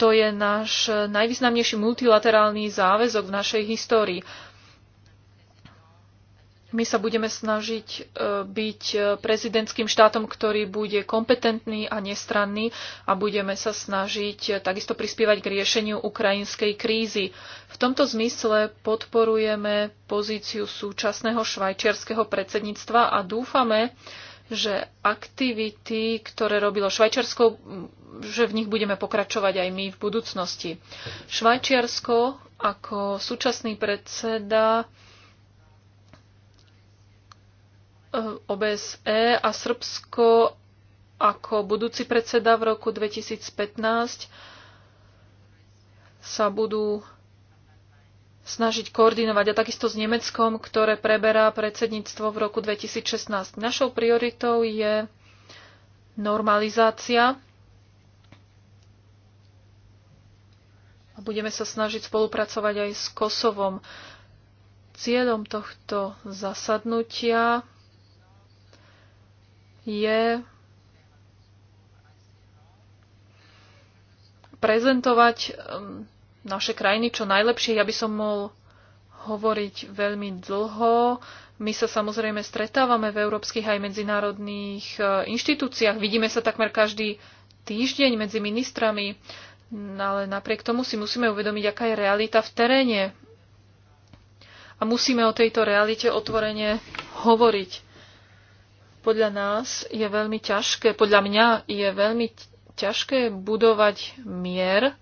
To je náš najvýznamnejší multilaterálny záväzok v našej histórii. My sa budeme snažiť e, byť prezidentským štátom, ktorý bude kompetentný a nestranný a budeme sa snažiť takisto prispievať k riešeniu ukrajinskej krízy. V tomto zmysle podporujeme pozíciu súčasného švajčiarského predsedníctva a dúfame, že aktivity, ktoré robilo Švajčiarsko, že v nich budeme pokračovať aj my v budúcnosti. Švajčiarsko ako súčasný predseda OBSE e a Srbsko ako budúci predseda v roku 2015 sa budú snažiť koordinovať a takisto s Nemeckom, ktoré preberá predsedníctvo v roku 2016. Našou prioritou je normalizácia a budeme sa snažiť spolupracovať aj s Kosovom. Cieľom tohto zasadnutia je prezentovať um, naše krajiny čo najlepšie. Ja by som mohol hovoriť veľmi dlho. My sa samozrejme stretávame v európskych aj medzinárodných e, inštitúciách. Vidíme sa takmer každý týždeň medzi ministrami, no, ale napriek tomu si musíme uvedomiť, aká je realita v teréne. A musíme o tejto realite otvorene hovoriť. Podľa nás je veľmi ťažké, podľa mňa je veľmi ťažké budovať mier,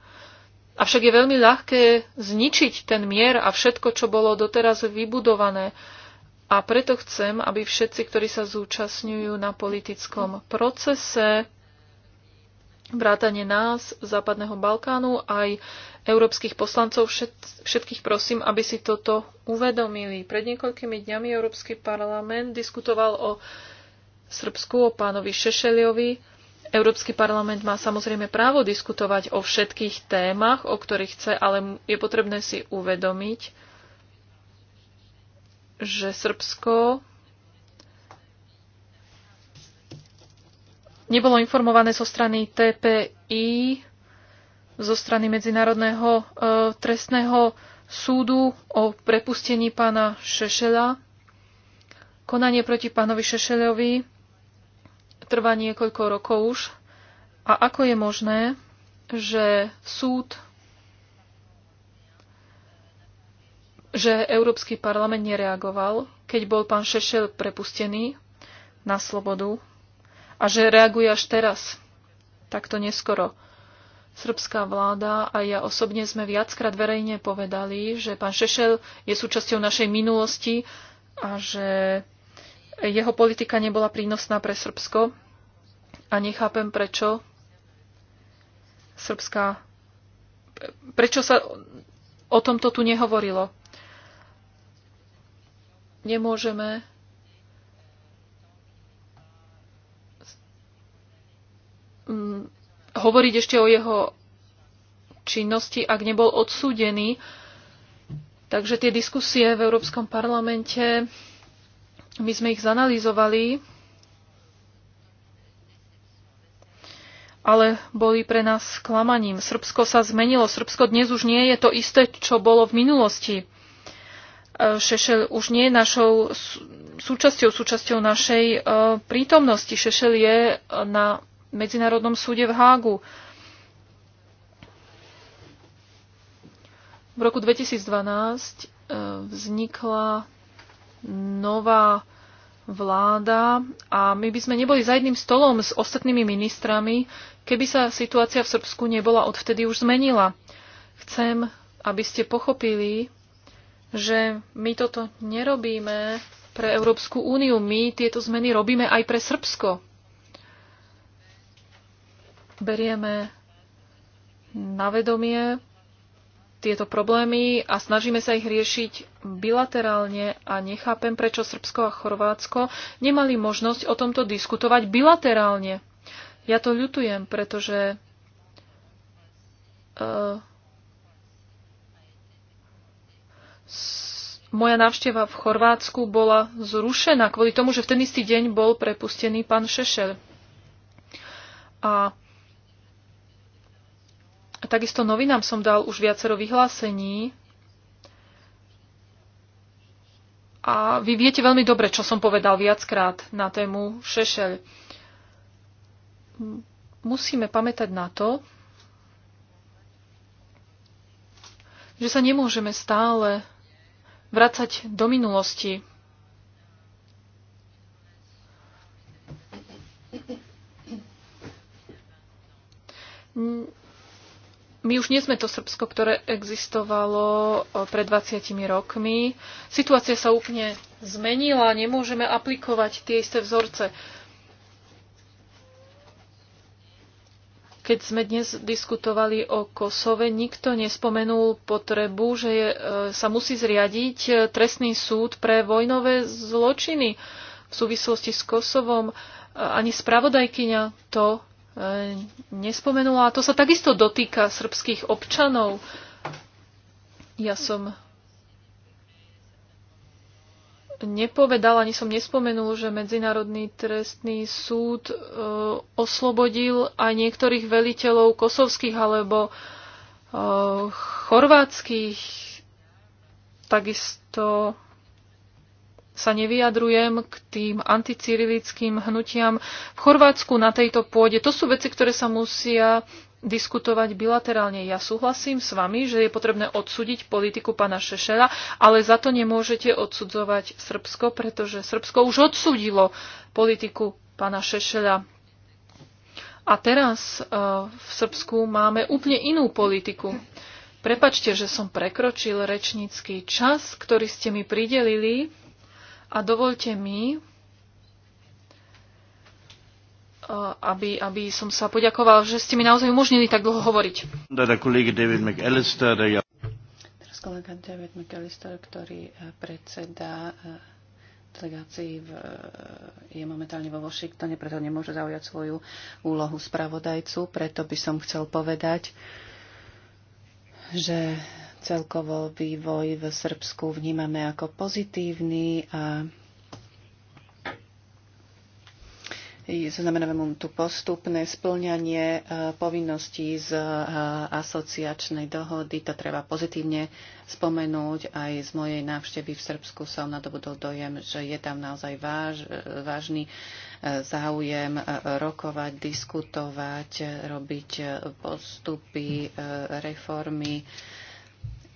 Avšak je veľmi ľahké zničiť ten mier a všetko, čo bolo doteraz vybudované. A preto chcem, aby všetci, ktorí sa zúčastňujú na politickom procese, vrátane nás, Západného Balkánu, aj európskych poslancov, všet, všetkých prosím, aby si toto uvedomili. Pred niekoľkými dňami Európsky parlament diskutoval o Srbsku, o pánovi Šešeliovi Európsky parlament má samozrejme právo diskutovať o všetkých témach, o ktorých chce, ale je potrebné si uvedomiť, že Srbsko nebolo informované zo strany TPI, zo strany Medzinárodného e, trestného súdu o prepustení pána Šešela. Konanie proti pánovi Šešelovi trvá niekoľko rokov už. A ako je možné, že súd, že Európsky parlament nereagoval, keď bol pán Šešel prepustený na slobodu a že reaguje až teraz, takto neskoro. Srbská vláda a ja osobne sme viackrát verejne povedali, že pán Šešel je súčasťou našej minulosti a že jeho politika nebola prínosná pre Srbsko a nechápem, prečo Srbská prečo sa o tomto tu nehovorilo. Nemôžeme mm, hovoriť ešte o jeho činnosti, ak nebol odsúdený. Takže tie diskusie v Európskom parlamente my sme ich zanalýzovali, ale boli pre nás sklamaním. Srbsko sa zmenilo. Srbsko dnes už nie je to isté, čo bolo v minulosti. E, Šešel už nie je našou súčasťou, súčasťou našej e, prítomnosti. Šešel je na Medzinárodnom súde v Hágu. V roku 2012 e, vznikla nová vláda a my by sme neboli za jedným stolom s ostatnými ministrami, keby sa situácia v Srbsku nebola odvtedy už zmenila. Chcem, aby ste pochopili, že my toto nerobíme pre Európsku úniu. My tieto zmeny robíme aj pre Srbsko. Berieme na vedomie tieto problémy a snažíme sa ich riešiť bilaterálne a nechápem, prečo Srbsko a Chorvátsko nemali možnosť o tomto diskutovať bilaterálne. Ja to ľutujem, pretože uh, moja návšteva v Chorvátsku bola zrušená kvôli tomu, že v ten istý deň bol prepustený pán Šešel. A a takisto novinám som dal už viacero vyhlásení. A vy viete veľmi dobre, čo som povedal viackrát na tému Šešel. Musíme pamätať na to, že sa nemôžeme stále vracať do minulosti. N- my už nie sme to Srbsko, ktoré existovalo eh, pred 20 rokmi. Situácia sa úplne zmenila, nemôžeme aplikovať tie isté vzorce. Keď sme dnes diskutovali o Kosove, nikto nespomenul potrebu, že je, eh, sa musí zriadiť eh, trestný súd pre vojnové zločiny v súvislosti s Kosovom. Ani spravodajkyňa to nespomenula. A to sa takisto dotýka srbských občanov. Ja som nepovedala, ani som nespomenul, že Medzinárodný trestný súd e, oslobodil aj niektorých veliteľov kosovských alebo e, chorvátskych. Takisto sa nevyjadrujem k tým anticyrilickým hnutiam v Chorvátsku na tejto pôde. To sú veci, ktoré sa musia diskutovať bilaterálne. Ja súhlasím s vami, že je potrebné odsúdiť politiku pána Šešela, ale za to nemôžete odsudzovať Srbsko, pretože Srbsko už odsúdilo politiku pána Šešela. A teraz uh, v Srbsku máme úplne inú politiku. Prepačte, že som prekročil rečnícky čas, ktorý ste mi pridelili. A dovolte mi, aby, aby som sa poďakoval, že ste mi naozaj umožnili tak dlho hovoriť. Teda Teraz kolega David McAllister, ktorý e, predseda e, delegácii v, e, je momentálne vo Washingtone, preto nemôže zaujať svoju úlohu spravodajcu. Preto by som chcel povedať, že Celkovo vývoj v Srbsku vnímame ako pozitívny a Znamenáme tu postupné splňanie eh, povinností z eh, asociačnej dohody. To treba pozitívne spomenúť. Aj z mojej návštevy v Srbsku som nadobudol dojem, že je tam naozaj váž, eh, vážny záujem rokovať, diskutovať, robiť postupy, reformy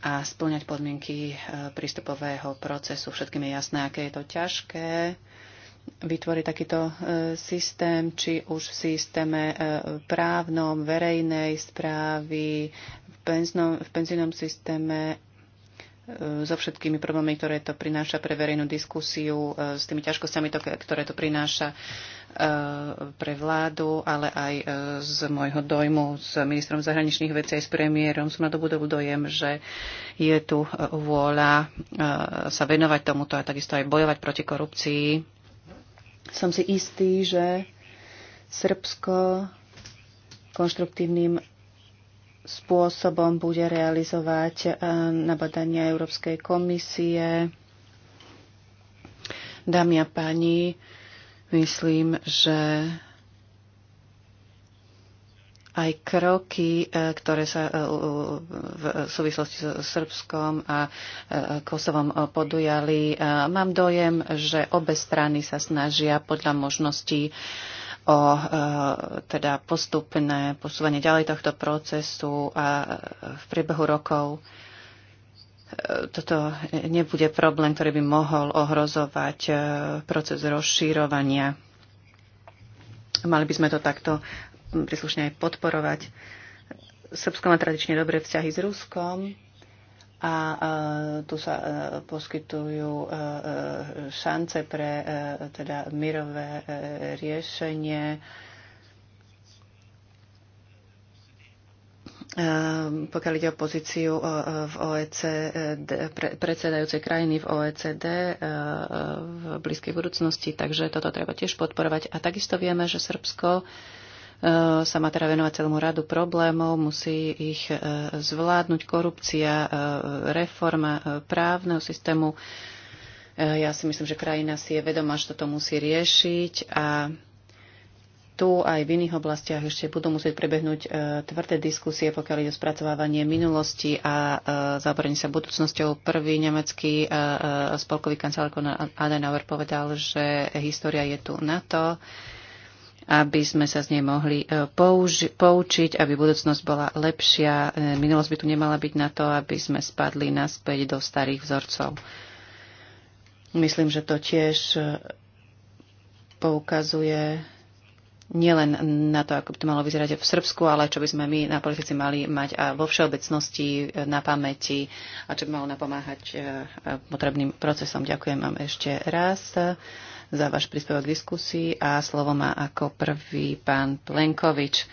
a splňať podmienky e, prístupového procesu. Všetkým je jasné, aké je to ťažké vytvoriť takýto e, systém, či už v systéme e, právnom, verejnej správy, v penzínom systéme E, so všetkými problémami, ktoré to prináša pre verejnú diskusiu, e, s tými ťažkosťami, ktoré to prináša e, pre vládu, ale aj z môjho dojmu s ministrom zahraničných vecí aj s premiérom som na to budovu dojem, že je tu vôľa sa venovať tomuto a takisto aj bojovať proti korupcii. Som si istý, že Srbsko konštruktívnym spôsobom bude realizovať eh, na badania Európskej komisie. Dámy a páni, myslím, že aj kroky, eh, ktoré sa eh, v súvislosti s so Srbskom a Kosovom podujali. Mám dojem, že obe strany sa snažia podľa možností o e, teda postupné posúvanie ďalej tohto procesu a e, v priebehu rokov e, toto nebude problém, ktorý by mohol ohrozovať proces rozšírovania. Mali by sme to takto príslušne aj podporovať. Srbsko má tradične dobré vzťahy s Ruskom a e, tu sa e, poskytujú e, šance pre teda mirové riešenie. Pokiaľ ide o pozíciu v OECD, pre, predsedajúcej krajiny v OECD v blízkej budúcnosti, takže toto treba tiež podporovať. A takisto vieme, že Srbsko E, sa má teda venovať celému radu problémov, musí ich e, zvládnuť korupcia, e, reforma právneho systému. Ja si myslím, že krajina si je vedomá, že toto musí riešiť a tu aj v iných oblastiach ešte budú musieť prebehnúť tvrdé diskusie, pokiaľ ide o spracovávanie minulosti a zaoberanie sa budúcnosťou. Prvý nemecký spolkový kancelár Adenauer povedal, že história je tu na to, aby sme sa z nej mohli e, použi- poučiť, aby budúcnosť bola lepšia. E, minulosť by tu nemala byť na to, aby sme spadli naspäť do starých vzorcov. Myslím, že to tiež e, poukazuje nielen na to, ako by to malo vyzerať v Srbsku, ale čo by sme my na politici mali mať a vo všeobecnosti na pamäti a čo by malo napomáhať potrebným procesom. Ďakujem vám ešte raz za váš príspevok k diskusii a slovo má ako prvý pán Plenkovič.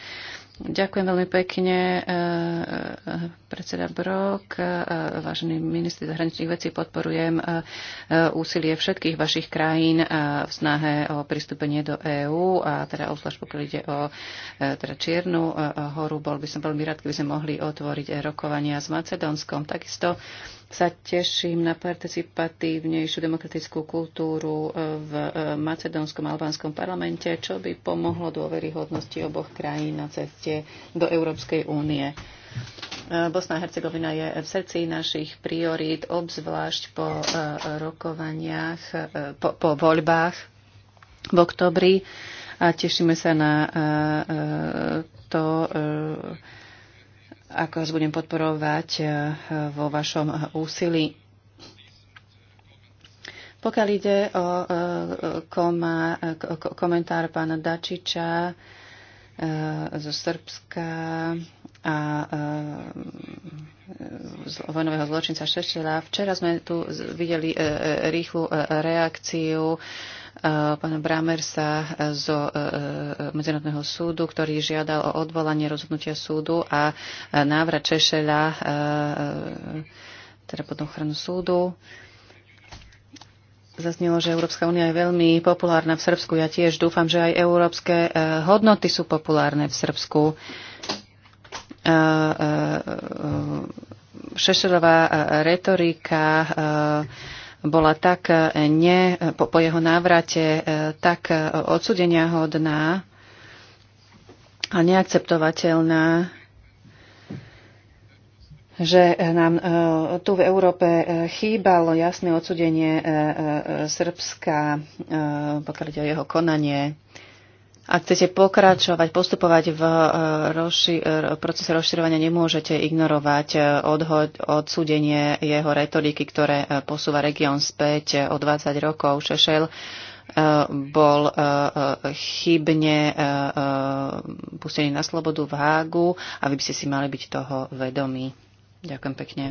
Ďakujem veľmi pekne, eh, predseda Brok, eh, vážený ministri zahraničných vecí, podporujem eh, úsilie všetkých vašich krajín v snahe o pristúpenie do EÚ a teda obzvlášť pokiaľ ide o teda Čiernu horu, bol by som veľmi rád, keby sme mohli otvoriť rokovania s Macedónskom. Takisto sa teším na participatívnejšiu demokratickú kultúru e, v e, macedónskom a albánskom parlamente, čo by pomohlo dôveryhodnosti oboch krajín na ceste do Európskej únie. E, Bosna a Hercegovina je v srdci našich priorít, obzvlášť po rokovaniach, po, po voľbách v oktobri a tešíme sa na to, ako vás budem podporovať eh, vo vašom úsilí. Pokiaľ ide o eh, koma, komentár pána Dačiča eh, zo Srbska a vojnového zločinca Šešela, včera sme tu videli rýchlu reakciu Eh, pána Bramersa eh, zo eh, Medzinárodného súdu, ktorý žiadal o odvolanie rozhodnutia súdu a návrat Češela teda pod ochranu súdu. Zaznelo, že Európska únia je veľmi populárna v Srbsku. Ja tiež dúfam, že aj európske hodnoty sú populárne v Srbsku. Šešerová retorika bola tak e, ne, po, po jeho návrate e, tak e, odsudenia hodná a neakceptovateľná, že nám tu v Európe chýbalo jasné odsudenie Srbska, pokiaľ ide o jeho konanie ak chcete pokračovať, postupovať v e, rozši- e, procese rozširovania, nemôžete ignorovať e, odho- odsúdenie jeho retoriky, ktoré posúva región späť o 20 rokov. Šešel bol chybne pustený na slobodu v Hágu a vy by ste si mali byť toho vedomí. Ďakujem pekne.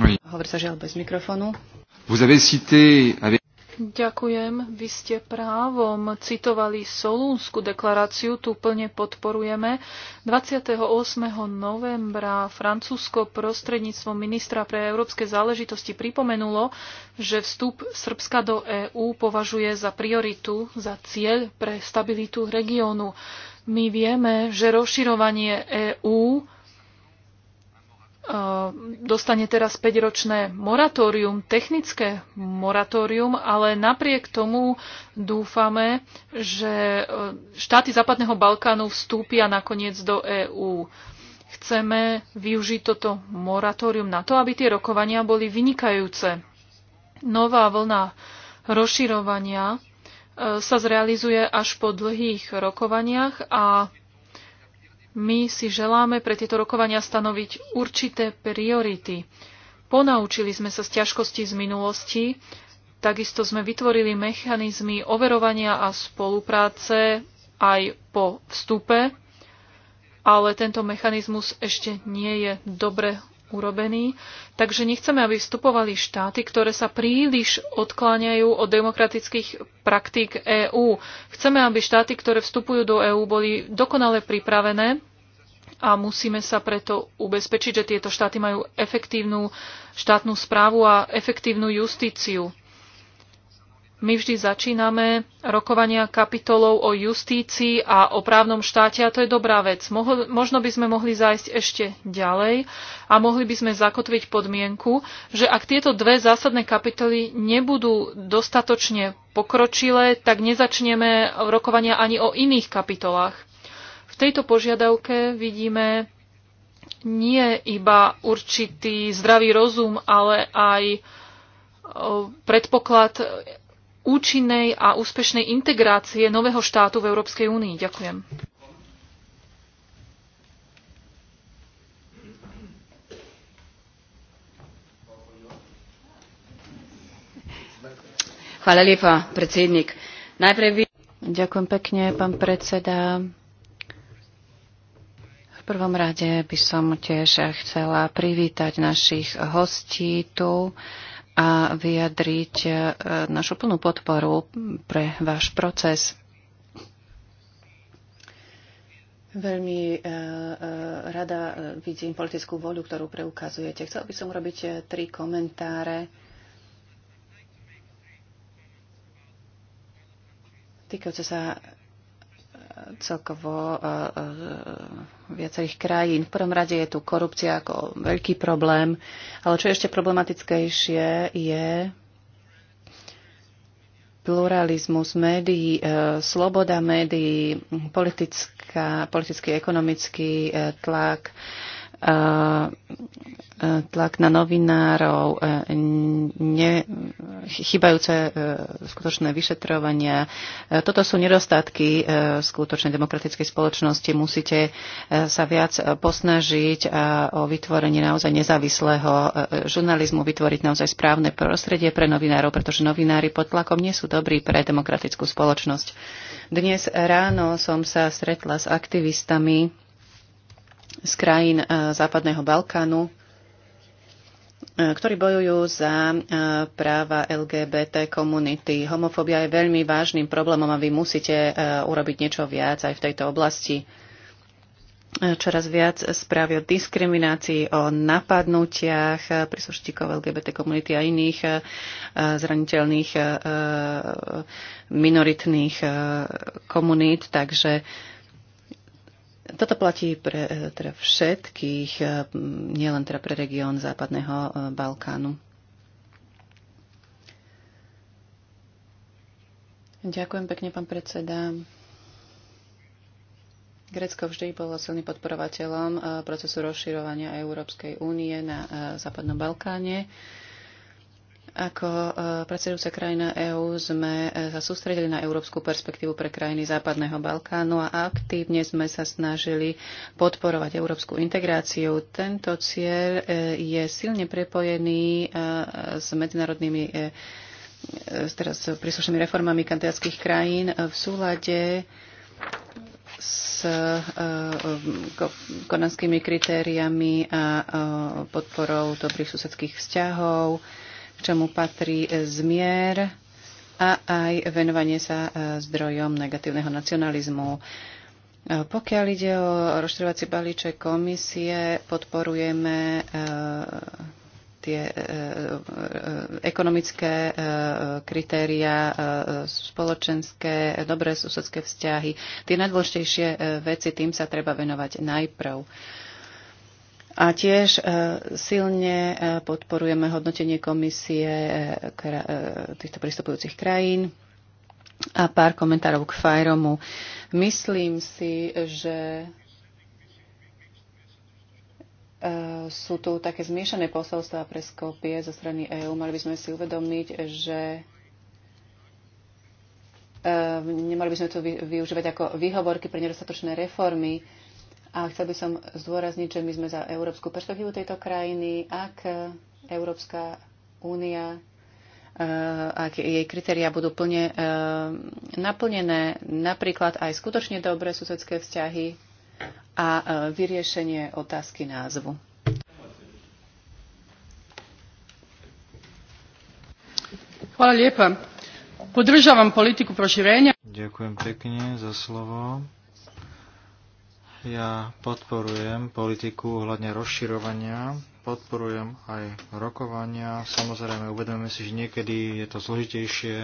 Oui. Hovorí sa žiaľ bez mikrofónu. Vous avez cité avec... Ďakujem. Vy ste právom citovali Solúnsku deklaráciu, tu plne podporujeme. 28. novembra Francúzsko prostredníctvom ministra pre európske záležitosti pripomenulo, že vstup Srbska do EÚ považuje za prioritu, za cieľ pre stabilitu regiónu. My vieme, že rozširovanie EÚ dostane teraz 5-ročné moratórium, technické moratórium, ale napriek tomu dúfame, že e, štáty Západného Balkánu vstúpia nakoniec do EÚ. Chceme využiť toto moratórium na to, aby tie rokovania boli vynikajúce. Nová vlna rozširovania e, sa zrealizuje až po dlhých rokovaniach a my si želáme pre tieto rokovania stanoviť určité priority. Ponaučili sme sa z ťažkosti z minulosti, takisto sme vytvorili mechanizmy overovania a spolupráce aj po vstupe, ale tento mechanizmus ešte nie je dobre urobený. Takže nechceme, aby vstupovali štáty, ktoré sa príliš odkláňajú od demokratických praktík EÚ. Chceme, aby štáty, ktoré vstupujú do EÚ, boli dokonale pripravené a musíme sa preto ubezpečiť, že tieto štáty majú efektívnu štátnu správu a efektívnu justíciu. My vždy začíname rokovania kapitolov o justícii a o právnom štáte a to je dobrá vec. Mohol, možno by sme mohli zájsť ešte ďalej a mohli by sme zakotviť podmienku, že ak tieto dve zásadné kapitoly nebudú dostatočne pokročilé, tak nezačneme rokovania ani o iných kapitolách. V tejto požiadavke vidíme nie iba určitý zdravý rozum, ale aj predpoklad účinnej a úspešnej integrácie nového štátu v Európskej únii. Ďakujem. Hvala lepa, predsednik. Najprej by... Ďakujem pekne, pán predseda. V prvom rade by som tiež chcela privítať našich hostí tu a vyjadriť e, našu plnú podporu pre váš proces. Veľmi e, e, rada vidím politickú voľu, ktorú preukazujete. Chcel by som robiť tri komentáre. týkajúce sa celkovo e, e, viacerých krajín. V prvom rade je tu korupcia ako veľký problém, ale čo je ešte problematickejšie je pluralizmus médií, e, sloboda médií, politická, politický, ekonomický tlak, E, e, tlak na novinárov, e, ne, chybajúce skutočné vyšetrovania. Toto sú nedostatky skutočnej demokratickej spoločnosti. Musíte sa viac posnažiť o vytvorenie naozaj nezávislého žurnalizmu, vytvoriť naozaj správne prostredie pre novinárov, pretože novinári pod tlakom nie sú dobrí pre demokratickú spoločnosť. Dnes ráno som sa stretla s aktivistami, z krajín e, Západného Balkánu, e, ktorí bojujú za e, práva LGBT komunity. Homofóbia je veľmi vážnym problémom a vy musíte urobiť niečo viac aj v tejto oblasti. Čoraz viac správy o diskriminácii, o napadnutiach príslušníkov LGBT komunity a iných zraniteľných minoritných komunít. Takže toto platí pre e, teda všetkých, e, nielen teda pre región Západného e, Balkánu. Ďakujem pekne, pán predseda. Grécko vždy bolo silným podporovateľom procesu rozširovania Európskej únie na Západnom Balkáne. Ako e, predsedujúca krajina EÚ sme e, sa sústredili na európsku perspektívu pre krajiny Západného Balkánu a aktívne sme sa snažili podporovať európsku integráciu. Tento cieľ e, je silne prepojený s medzinárodnými teraz príslušnými reformami kandidátskych krajín v súlade s konanskými kritériami a podporou dobrých susedských vzťahov k čomu patrí e, zmier a aj venovanie sa e, zdrojom negatívneho nacionalizmu. E, pokiaľ ide o rozširovací balíček komisie, podporujeme tie ekonomické kritéria, spoločenské, dobré susedské vzťahy. Tie najdôležitejšie veci, tým sa treba venovať najprv. A tiež e, silne e, podporujeme hodnotenie komisie e, týchto pristupujúcich krajín a pár komentárov k Fajromu. Myslím si, že sú tu také zmiešané posolstvá pre Skopie zo strany EÚ. Mali by sme si uvedomiť, že nemali by sme to využívať ako výhovorky pre nedostatočné reformy. A chcel by som zdôrazniť, že my sme za európsku perspektívu tejto krajiny. Ak Európska únia eh, ak jej kritéria budú plne eh, naplnené, napríklad aj skutočne dobré susedské vzťahy a eh, vyriešenie otázky názvu. Hvala lijepa. Podržavam politiku proširenja. Ďakujem pekne za slovo. Ja podporujem politiku ohľadne rozširovania, podporujem aj rokovania. Samozrejme, uvedomujeme si, že niekedy je to zložitejšie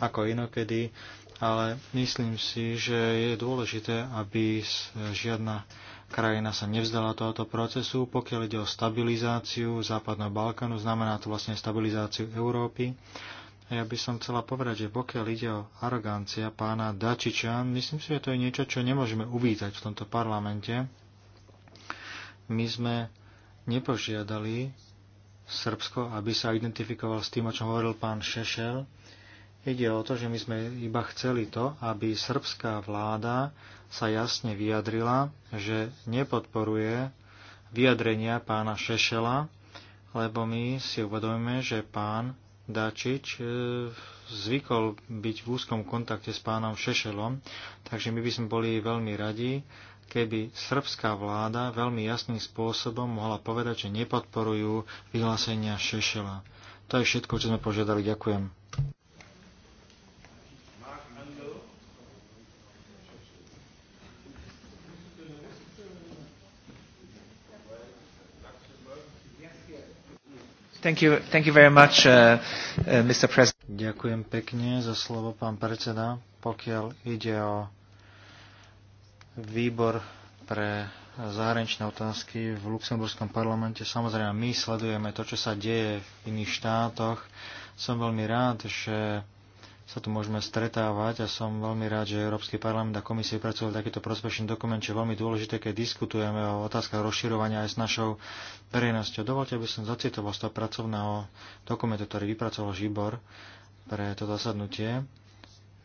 ako inokedy, ale myslím si, že je dôležité, aby žiadna krajina sa nevzdala tohoto procesu. Pokiaľ ide o stabilizáciu Západného Balkánu, znamená to vlastne stabilizáciu Európy. Ja by som chcela povedať, že pokiaľ ide o arogancia pána Dačiča, myslím si, že to je niečo, čo nemôžeme uvítať v tomto parlamente. My sme nepožiadali Srbsko, aby sa identifikoval s tým, o čom hovoril pán Šešel. Ide o to, že my sme iba chceli to, aby srbská vláda sa jasne vyjadrila, že nepodporuje vyjadrenia pána Šešela, lebo my si uvedomíme, že pán Dačič e, zvykol byť v úzkom kontakte s pánom Šešelom, takže my by sme boli veľmi radi, keby srbská vláda veľmi jasným spôsobom mohla povedať, že nepodporujú vyhlásenia Šešela. To je všetko, čo sme požiadali. Ďakujem. Uh, uh, Ďakujem pekne za slovo, pán predseda. Pokiaľ ide o výbor pre zahraničné otázky v luxemburskom parlamente, samozrejme my sledujeme to, čo sa deje v iných štátoch. Som veľmi rád, že sa tu môžeme stretávať a som veľmi rád, že Európsky parlament a komisie vypracovali takýto prospešný dokument, čo je veľmi dôležité, keď diskutujeme o otázkach rozširovania aj s našou verejnosťou. Dovolte, aby som zacitoval z toho pracovného dokumentu, ktorý vypracoval Žibor pre to zasadnutie.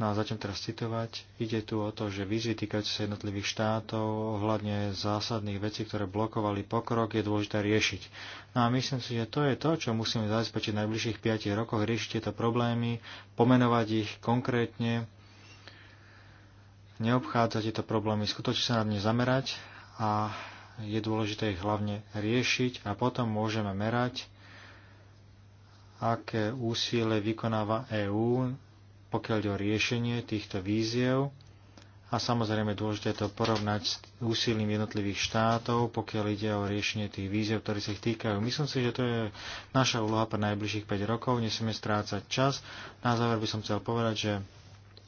No a začnem teraz citovať. Ide tu o to, že výzvy týkajúce sa jednotlivých štátov ohľadne zásadných vecí, ktoré blokovali pokrok, je dôležité riešiť. No a myslím si, že to je to, čo musíme zabezpečiť v najbližších 5 rokoch, riešiť tieto problémy, pomenovať ich konkrétne, neobchádzať tieto problémy, skutočne sa na ne zamerať a je dôležité ich hlavne riešiť a potom môžeme merať, aké úsilie vykonáva EÚ pokiaľ ide o riešenie týchto víziev. A samozrejme dôležité je to porovnať s úsilím jednotlivých štátov, pokiaľ ide o riešenie tých víziev, ktoré sa ich týkajú. Myslím si, že to je naša úloha pre najbližších 5 rokov, nesmieme strácať čas. Na záver by som chcel povedať, že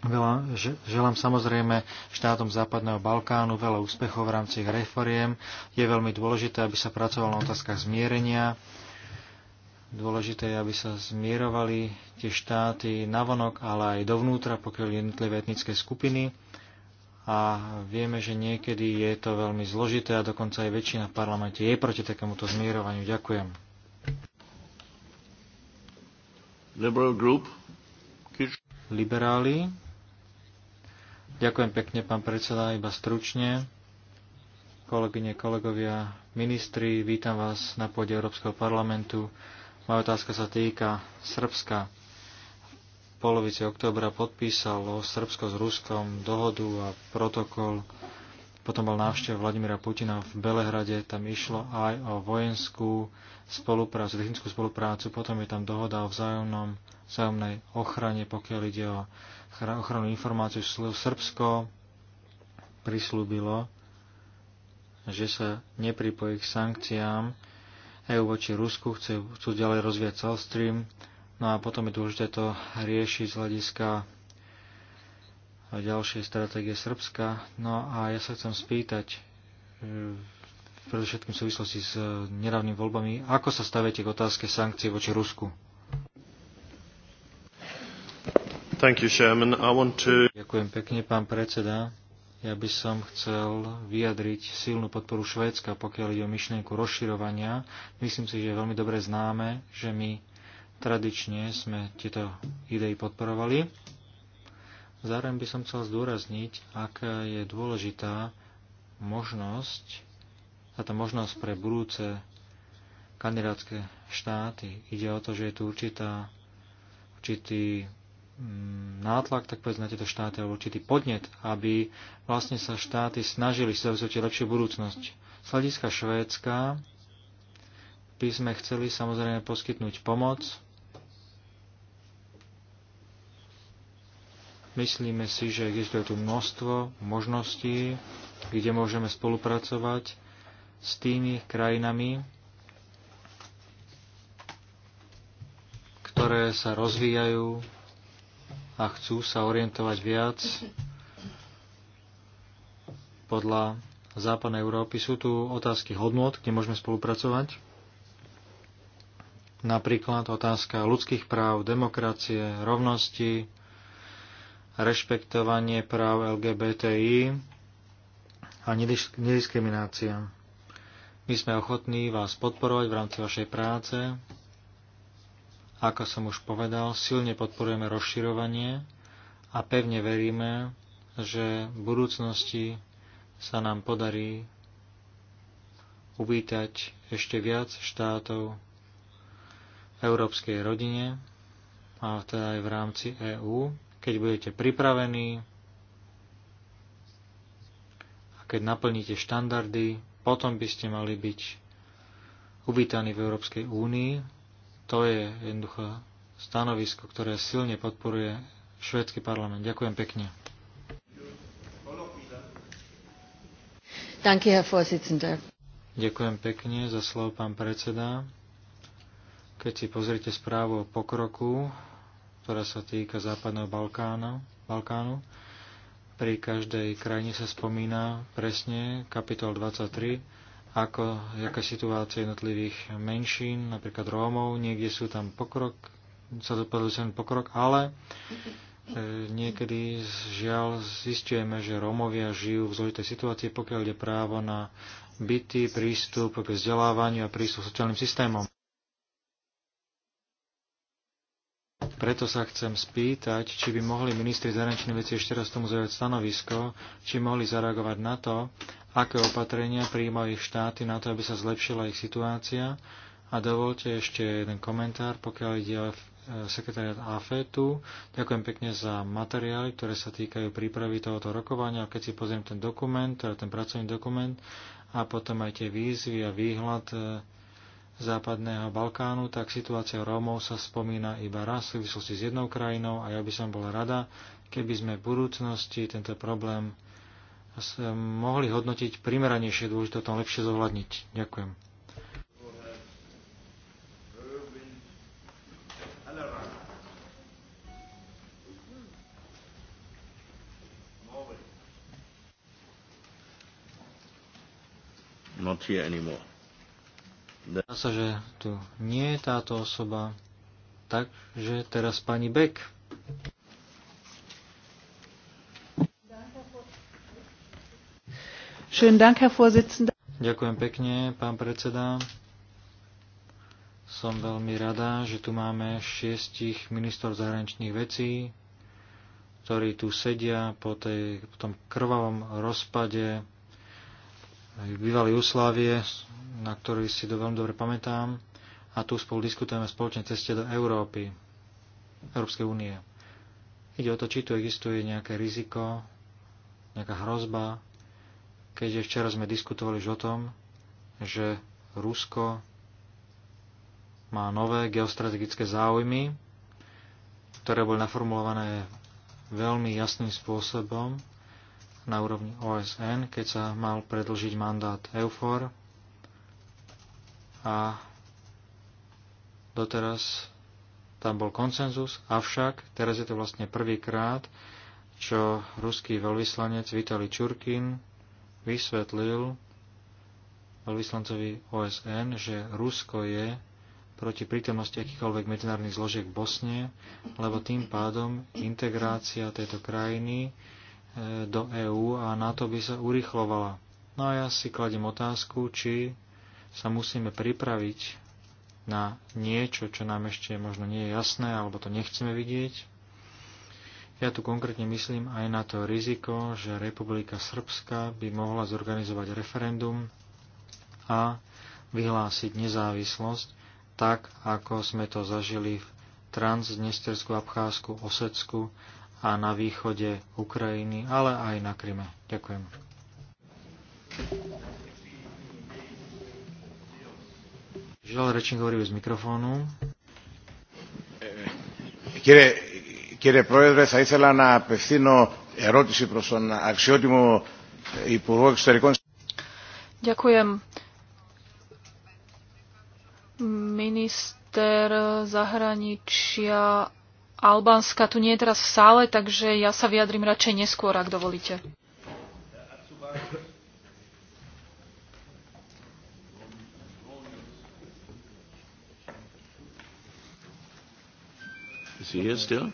Veľa, želám samozrejme štátom Západného Balkánu veľa úspechov v rámci reforiem. Je veľmi dôležité, aby sa pracovalo na otázkach zmierenia, Dôležité je, aby sa zmierovali tie štáty navonok, ale aj dovnútra, pokiaľ jednotlivé etnické skupiny. A vieme, že niekedy je to veľmi zložité a dokonca aj väčšina v parlamente je proti takémuto zmierovaniu. Ďakujem. Liberal group. Liberáli. Ďakujem pekne, pán predseda, iba stručne. Kolegyne, kolegovia, ministri, vítam vás na pôde Európskeho parlamentu. Moja otázka sa týka Srbska. V polovici oktobra podpísalo Srbsko s Ruskom dohodu a protokol. Potom bol návštev Vladimira Putina v Belehrade. Tam išlo aj o vojenskú spoluprácu, technickú spoluprácu. Potom je tam dohoda o vzájomnom, vzájomnej ochrane, pokiaľ ide o ochranu informácií. Srbsko prislúbilo, že sa nepripojí k sankciám, EU voči Rusku, chcú, chcú ďalej rozvíjať South Stream, no a potom je dôležité to riešiť z hľadiska ďalšej stratégie Srbska. No a ja sa chcem spýtať, e, predovšetkým v súvislosti s nedávnymi voľbami, ako sa staviete k otázke sankcií voči Rusku? Thank you, Chairman. I want to... Ďakujem pekne, pán predseda. Ja by som chcel vyjadriť silnú podporu Švédska, pokiaľ ide o myšlienku rozširovania. Myslím si, že je veľmi dobre známe, že my tradične sme tieto idei podporovali. Zároveň by som chcel zdôrazniť, aká je dôležitá možnosť, táto možnosť pre budúce kandidátske štáty. Ide o to, že je tu určitá, určitý Mm, nátlak, tak povedzme na tieto štáty, alebo určitý podnet, aby vlastne sa štáty snažili si zavzúť lepšiu budúcnosť. Z hľadiska Švédska by sme chceli samozrejme poskytnúť pomoc. Myslíme si, že existuje tu množstvo možností, kde môžeme spolupracovať s tými krajinami, ktoré sa rozvíjajú, a chcú sa orientovať viac podľa západnej Európy. Sú tu otázky hodnot, kde môžeme spolupracovať. Napríklad otázka ľudských práv, demokracie, rovnosti, rešpektovanie práv LGBTI a nediskriminácia. My sme ochotní vás podporovať v rámci vašej práce ako som už povedal, silne podporujeme rozširovanie a pevne veríme, že v budúcnosti sa nám podarí uvítať ešte viac štátov v európskej rodine a teda aj v rámci EÚ, keď budete pripravení a keď naplníte štandardy, potom by ste mali byť uvítaní v Európskej únii to je jednoducho stanovisko, ktoré silne podporuje Švedský parlament. Ďakujem pekne. Ďakujem pekne za slovo, pán predseda. Keď si pozrite správu o pokroku, ktorá sa týka Západného Balkána, Balkánu, pri každej krajine sa spomína presne kapitol 23, ako, jaká situácia jednotlivých menšín, napríklad Rómov, niekde sú tam pokrok, sa dopadol sem pokrok, ale e, niekedy žiaľ zistujeme, že Rómovia žijú v zložitej situácii, pokiaľ ide právo na byty, prístup k vzdelávaniu a prístup k sociálnym systémom. Preto sa chcem spýtať, či by mohli ministri zahraničných vecí ešte raz tomu zaujať stanovisko, či mohli zareagovať na to, aké opatrenia prijímajú ich štáty na to, aby sa zlepšila ich situácia. A dovolte ešte jeden komentár, pokiaľ ide o e, sekretariat AFETu. Ďakujem pekne za materiály, ktoré sa týkajú prípravy tohoto rokovania. Keď si pozriem ten dokument, teda ten pracovný dokument a potom aj tie výzvy a výhľad e, Západného Balkánu, tak situácia Rómov sa spomína iba raz v súvislosti s jednou krajinou a ja by som bola rada, keby sme v budúcnosti tento problém mohli hodnotiť primeranejšie dôležité tom lepšie zohľadniť. Ďakujem. Not here anymore. Zdá sa, že tu nie je táto osoba. Takže teraz pani Beck. Ďakujem pekne, pán predseda. Som veľmi rada, že tu máme šiestich ministrov zahraničných vecí, ktorí tu sedia po, tej, po tom krvavom rozpade bývalej Juslávie, na ktorý si to veľmi dobre pamätám. A tu spolu diskutujeme spoločne ceste do Európy, Európskej únie. Ide o to, či tu existuje nejaké riziko, nejaká hrozba keďže včera sme diskutovali už o tom, že Rusko má nové geostrategické záujmy, ktoré boli naformulované veľmi jasným spôsobom na úrovni OSN, keď sa mal predlžiť mandát EUFOR a doteraz tam bol koncenzus, avšak teraz je to vlastne prvýkrát, čo ruský veľvyslanec Vitali Čurkin vysvetlil veľvyslancovi OSN, že Rusko je proti prítomnosti akýchkoľvek medzinárodných zložiek v Bosne, lebo tým pádom integrácia tejto krajiny e, do EÚ a NATO by sa urychlovala. No a ja si kladím otázku, či sa musíme pripraviť na niečo, čo nám ešte možno nie je jasné, alebo to nechceme vidieť. Ja tu konkrétne myslím aj na to riziko, že Republika Srbska by mohla zorganizovať referendum a vyhlásiť nezávislosť, tak ako sme to zažili v Transdnestersku, Abcházsku, Osecku a na východe Ukrajiny, ale aj na Kryme. Ďakujem. Žiaľ, rečník hovorí bez mikrofónu. Kire, Κύριε Πρόεδρε, θα ήθελα να απευθύνω ερώτηση προς τον αξιότιμο Υπουργό Εξωτερικών. Ďakujem. Minister zahraničia Albánska tu nie je teraz v sále, takže ja sa vyjadrím radšej neskôr, ak dovolíte. Is he here still?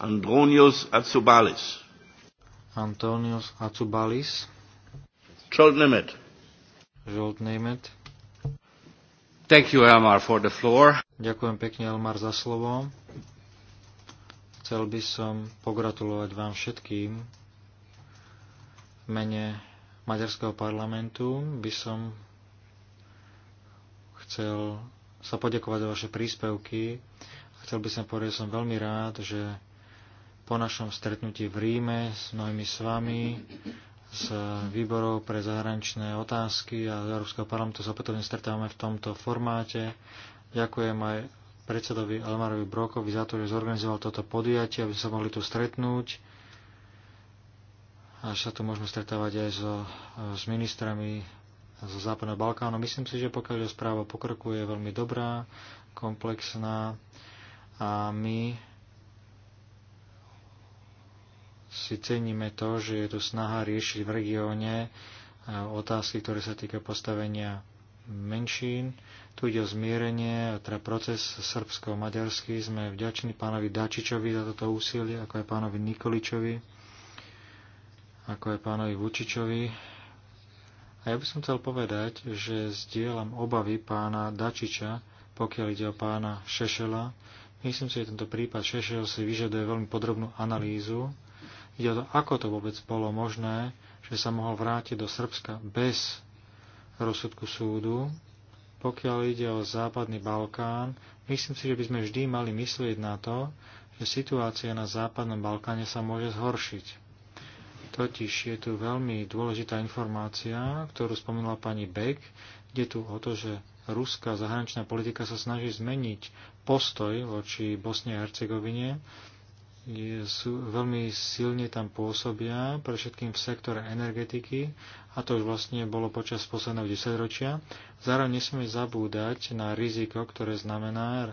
Andronius Azubalis. Antonius Azubalis. Jolt Nemeth. Jolt Nemeth. Thank you, Elmar, for the floor. Ďakujem pekne, Elmar, za slovo. Chcel by som pogratulovať vám všetkým v mene Maďarského parlamentu. By som chcel sa podiakovať za vaše príspevky. Chcel by som povedať, že som veľmi rád, že po našom stretnutí v Ríme s mnohými s vami, s výborov pre zahraničné otázky a z Európskeho parlamentu sa potom stretávame v tomto formáte. Ďakujem aj predsedovi Elmarovi Brokovi za to, že zorganizoval toto podujatie, aby sa mohli tu stretnúť. Až sa tu môžeme stretávať aj so, s ministrami zo Západného Balkánu. Myslím si, že pokiaľ je správa pokrku, je veľmi dobrá, komplexná a my si ceníme to, že je tu snaha riešiť v regióne e, otázky, ktoré sa týka postavenia menšín. Tu ide o zmierenie, teda proces srbsko-maďarský. Sme vďační pánovi Dačičovi za toto úsilie, ako aj pánovi Nikoličovi, ako aj pánovi Vučičovi. A ja by som chcel povedať, že zdieľam obavy pána Dačiča, pokiaľ ide o pána Šešela. Myslím si, že tento prípad Šešel si vyžaduje veľmi podrobnú analýzu, Ide o to, ako to vôbec bolo možné, že sa mohol vrátiť do Srbska bez rozsudku súdu. Pokiaľ ide o Západný Balkán, myslím si, že by sme vždy mali myslieť na to, že situácia na Západnom Balkáne sa môže zhoršiť. Totiž je tu veľmi dôležitá informácia, ktorú spomínala pani Beck. kde tu o to, že ruská zahraničná politika sa snaží zmeniť postoj voči Bosne a Hercegovine sú, veľmi silne tam pôsobia, pre všetkým v sektore energetiky, a to už vlastne bolo počas posledného desaťročia. Zároveň nesmieme zabúdať na riziko, ktoré znamená e,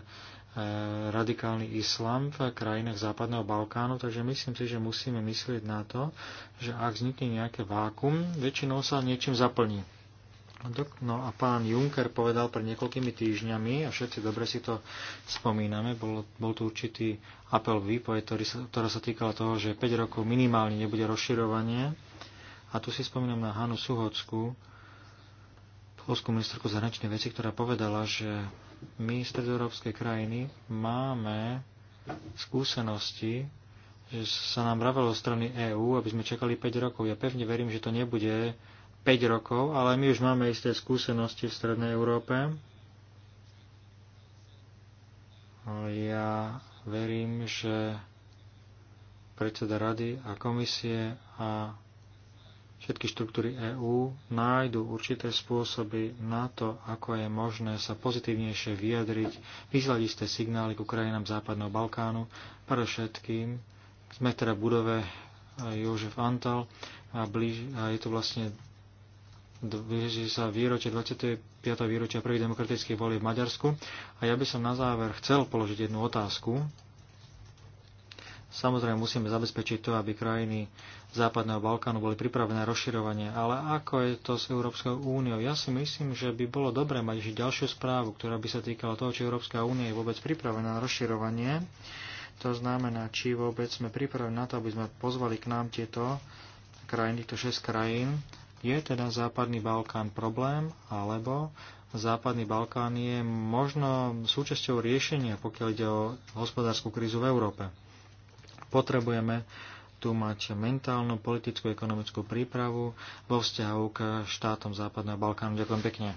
radikálny islam v krajinách Západného Balkánu, takže myslím si, že musíme myslieť na to, že ak vznikne nejaké vákum, väčšinou sa niečím zaplní. No a pán Juncker povedal pred niekoľkými týždňami, a všetci dobre si to spomíname, bol, bol tu určitý apel výpoj, ktorý sa, ktorá sa týkala toho, že 5 rokov minimálne nebude rozširovanie. A tu si spomínam na Hanu Suhocku, polskú ministerku zahraničnej veci, ktorá povedala, že my, Európskej krajiny, máme skúsenosti že sa nám vravelo strany EÚ, aby sme čakali 5 rokov. Ja pevne verím, že to nebude 5 rokov, ale my už máme isté skúsenosti v Strednej Európe. Ja verím, že predseda rady a komisie a všetky štruktúry EÚ nájdu určité spôsoby na to, ako je možné sa pozitívnejšie vyjadriť, vyzlať isté signály k krajinám Západného Balkánu. všetkým sme teda v budove Jožef Antal a, blíž, a je to vlastne blíži sa výročie 25. výročia prvých demokratických volí v Maďarsku a ja by som na záver chcel položiť jednu otázku. Samozrejme musíme zabezpečiť to, aby krajiny Západného Balkánu boli pripravené na rozširovanie, ale ako je to s Európskou úniou? Ja si myslím, že by bolo dobré mať ešte ďalšiu správu, ktorá by sa týkala toho, či Európska únia je vôbec pripravená na rozširovanie. To znamená, či vôbec sme pripravení na to, aby sme pozvali k nám tieto krajiny, to 6 krajín, je teda Západný Balkán problém, alebo Západný Balkán je možno súčasťou riešenia, pokiaľ ide o hospodárskú krízu v Európe. Potrebujeme tu mať mentálnu, politickú, ekonomickú prípravu vo vzťahu k štátom Západného Balkánu. Ďakujem pekne.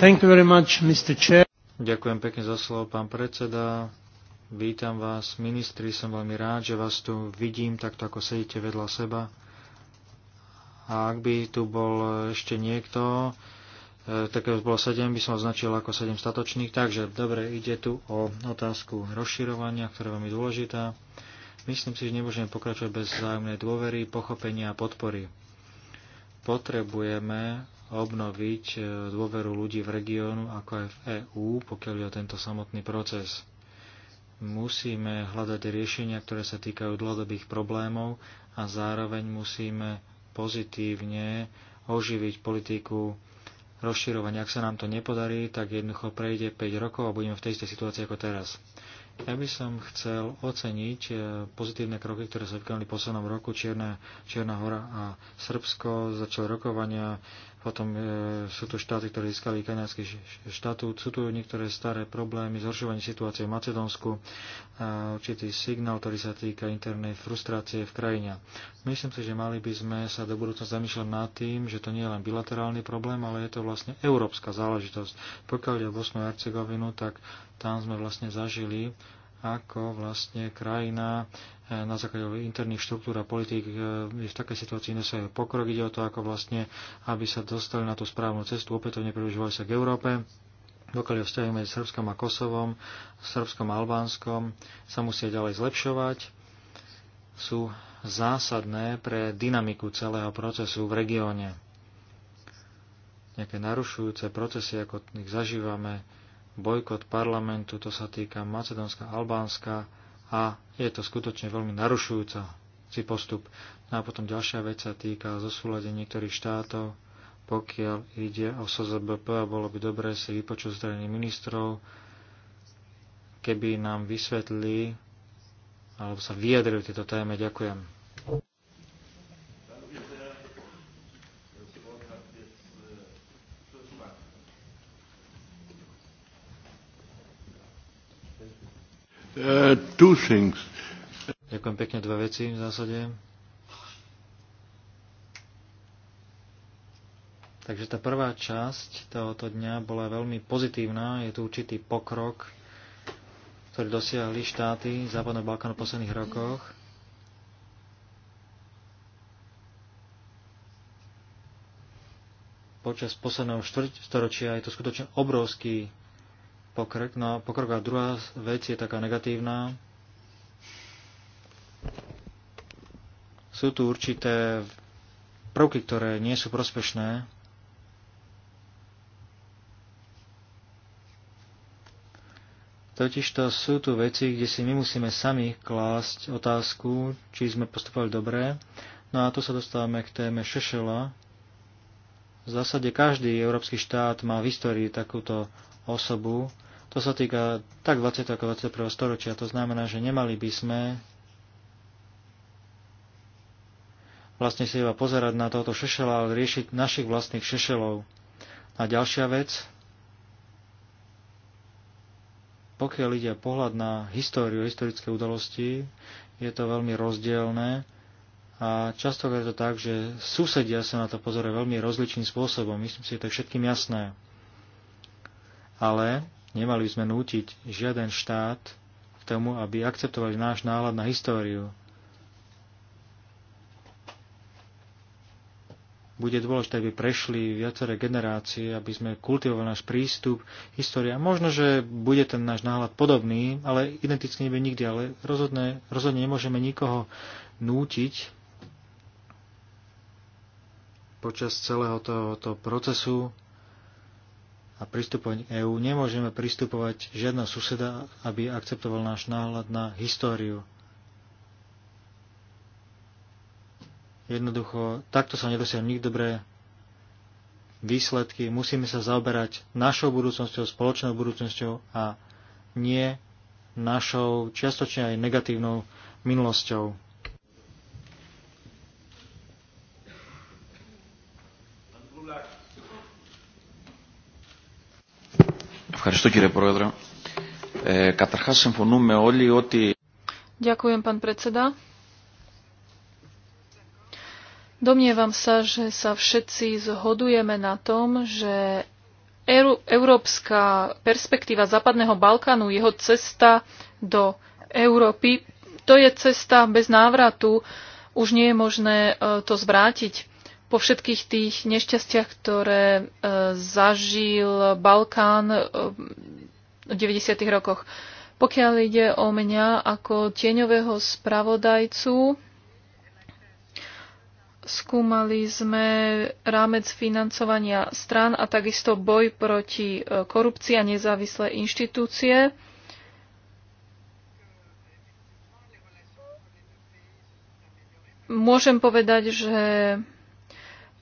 Thank you very much, Mr. Chair. Ďakujem pekne za slovo, pán predseda. Vítam vás, ministri, som veľmi rád, že vás tu vidím, takto ako sedíte vedľa seba. A ak by tu bol ešte niekto, e, tak by bolo 7, by som označil ako 7 statočných. Takže dobre, ide tu o otázku rozširovania, ktorá je veľmi dôležitá. Myslím si, že nemôžeme pokračovať bez vzájomnej dôvery, pochopenia a podpory. Potrebujeme obnoviť e, dôveru ľudí v regiónu, ako aj v EÚ, pokiaľ je o tento samotný proces. Musíme hľadať riešenia, ktoré sa týkajú dlhodobých problémov a zároveň musíme pozitívne oživiť politiku rozširovania. Ak sa nám to nepodarí, tak jednoducho prejde 5 rokov a budeme v tej istej situácii ako teraz. Ja by som chcel oceniť e, pozitívne kroky, ktoré sa vykonali v poslednom roku. Čierna, Čierna hora a Srbsko začali rokovania, potom e, sú tu štáty, ktoré získali kanadský štatút, sú tu niektoré staré problémy, zhoršovanie situácie v Macedónsku, a určitý signál, ktorý sa týka internej frustrácie v krajine. Myslím si, že mali by sme sa do budúcna zamýšľať nad tým, že to nie je len bilaterálny problém, ale je to vlastne európska záležitosť. Pokiaľ je Bosnu a Hercegovinu, tak tam sme vlastne zažili, ako vlastne krajina eh, na základe interných štruktúr a politík eh, je v takej situácii nesajú pokrok. Ide o to, ako vlastne, aby sa dostali na tú správnu cestu, opätovne približovali sa k Európe. Dokiaľ vzťahy medzi Srbskom a Kosovom, Srbskom a Albánskom sa musia ďalej zlepšovať. Sú zásadné pre dynamiku celého procesu v regióne. Nejaké narušujúce procesy, ako ich zažívame bojkot parlamentu, to sa týka Macedónska, Albánska a je to skutočne veľmi narušujúca si postup. No a potom ďalšia vec sa týka zosúladenie niektorých štátov, pokiaľ ide o SZBP a bolo by dobré si vypočuť zdraní ministrov, keby nám vysvetli, alebo sa vyjadrili tieto téme. Ďakujem. two things. Ďakujem pekne dve veci v zásade. Takže tá prvá časť tohoto dňa bola veľmi pozitívna. Je tu určitý pokrok, ktorý dosiahli štáty Západného Balkánu v posledných rokoch. Počas posledného storočia je to skutočne obrovský pokrok. No, pokrok a druhá vec je taká negatívna. Sú tu určité prvky, ktoré nie sú prospešné. Totižto sú tu veci, kde si my musíme sami klásť otázku, či sme postupovali dobre. No a tu sa dostávame k téme Šešela. V zásade každý európsky štát má v histórii takúto osobu. To sa týka tak 20. ako 21. storočia. To znamená, že nemali by sme vlastne si iba pozerať na tohoto šešela, ale riešiť našich vlastných šešelov. A ďalšia vec, pokiaľ ide pohľad na históriu, historické udalosti, je to veľmi rozdielne a často je to tak, že susedia sa na to pozorujú veľmi rozličným spôsobom. Myslím si, že to je všetkým jasné. Ale nemali by sme nútiť žiaden štát k tomu, aby akceptovali náš náhľad na históriu. bude dôležité, aby prešli viaceré generácie, aby sme kultivovali náš prístup, história. Možno, že bude ten náš náhľad podobný, ale identicky nebude nikdy, ale rozhodne, rozhodne nemôžeme nikoho nútiť počas celého tohoto procesu a pristupovať EÚ. Nemôžeme pristupovať žiadna suseda, aby akceptoval náš náhľad na históriu. Jednoducho, takto sa nedosiaľ nikdy dobré výsledky. Musíme sa zaoberať našou budúcnosťou, spoločnou budúcnosťou a nie našou čiastočne aj negatívnou minulosťou. Ďakujem, pán predseda. Domnievam sa, že sa všetci zhodujeme na tom, že európska perspektíva Západného Balkánu, jeho cesta do Európy, to je cesta bez návratu, už nie je možné e, to zvrátiť. Po všetkých tých nešťastiach, ktoré e, zažil Balkán e, v 90. rokoch. Pokiaľ ide o mňa ako tieňového spravodajcu, skúmali sme rámec financovania strán a takisto boj proti e, korupcii a nezávislé inštitúcie. Môžem povedať, že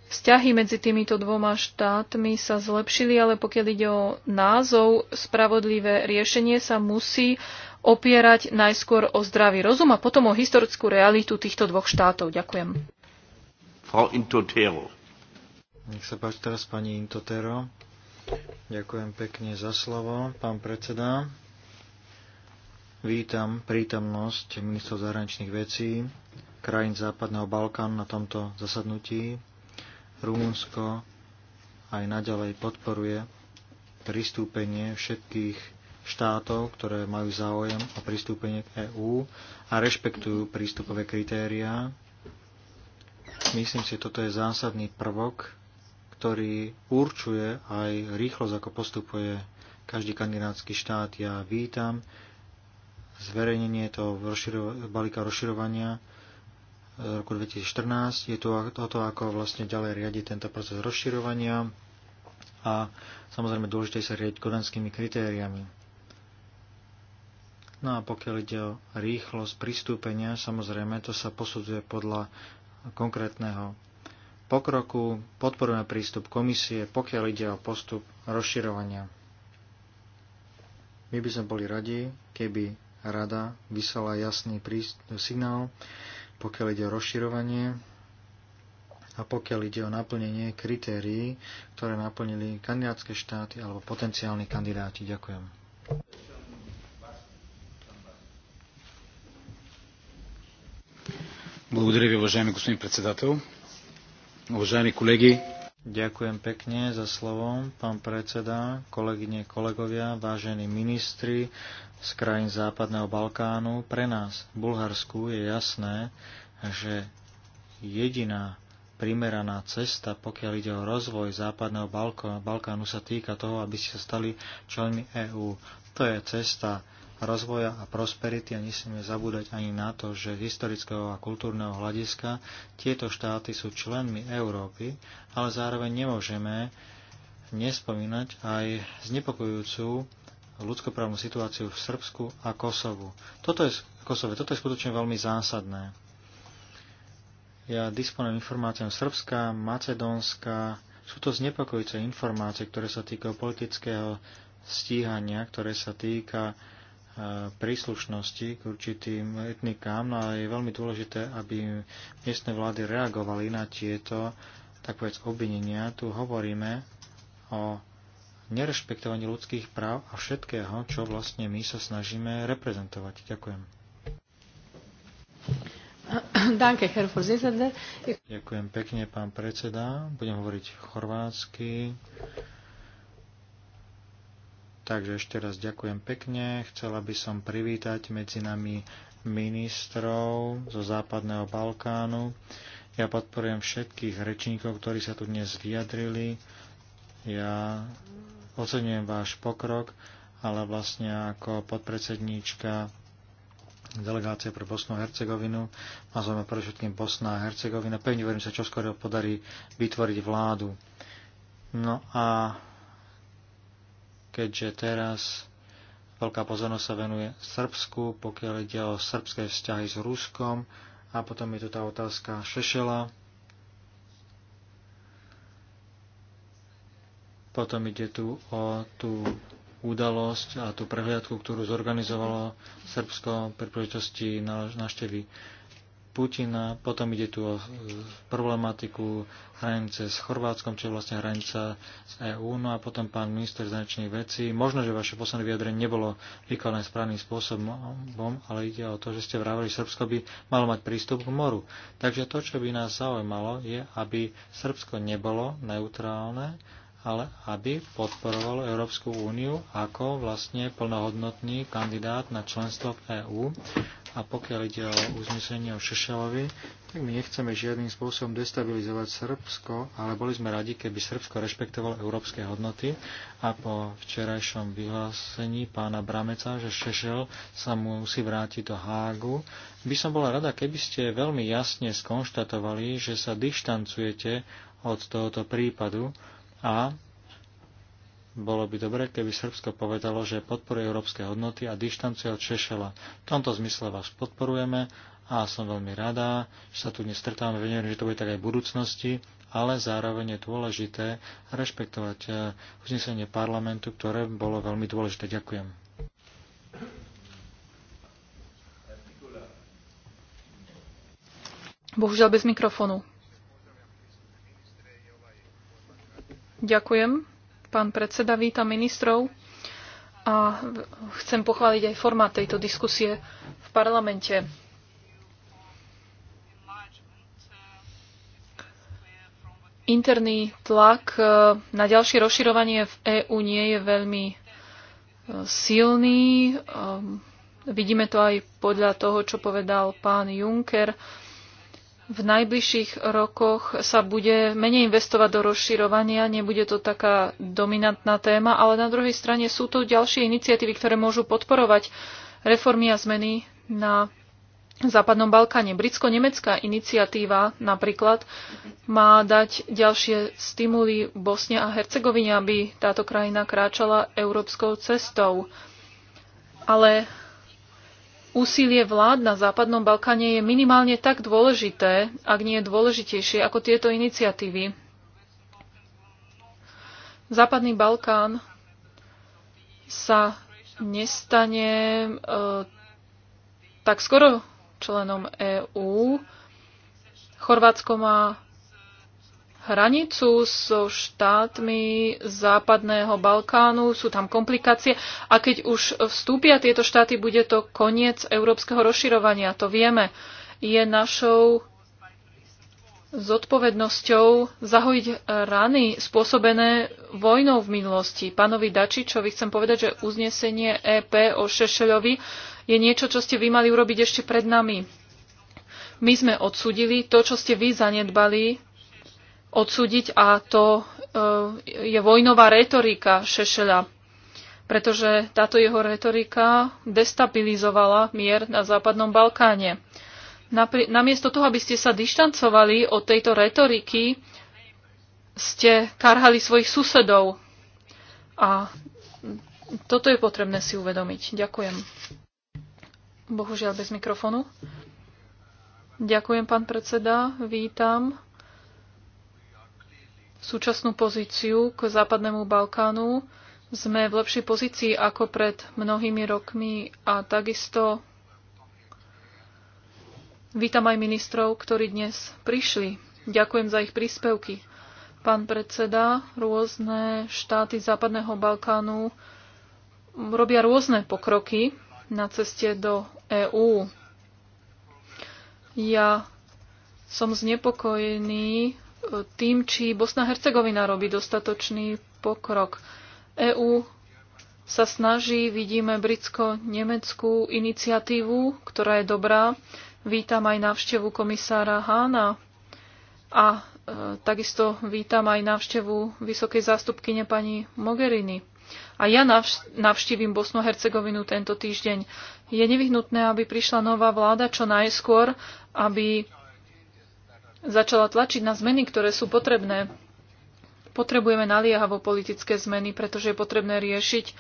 vzťahy medzi týmito dvoma štátmi sa zlepšili, ale pokiaľ ide o názov, spravodlivé riešenie sa musí opierať najskôr o zdravý rozum a potom o historickú realitu týchto dvoch štátov. Ďakujem. Frau Intotero. Nech sa páči teraz pani Intotero. Ďakujem pekne za slovo, pán predseda. Vítam prítomnosť ministrov zahraničných vecí krajín Západného Balkánu na tomto zasadnutí. Rumunsko aj naďalej podporuje pristúpenie všetkých štátov, ktoré majú záujem o pristúpenie k EÚ a rešpektujú prístupové kritériá Myslím si, toto je zásadný prvok, ktorý určuje aj rýchlosť, ako postupuje každý kandidátsky štát. Ja vítam zverejnenie toho rozširo- balíka rozširovania e, roku 2014. Je tu o to, ako vlastne ďalej riadiť tento proces rozširovania a samozrejme dôležité sa riadiť kodanskými kritériami. No a pokiaľ ide o rýchlosť pristúpenia, samozrejme to sa posudzuje podľa konkrétneho pokroku, podporujeme prístup komisie, pokiaľ ide o postup rozširovania. My by sme boli radi, keby rada vyslala jasný signál, pokiaľ ide o rozširovanie a pokiaľ ide o naplnenie kritérií, ktoré naplnili kandidátske štáty alebo potenciálni kandidáti. Ďakujem. Благодаря ви, уважаеми господин председател. Уважаеми колеги. Ďakujem pekne za slovo, pán predseda, kolegyne, kolegovia, vážení ministri z krajín Západného Balkánu. Pre nás v Bulharsku je jasné, že jediná primeraná cesta, pokiaľ ide o rozvoj Západného Balkánu, sa týka toho, aby ste stali členmi EÚ. To je cesta rozvoja a prosperity a nesmieme zabúdať ani na to, že z historického a kultúrneho hľadiska tieto štáty sú členmi Európy, ale zároveň nemôžeme nespomínať aj znepokojujúcu ľudskoprávnu situáciu v Srbsku a Kosovu. Toto je, Kosove, toto je skutočne veľmi zásadné. Ja disponujem informáciám Srbska, Macedónska. Sú to znepokojúce informácie, ktoré sa týkajú politického stíhania, ktoré sa týka príslušnosti k určitým etnikám, no ale je veľmi dôležité, aby miestne vlády reagovali na tieto, takové obvinenia. Tu hovoríme o nerešpektovaní ľudských práv a všetkého, čo vlastne my sa snažíme reprezentovať. Ďakujem. Ďakujem pekne, pán predseda. Budem hovoriť chorvátsky. Takže ešte raz ďakujem pekne. Chcela by som privítať medzi nami ministrov zo Západného Balkánu. Ja podporujem všetkých rečníkov, ktorí sa tu dnes vyjadrili. Ja ocenujem váš pokrok, ale vlastne ako podpredsedníčka delegácie pre Bosnu a Hercegovinu. Nazveme pre všetkým Bosna a Hercegovina. Pevne verím sa, čo skoro podarí vytvoriť vládu. No a keďže teraz veľká pozornosť sa venuje Srbsku, pokiaľ ide o srbské vzťahy s Ruskom a potom je tu tá otázka Šešela. Potom ide tu o tú udalosť a tú prehliadku, ktorú zorganizovalo Srbsko pri príležitosti návštevy Putina, potom ide tu o e, problematiku hranice s Chorvátskom, čo je vlastne hranica z EÚ, no a potom pán minister zahraničných vecí. Možno, že vaše posledné vyjadrenie nebolo vykladané správnym spôsobom, ale ide o to, že ste vravili, že Srbsko by malo mať prístup k moru. Takže to, čo by nás zaujímalo, je, aby Srbsko nebolo neutrálne, ale aby podporovalo Európsku úniu ako vlastne plnohodnotný kandidát na členstvo v EÚ. A pokiaľ ide o uznesenie o Šešelovi, tak my nechceme žiadnym spôsobom destabilizovať Srbsko, ale boli sme radi, keby Srbsko rešpektovalo európske hodnoty a po včerajšom vyhlásení pána Brameca, že Šešel sa musí vrátiť do Hágu, by som bola rada, keby ste veľmi jasne skonštatovali, že sa dištancujete od tohoto prípadu a bolo by dobre, keby Srbsko povedalo, že podporuje európske hodnoty a dištancuje od Šešela. V tomto zmysle vás podporujeme a som veľmi rada, že sa tu dnes stretávame. Verím, že to bude tak aj v budúcnosti, ale zároveň je dôležité rešpektovať eh, uznesenie parlamentu, ktoré bolo veľmi dôležité. Ďakujem. Bohužiaľ bez mikrofonu. Ďakujem pán predseda, vítam ministrov a chcem pochváliť aj formát tejto diskusie v parlamente. Interný tlak e, na ďalšie rozširovanie v EÚ nie je veľmi e, silný. E, vidíme to aj podľa toho, čo povedal pán Juncker v najbližších rokoch sa bude menej investovať do rozširovania, nebude to taká dominantná téma, ale na druhej strane sú to ďalšie iniciatívy, ktoré môžu podporovať reformy a zmeny na Západnom Balkáne. Britsko-nemecká iniciatíva napríklad má dať ďalšie stimuly Bosne a Hercegovine, aby táto krajina kráčala európskou cestou. Ale úsilie vlád na Západnom Balkáne je minimálne tak dôležité, ak nie je dôležitejšie ako tieto iniciatívy. Západný Balkán sa nestane e, tak skoro členom EÚ. Chorvátsko má hranicu so štátmi Západného Balkánu, sú tam komplikácie a keď už vstúpia tieto štáty, bude to koniec európskeho rozširovania, to vieme. Je našou zodpovednosťou zahojiť rany spôsobené vojnou v minulosti. Pánovi Dačičovi chcem povedať, že uznesenie EP o Šešeľovi je niečo, čo ste vy mali urobiť ešte pred nami. My sme odsudili to, čo ste vy zanedbali odsúdiť a to e, je vojnová retorika Šešela, pretože táto jeho retorika destabilizovala mier na Západnom Balkáne. Napri- namiesto toho, aby ste sa dištancovali od tejto retoriky, ste karhali svojich susedov. A toto je potrebné si uvedomiť. Ďakujem. Bohužiaľ bez mikrofonu. Ďakujem, pán predseda. Vítam súčasnú pozíciu k západnému Balkánu. Sme v lepšej pozícii ako pred mnohými rokmi a takisto vítam aj ministrov, ktorí dnes prišli. Ďakujem za ich príspevky. Pán predseda, rôzne štáty západného Balkánu robia rôzne pokroky na ceste do EÚ. Ja som znepokojený tým, či Bosna Hercegovina robí dostatočný pokrok. EÚ sa snaží, vidíme britsko-nemeckú iniciatívu, ktorá je dobrá. Vítam aj návštevu komisára Hána a e, takisto vítam aj návštevu vysokej zástupkyne pani Mogherini. A ja navštívim Bosnu-Hercegovinu tento týždeň. Je nevyhnutné, aby prišla nová vláda čo najskôr, aby začala tlačiť na zmeny, ktoré sú potrebné. Potrebujeme naliehavo politické zmeny, pretože je potrebné riešiť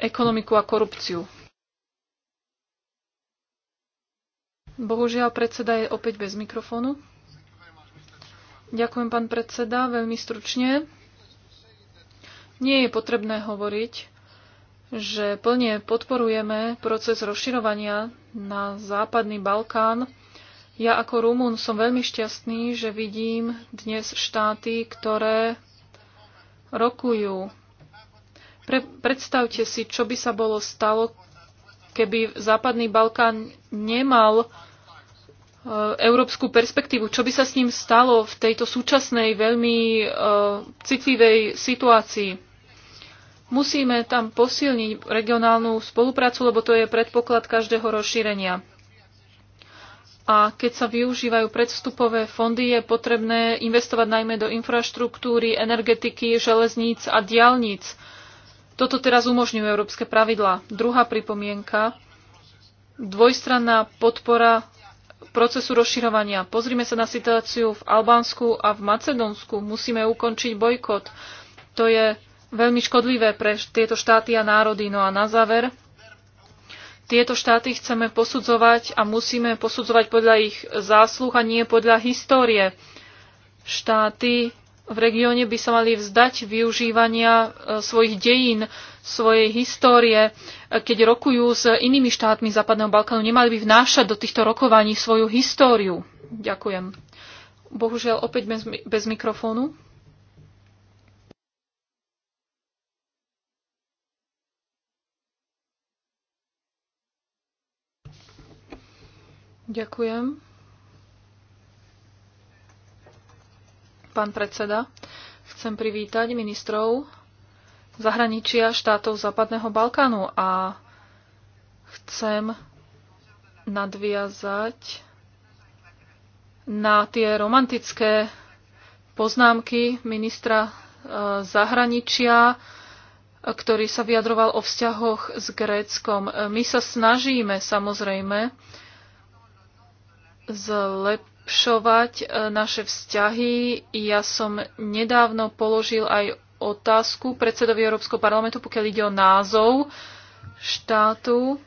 ekonomiku a korupciu. Bohužiaľ, predseda je opäť bez mikrofónu. Ďakujem, pán predseda, veľmi stručne. Nie je potrebné hovoriť, že plne podporujeme proces rozširovania na Západný Balkán ja ako Rumún som veľmi šťastný, že vidím dnes štáty, ktoré rokujú. Pre, predstavte si, čo by sa bolo stalo, keby Západný Balkán nemal e, európsku perspektívu, čo by sa s ním stalo v tejto súčasnej veľmi uh, citlivej situácii. Musíme tam posilniť regionálnu spoluprácu, lebo to je predpoklad každého rozšírenia. A keď sa využívajú predvstupové fondy, je potrebné investovať najmä do infraštruktúry, energetiky, železníc a diálnic. Toto teraz umožňujú európske pravidlá. Druhá pripomienka. Dvojstranná podpora procesu rozširovania. Pozrime sa na situáciu v Albánsku a v Macedónsku. Musíme ukončiť bojkot. To je veľmi škodlivé pre tieto štáty a národy. No a na záver, tieto štáty chceme posudzovať a musíme posudzovať podľa ich zásluh a nie podľa histórie. Štáty v regióne by sa mali vzdať využívania e, svojich dejín, svojej histórie. E, keď rokujú s inými štátmi Západného Balkánu, nemali by vnášať do týchto rokovaní svoju históriu. Ďakujem. Bohužiaľ opäť bez, bez mikrofónu. Ďakujem. Pán predseda, chcem privítať ministrov zahraničia štátov Západného Balkánu a chcem nadviazať na tie romantické poznámky ministra e, zahraničia, ktorý sa vyjadroval o vzťahoch s Gréckom. E, my sa snažíme samozrejme zlepšovať e, naše vzťahy. Ja som nedávno položil aj otázku predsedovi Európskeho parlamentu, pokiaľ ide o názov štátu.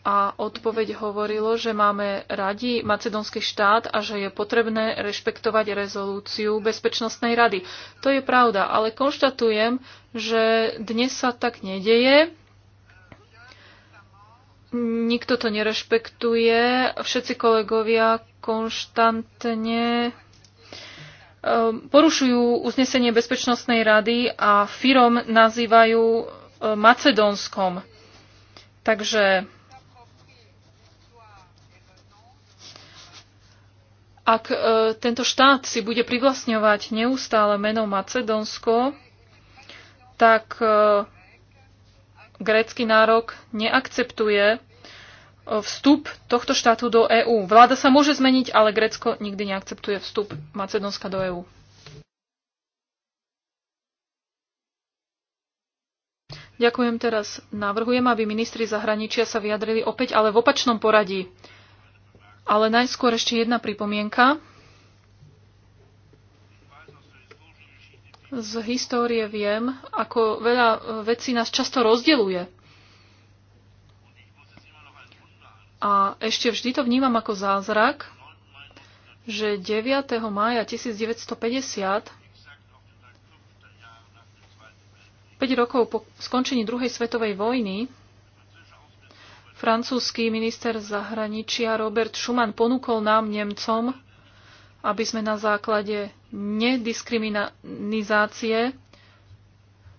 A odpoveď hovorilo, že máme radi macedónsky štát a že je potrebné rešpektovať rezolúciu Bezpečnostnej rady. To je pravda, ale konštatujem, že dnes sa tak nedeje nikto to nerešpektuje. Všetci kolegovia konštantne eh, porušujú uznesenie Bezpečnostnej rady a firom nazývajú eh, Macedónskom. Takže ak eh, tento štát si bude privlastňovať neustále meno Macedónsko, tak grécky nárok neakceptuje e, vstup tohto štátu do EÚ. Vláda sa môže zmeniť, ale Grécko nikdy neakceptuje vstup Macedónska do EÚ. Ďakujem teraz. Navrhujem, aby ministri zahraničia sa vyjadrili opäť, ale v opačnom poradí. Ale najskôr ešte jedna pripomienka. z histórie viem, ako veľa e, vecí nás často rozdeluje. A ešte vždy to vnímam ako zázrak, že 9. mája 1950 5 rokov po skončení druhej svetovej vojny francúzsky minister zahraničia Robert Schuman ponúkol nám Nemcom, aby sme na základe nediskriminizácie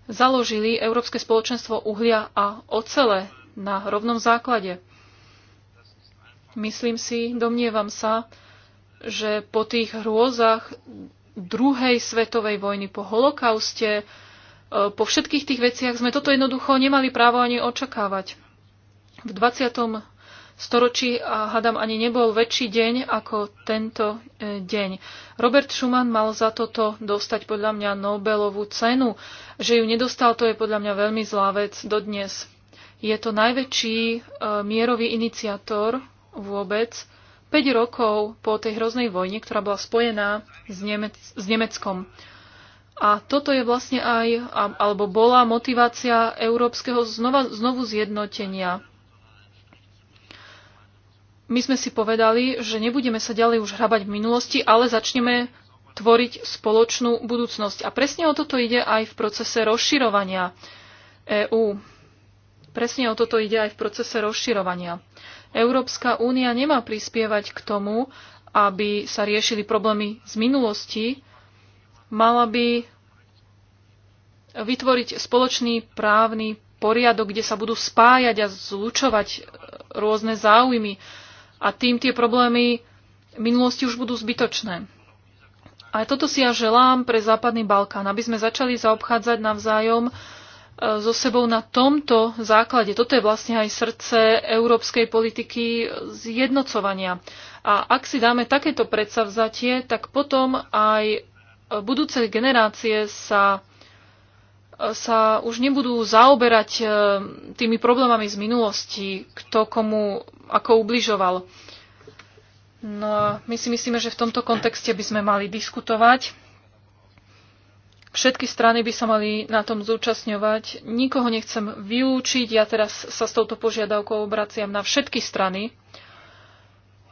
založili Európske spoločenstvo uhlia a ocele na rovnom základe. Myslím si, domnievam sa, že po tých hrôzach druhej svetovej vojny, po holokauste, e, po všetkých tých veciach sme toto jednoducho nemali právo ani očakávať. V 20 storočí a hadam ani nebol väčší deň ako tento e, deň. Robert Schumann mal za toto dostať podľa mňa Nobelovú cenu. Že ju nedostal, to je podľa mňa veľmi zlá vec dodnes. Je to najväčší e, mierový iniciátor vôbec 5 rokov po tej hroznej vojne, ktorá bola spojená s, Nemec- s Nemeckom. A toto je vlastne aj, alebo bola motivácia európskeho znova, znovu zjednotenia my sme si povedali, že nebudeme sa ďalej už hrabať v minulosti, ale začneme tvoriť spoločnú budúcnosť. A presne o toto ide aj v procese rozširovania EÚ. Presne o toto ide aj v procese rozširovania. Európska únia nemá prispievať k tomu, aby sa riešili problémy z minulosti. Mala by vytvoriť spoločný právny poriadok, kde sa budú spájať a zlučovať e, rôzne záujmy a tým tie problémy minulosti už budú zbytočné. A toto si ja želám pre Západný Balkán, aby sme začali zaobchádzať navzájom e, so sebou na tomto základe. Toto je vlastne aj srdce európskej politiky zjednocovania. A ak si dáme takéto predsavzatie, tak potom aj budúce generácie sa, sa už nebudú zaoberať e, tými problémami z minulosti, kto komu ako ubližoval. No a my si myslíme, že v tomto kontexte by sme mali diskutovať. Všetky strany by sa mali na tom zúčastňovať. Nikoho nechcem vylúčiť. Ja teraz sa s touto požiadavkou obraciam na všetky strany.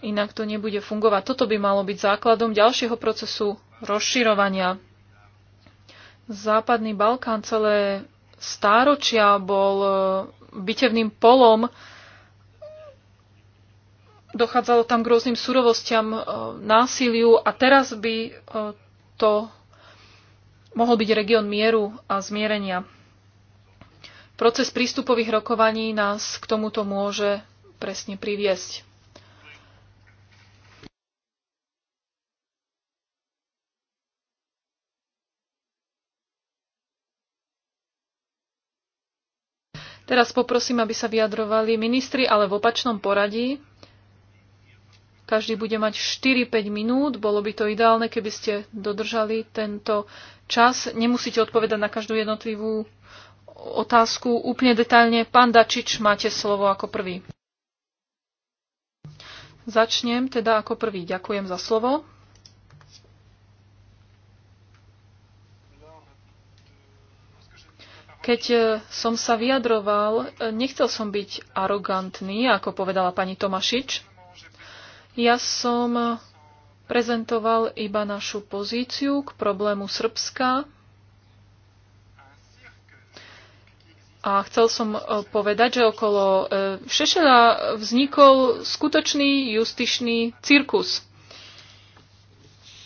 Inak to nebude fungovať. Toto by malo byť základom ďalšieho procesu rozširovania. Západný Balkán celé stáročia bol eh, bitevným polom Dochádzalo tam k rôznym surovostiam, e, násiliu a teraz by e, to mohol byť región mieru a zmierenia. Proces prístupových rokovaní nás k tomuto môže presne priviesť. Teraz poprosím, aby sa vyjadrovali ministri, ale v opačnom poradí. Každý bude mať 4-5 minút. Bolo by to ideálne, keby ste dodržali tento čas. Nemusíte odpovedať na každú jednotlivú otázku úplne detailne. Pán Dačič, máte slovo ako prvý. Začnem teda ako prvý. Ďakujem za slovo. Keď e, som sa vyjadroval, e, nechcel som byť arogantný, ako povedala pani Tomašič. Ja som prezentoval iba našu pozíciu k problému Srbska a chcel som e, povedať, že okolo e, Šešela vznikol skutočný justičný cirkus,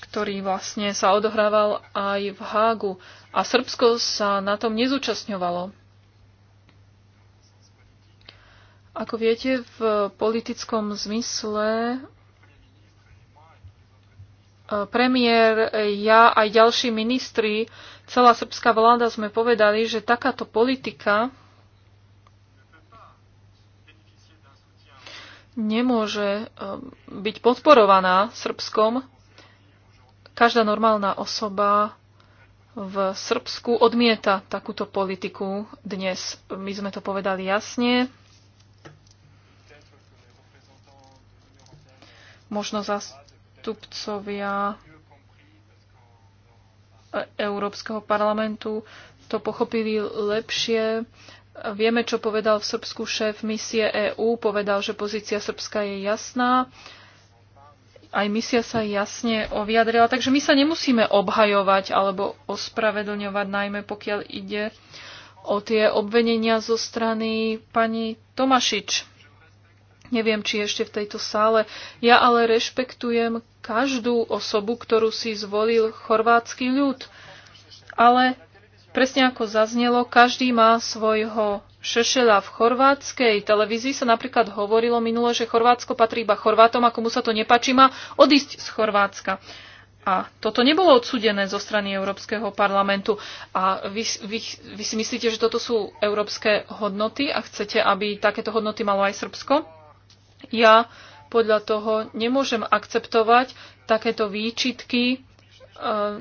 ktorý vlastne sa odohrával aj v Hágu a Srbsko sa na tom nezúčastňovalo. Ako viete, v politickom zmysle Eh, premiér, eh, ja aj ďalší ministri, celá srbská vláda sme povedali, že takáto politika nemôže eh, byť podporovaná Srbskom. Každá normálna osoba v Srbsku odmieta takúto politiku dnes. My sme to povedali jasne. Možno zas zástupcovia e, Európskeho parlamentu to pochopili lepšie. Vieme, čo povedal v Srbsku šéf misie EÚ. Povedal, že pozícia Srbska je jasná. Aj misia sa jasne vyjadrila, takže my sa nemusíme obhajovať alebo ospravedlňovať, najmä pokiaľ ide o tie obvenenia zo strany pani Tomašič. Neviem, či ešte v tejto sále. Ja ale rešpektujem každú osobu, ktorú si zvolil chorvátsky ľud. Ale presne ako zaznelo, každý má svojho šešela. V chorvátskej televízii sa napríklad hovorilo minule, že Chorvátsko patrí iba Chorvátom a komu sa to nepačí, má odísť z Chorvátska. A toto nebolo odsudené zo strany Európskeho parlamentu. A vy, vy, vy si myslíte, že toto sú európske hodnoty a chcete, aby takéto hodnoty malo aj Srbsko? Ja podľa toho nemôžem akceptovať takéto výčitky eh,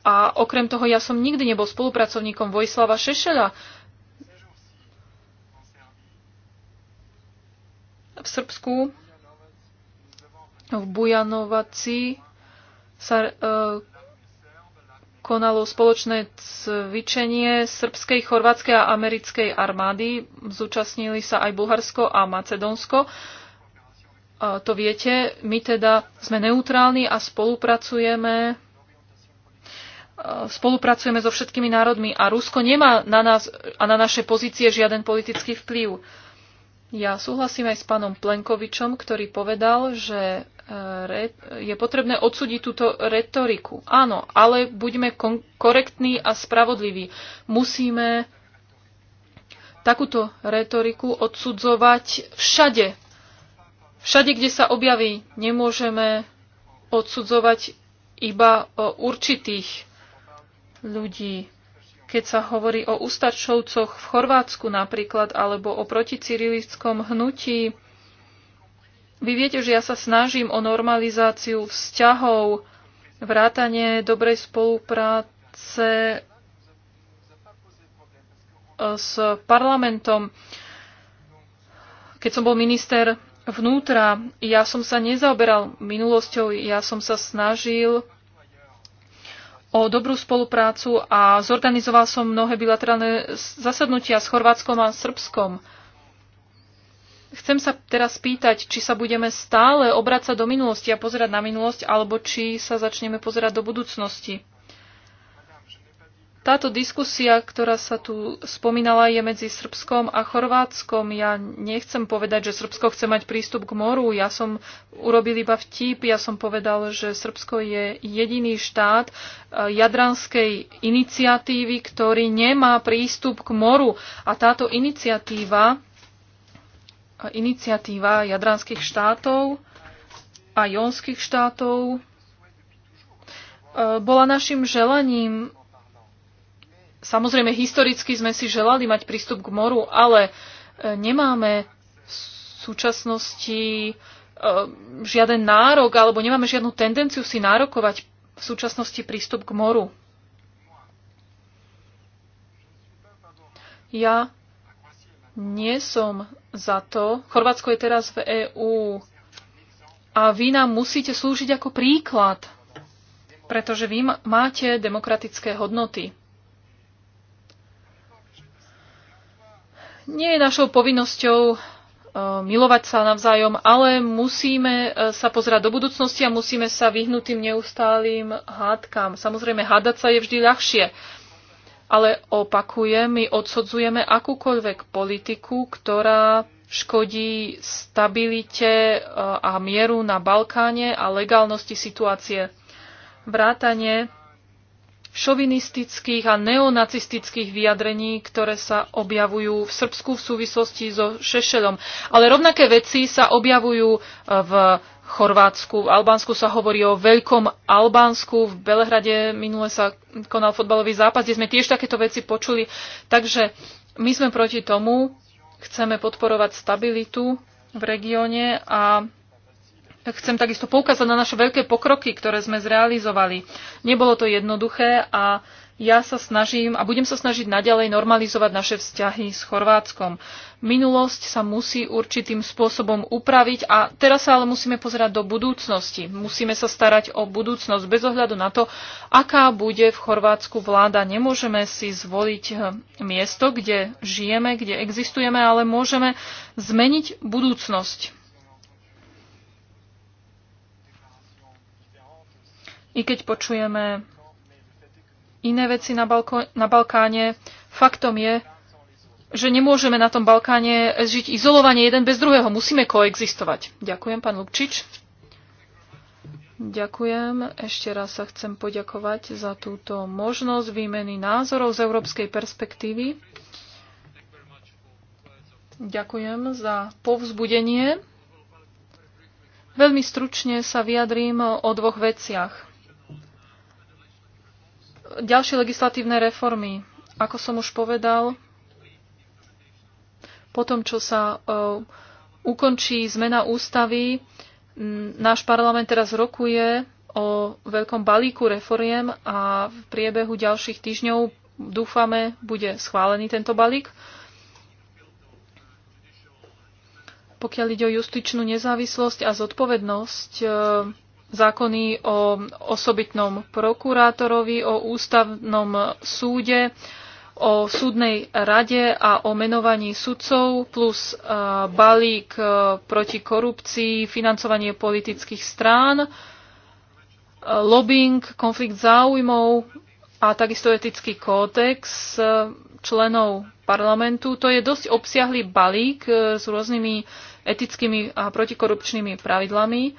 a okrem toho ja som nikdy nebol spolupracovníkom Vojslava Šešela. V Srbsku v Bujanovaci sa e, konalo spoločné cvičenie srbskej, chorvátskej a americkej armády. Zúčastnili sa aj Bulharsko a Macedónsko. To viete, my teda sme neutrálni a spolupracujeme spolupracujeme so všetkými národmi a Rusko nemá na nás a na naše pozície žiaden politický vplyv. Ja súhlasím aj s pánom Plenkovičom, ktorý povedal, že je potrebné odsúdiť túto retoriku. Áno, ale buďme korektní a spravodliví. Musíme takúto retoriku odsudzovať všade. Všade, kde sa objaví, nemôžeme odsudzovať iba určitých ľudí. Keď sa hovorí o ústačovcoch v Chorvátsku napríklad, alebo o proticirilickom hnutí, vy viete, že ja sa snažím o normalizáciu vzťahov, vrátanie dobrej spolupráce eh, s parlamentom. Keď som bol minister vnútra, ja som sa nezaoberal minulosťou, ja som sa snažil o dobrú spoluprácu a zorganizoval som mnohé bilaterálne zasadnutia s Chorvátskom a Srbskom. Chcem sa teraz spýtať, či sa budeme stále obracať do minulosti a pozerať na minulosť, alebo či sa začneme pozerať do budúcnosti. Táto diskusia, ktorá sa tu spomínala, je medzi Srbskom a Chorvátskom. Ja nechcem povedať, že Srbsko chce mať prístup k moru. Ja som urobil iba vtip, ja som povedal, že Srbsko je jediný štát eh, jadranskej iniciatívy, ktorý nemá prístup k moru. A táto iniciatíva iniciatíva jadranských štátov a jonských štátov e, bola našim želaním. Samozrejme, historicky sme si želali mať prístup k moru, ale e, nemáme v súčasnosti e, žiaden nárok alebo nemáme žiadnu tendenciu si nárokovať v súčasnosti prístup k moru. Ja nie som za to. Chorvátsko je teraz v EÚ a vy nám musíte slúžiť ako príklad, pretože vy máte demokratické hodnoty. Nie je našou povinnosťou e, milovať sa navzájom, ale musíme e, sa pozerať do budúcnosti a musíme sa vyhnúť tým neustálým hádkam. Samozrejme, hádať sa je vždy ľahšie, ale opakujem, my odsudzujeme akúkoľvek politiku, ktorá škodí stabilite e, a mieru na Balkáne a legálnosti situácie. Vrátanie šovinistických a neonacistických vyjadrení, ktoré sa objavujú v Srbsku v súvislosti so Šešelom. Ale rovnaké veci sa objavujú e, v Chorvátsku. V Albánsku sa hovorí o Veľkom Albánsku. V Belehrade minule sa konal fotbalový zápas, kde sme tiež takéto veci počuli. Takže my sme proti tomu, chceme podporovať stabilitu v regióne a chcem takisto poukázať na naše veľké pokroky, ktoré sme zrealizovali. Nebolo to jednoduché a ja sa snažím a budem sa snažiť naďalej normalizovať naše vzťahy s Chorvátskom. Minulosť sa musí určitým spôsobom upraviť a teraz sa ale musíme pozerať do budúcnosti. Musíme sa starať o budúcnosť bez ohľadu na to, aká bude v Chorvátsku vláda. Nemôžeme si zvoliť eh, miesto, kde žijeme, kde existujeme, ale môžeme zmeniť budúcnosť. I keď počujeme iné veci na, Balko- na Balkáne. Faktom je, že nemôžeme na tom Balkáne žiť izolovanie jeden bez druhého. Musíme koexistovať. Ďakujem, pán Lubčič. Ďakujem. Ešte raz sa chcem poďakovať za túto možnosť výmeny názorov z európskej perspektívy. Ďakujem za povzbudenie. Veľmi stručne sa vyjadrím o dvoch veciach. Ďalšie legislatívne reformy. Ako som už povedal, po tom, čo sa e, ukončí zmena ústavy, náš parlament teraz rokuje o veľkom balíku reforiem a v priebehu ďalších týždňov dúfame, bude schválený tento balík. Pokiaľ ide o justičnú nezávislosť a zodpovednosť, e, zákony o osobitnom prokurátorovi, o ústavnom súde, o súdnej rade a o menovaní sudcov, plus e, balík e, proti korupcii, financovanie politických strán, e, lobbying, konflikt záujmov a takisto etický kódex členov parlamentu. To je dosť obsiahly balík s rôznymi etickými a protikorupčnými pravidlami.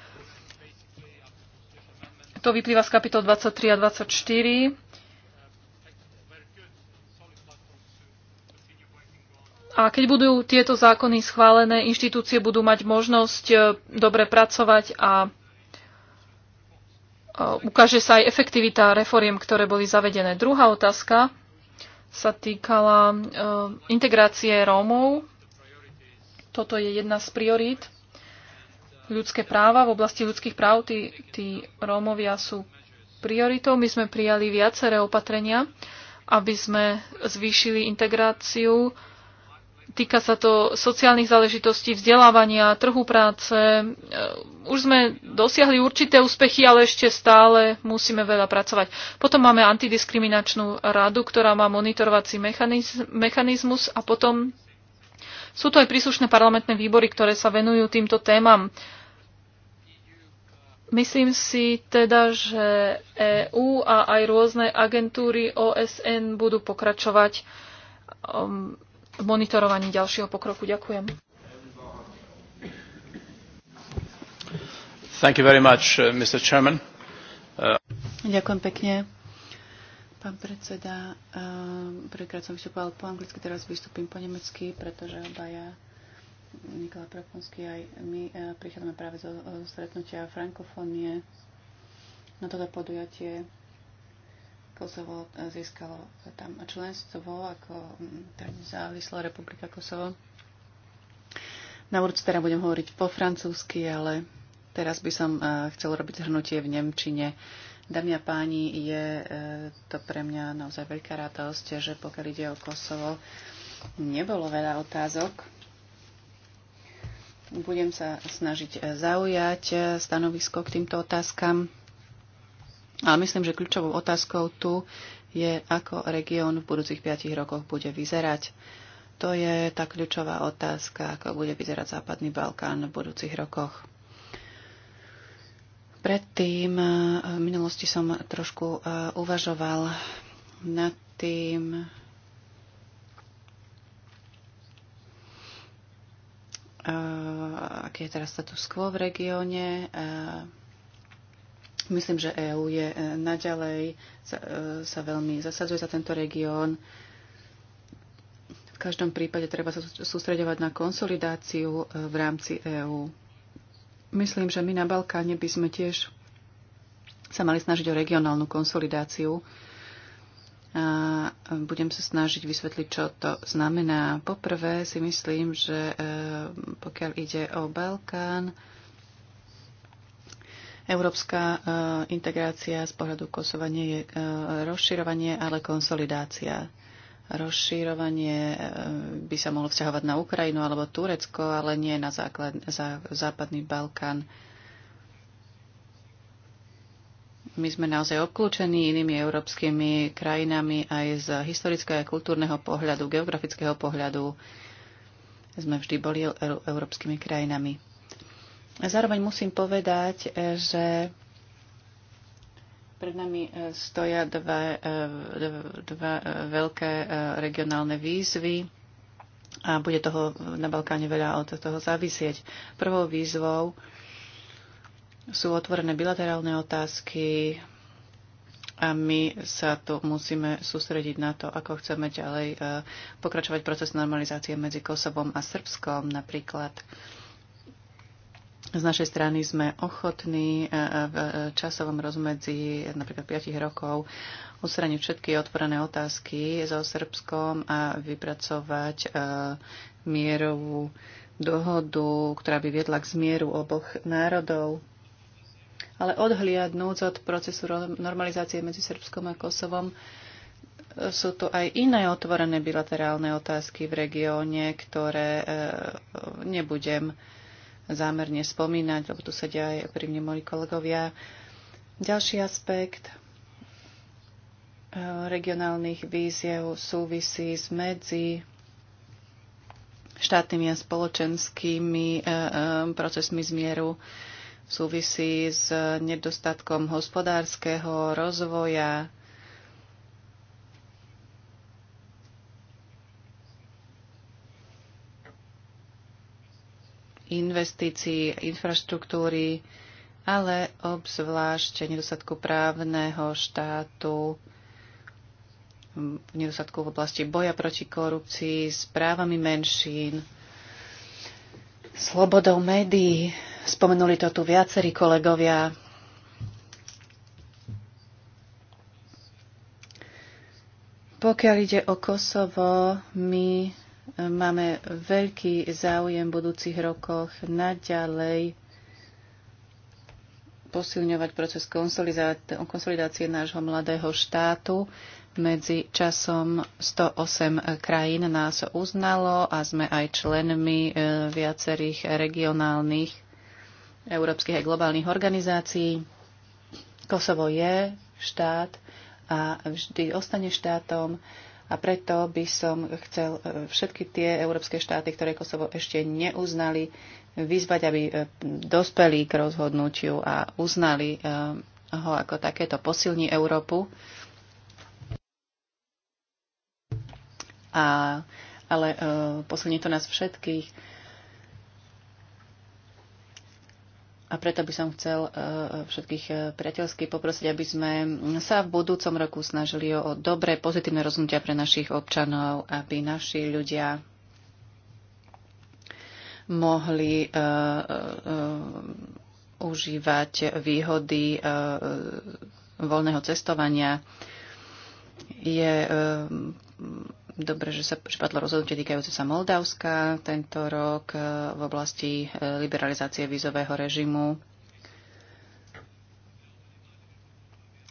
To vyplýva z kapitol 23 a 24. A keď budú tieto zákony schválené, inštitúcie budú mať možnosť e, dobre pracovať a e, ukáže sa aj efektivita reforiem, ktoré boli zavedené. Druhá otázka sa týkala e, integrácie Rómov. Toto je jedna z priorít ľudské práva, v oblasti ľudských práv tí, tí Rómovia sú prioritou. My sme prijali viaceré opatrenia, aby sme zvýšili integráciu. Týka sa to sociálnych záležitostí, vzdelávania, trhu práce. E, už sme dosiahli určité úspechy, ale ešte stále musíme veľa pracovať. Potom máme antidiskriminačnú radu, ktorá má monitorovací mechanizmus a potom sú to aj príslušné parlamentné výbory, ktoré sa venujú týmto témam. Myslím si teda, že EÚ a aj rôzne agentúry OSN budú pokračovať um, v monitorovaní ďalšieho pokroku. Ďakujem. Thank you very much, uh, Mr. Chairman. Uh... Ďakujem pekne. Pán predseda, uh, prvýkrát som vystupoval po anglicky, teraz vystúpim po nemecky, pretože obaja Nikola Prokonsky, aj my e, prichádzame práve zo e, stretnutia frankofónie. Na toto podujatie Kosovo e, získalo tam členstvo ako nezávislá teda republika Kosovo. Na budúce teda budem hovoriť po francúzsky, ale teraz by som chcel robiť zhrnutie v Nemčine. Dámy a páni, je to pre mňa naozaj veľká radosť, že pokiaľ ide o Kosovo, nebolo veľa otázok budem sa snažiť eh, zaujať eh, stanovisko k týmto otázkam. Ale myslím, že kľúčovou otázkou tu je, ako región v budúcich 5 rokoch bude vyzerať. To je tá kľúčová otázka, ako bude vyzerať Západný Balkán v budúcich rokoch. Predtým eh, v minulosti som trošku uvažoval nad tým, Eh, aký je teraz status quo v regióne. Eh, myslím, že EÚ je eh, naďalej, sa, sa veľmi zasadzuje za tento región. V každom prípade treba sa sústredovať na konsolidáciu v rámci EÚ. Myslím, že my na Balkáne by sme tiež sa mali snažiť o regionálnu konsolidáciu, a budem sa snažiť vysvetliť, čo to znamená. Poprvé si myslím, že e, pokiaľ ide o Balkán, Európska e, integrácia z pohľadu Kosova nie je e, rozširovanie, ale konsolidácia. Rozširovanie by sa mohlo vzťahovať na Ukrajinu alebo Turecko, ale nie na základ, za, západný Balkán. my sme naozaj obklúčení inými európskymi krajinami aj z historického a kultúrneho pohľadu, geografického pohľadu. Sme vždy boli európskymi krajinami. A zároveň musím povedať, že pred nami e, stoja dva, e, dva e, veľké regionálne výzvy a bude toho na Balkáne veľa od toho závisieť. Prvou výzvou sú otvorené bilaterálne otázky a my sa tu musíme sústrediť na to, ako chceme ďalej e, pokračovať proces normalizácie medzi Kosovom a Srbskom napríklad. Z našej strany sme ochotní e, e, v časovom rozmedzi napríklad 5 rokov odstrániť všetky otvorené otázky so Srbskom a vypracovať mierovú dohodu, ktorá by viedla k zmieru oboch národov ale odhliadnúc od procesu normalizácie medzi Srbskom a Kosovom, sú tu aj iné otvorené bilaterálne otázky v regióne, ktoré e, nebudem zámerne spomínať, lebo tu sedia aj pri mne moji kolegovia. Ďalší aspekt e, regionálnych víziev súvisí s medzi štátnymi a spoločenskými e, procesmi zmieru súvisí s nedostatkom hospodárskeho rozvoja, investícií, infraštruktúry, ale obzvlášť nedostatku právneho štátu, nedostatku v oblasti boja proti korupcii, s právami menšín, slobodou médií Spomenuli to tu viacerí kolegovia. Pokiaľ ide o Kosovo, my e, máme veľký záujem v budúcich rokoch naďalej posilňovať proces konsolidácie nášho mladého štátu. Medzi časom 108 krajín nás uznalo a sme aj členmi e, viacerých regionálnych európskych aj globálnych organizácií. Kosovo je štát a vždy ostane štátom a preto by som chcel e, všetky tie európske štáty, ktoré Kosovo ešte neuznali, vyzvať, aby e, dospeli k rozhodnutiu a uznali e, ho ako takéto posilní Európu. A, ale posilní to nás všetkých A preto by som chcel e, všetkých e, priateľsky poprosiť, aby sme sa v budúcom roku snažili o dobré, pozitívne rozhodnutia pre našich občanov, aby naši ľudia mohli uh, uh, užívať výhody uh, voľného cestovania. Je Dobre, že sa padlo rozhodnutie týkajúce sa Moldavska tento rok e, v oblasti e, liberalizácie vízového režimu.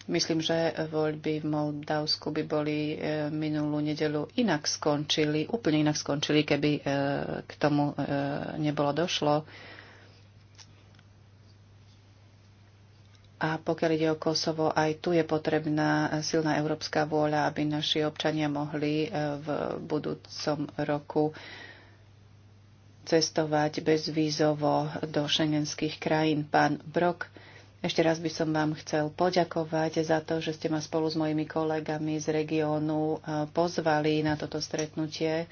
Myslím, že voľby v Moldavsku by boli e, minulú nedelu inak skončili, úplne inak skončili, keby k tomu nebolo došlo. A pokiaľ ide o Kosovo, aj tu je potrebná silná európska vôľa, aby naši občania mohli e, v budúcom roku cestovať bezvízovo do šengenských krajín. Pán Brok, ešte raz by som vám chcel poďakovať za to, že ste ma spolu s mojimi kolegami z regiónu e, pozvali na toto stretnutie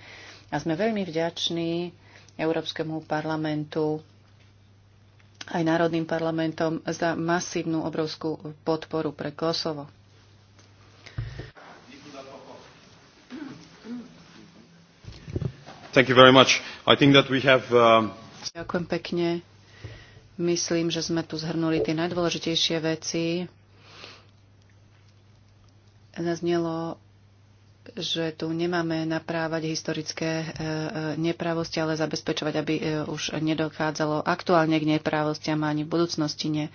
a sme veľmi vďační Európskemu parlamentu aj národným parlamentom za masívnu obrovskú podporu pre Kosovo. Thank you very much. I think that we have, uh... Ďakujem pekne. Myslím, že sme tu zhrnuli tie najdôležitejšie veci. Zaznelo že tu nemáme naprávať historické e, e, nepravosti, ale zabezpečovať, aby e, už nedochádzalo aktuálne k nepravostiam ani v budúcnosti nie.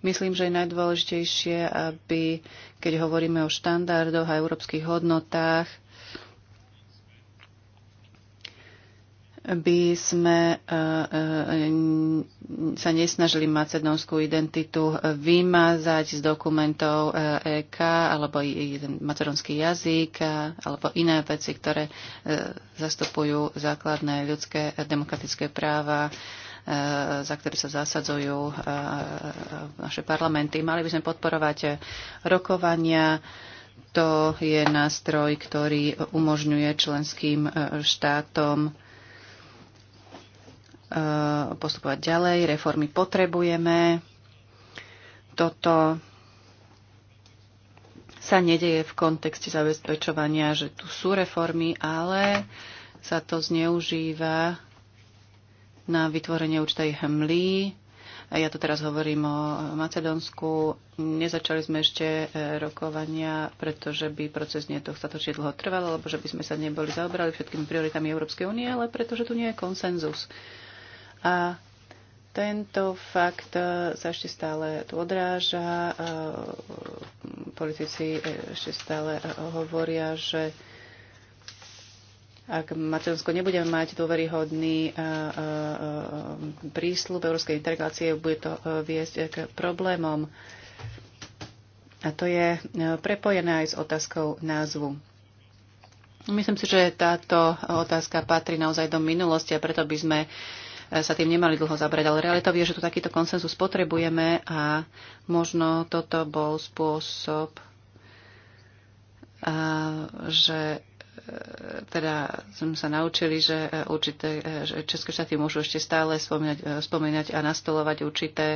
Myslím, že je najdôležitejšie, aby keď hovoríme o štandardoch a európskych hodnotách, by sme e, e, sa nesnažili macedónskú identitu vymazať z dokumentov EK e alebo macedónsky jazyk alebo iné veci, ktoré zastupujú základné ľudské demokratické práva za ktoré sa zasadzujú naše parlamenty. Mali by sme podporovať rokovania, to je nástroj, ktorý umožňuje členským štátom Eh, postupovať ďalej. Reformy potrebujeme. Toto sa nedeje v kontexte zabezpečovania, že tu sú reformy, ale sa to zneužíva na vytvorenie určitej hmly. Ja tu teraz hovorím o Macedónsku. Nezačali sme ešte eh, rokovania, pretože by proces nie dostatočne dlho trval, alebo že by sme sa neboli zaobrali všetkými prioritami Európskej únie, ale pretože tu nie je konsenzus. A tento fakt sa ešte stále tu odráža. E, politici ešte stále hovoria, že ak Macedónsko nebude mať dôveryhodný e, e, prísľub európskej integrácie, bude to viesť k problémom. A to je prepojené aj s otázkou názvu. Myslím si, že táto otázka patrí naozaj do minulosti a preto by sme sa tým nemali dlho zabrať, ale realitou je, že tu takýto konsenzus potrebujeme a možno toto bol spôsob, že e, teda sme sa naučili, že e, určité e, že české štáty môžu ešte stále spomínať, spomínať a nastolovať určité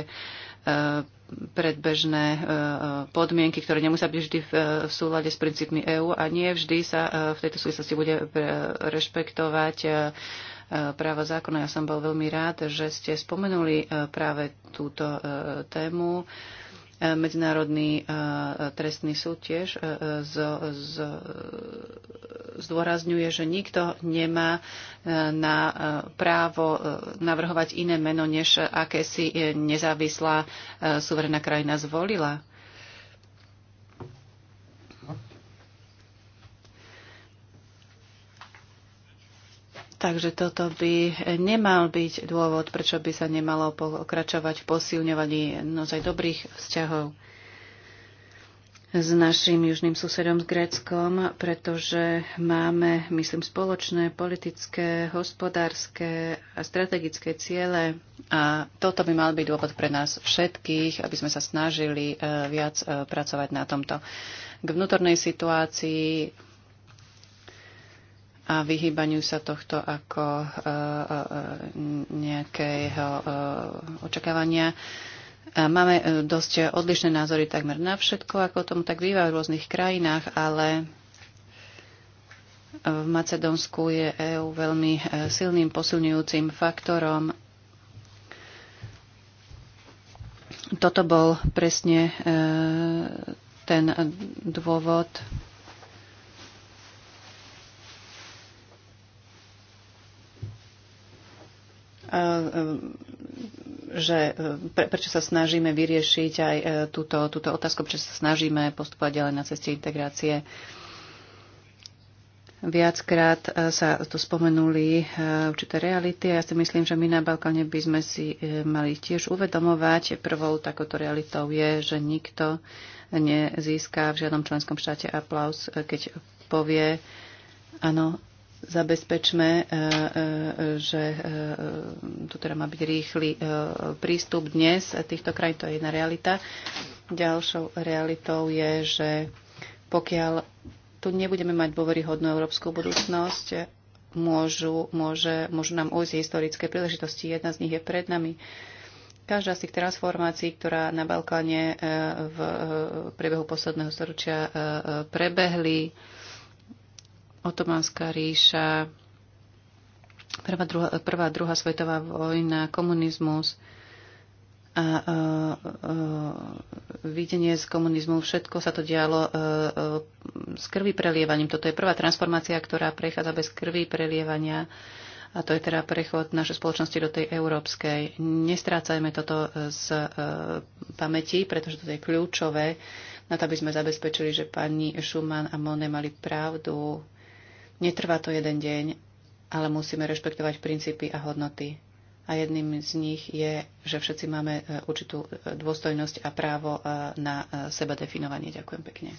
predbežné podmienky, ktoré nemusia byť vždy v súlade s princípmi EÚ a nie vždy sa v tejto súvislosti bude rešpektovať E, práva zákona. Ja som bol veľmi rád, že ste spomenuli e, práve túto e, tému. Medzinárodný trestný súd tiež z, z, zdôrazňuje, že nikto nemá na právo navrhovať iné meno, než aké si nezávislá suverená krajina zvolila. Takže toto by nemal byť dôvod, prečo by sa nemalo pokračovať v posilňovaní naozaj dobrých vzťahov s našim južným susedom s Gréckom, pretože máme, myslím, spoločné politické, hospodárske a strategické ciele a toto by mal byť dôvod pre nás všetkých, aby sme sa snažili eh, viac eh, pracovať na tomto. K vnútornej situácii a vyhýbaniu sa tohto ako e, e, e, nejakého očakávania. Máme dosť odlišné názory takmer na všetko, ako tomu tak býva v rôznych krajinách, ale v Macedónsku je EÚ veľmi silným posilňujúcim faktorom. Toto bol presne ten dôvod, E, e, že e, pre, prečo sa snažíme vyriešiť aj túto, túto otázku, prečo sa snažíme postupovať ďalej na ceste integrácie. Viackrát sa tu spomenuli určité reality a ja si myslím, že my na Balkáne by sme si mali tiež uvedomovať. Prvou takouto realitou je, že nikto nezíska v žiadnom členskom štáte aplaus, keď povie, áno, zabezpečme, e, e, že e, tu teda má byť rýchly prístup dnes týchto krajín, to je jedna realita. Ďalšou realitou je, že pokiaľ tu nebudeme mať dôveryhodnú európsku budúcnosť, môžu, môže, môžu nám ujsť historické príležitosti. Jedna z nich je pred nami. Každá z tých transformácií, ktorá na Balkáne v priebehu posledného storočia prebehli, Otomanská ríša, prvá, druhá, prvá, druhá svetová vojna, komunizmus a uh, uh, videnie z komunizmu, všetko sa to dialo uh, uh, s krvi prelievaním. Toto je prvá transformácia, ktorá prechádza bez krvi prelievania a to je teda prechod našej spoločnosti do tej európskej. Nestrácajme toto z e, pamäti, pretože to je kľúčové na to, aby sme zabezpečili, že pani Schumann a Monet mali pravdu Netrvá to jeden deň, ale musíme rešpektovať princípy a hodnoty. A jedným z nich je, že všetci máme e, určitú e, dôstojnosť a právo e, na seba definovanie. Ďakujem pekne.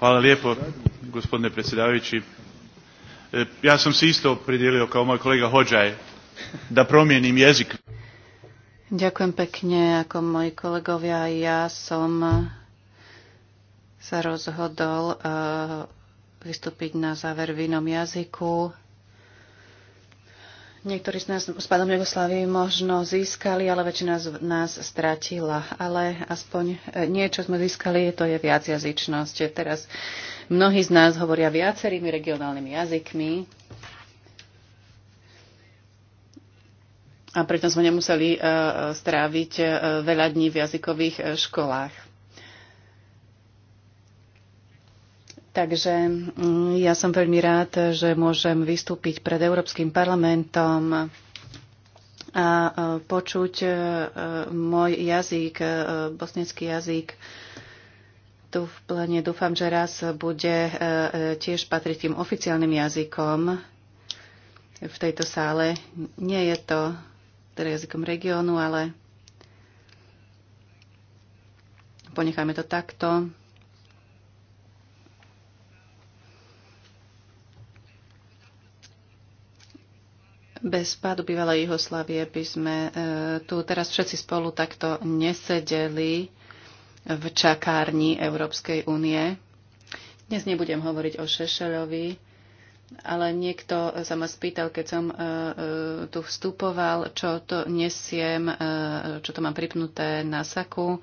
Hvala lijepo, gospodine predsjedavajući. Ja sam se isto opredijelio kao moj kolega Hođaj da promijenim jezik. Ďakujem pekne. Ako moji kolegovia, ja som sa rozhodol eh, vystúpiť na záver v inom jazyku. Niektorí z nás s pádom Jugoslávy možno získali, ale väčšina z nás stratila. Ale aspoň eh, niečo sme získali, to je viacjazyčnosť. Teraz mnohí z nás hovoria viacerými regionálnymi jazykmi a preto sme nemuseli e, e, stráviť e, veľa dní v jazykových školách. Takže mm, ja som veľmi rád, že môžem vystúpiť pred Európskym parlamentom a počuť môj jazyk, bosnecký jazyk tu v plene. Dúfam, že raz bude tiež patriť tým oficiálnym jazykom v tejto sále. Nie je to teda jazykom regiónu, ale ponecháme to takto. Bez pádu bývalej Jihoslavie by sme e, tu teraz všetci spolu takto nesedeli v čakárni Európskej únie. Dnes nebudem hovoriť o Šešelovi, ale niekto sa ma spýtal, keď som e, e, tu vstupoval, čo to nesiem, e, čo to mám pripnuté na saku.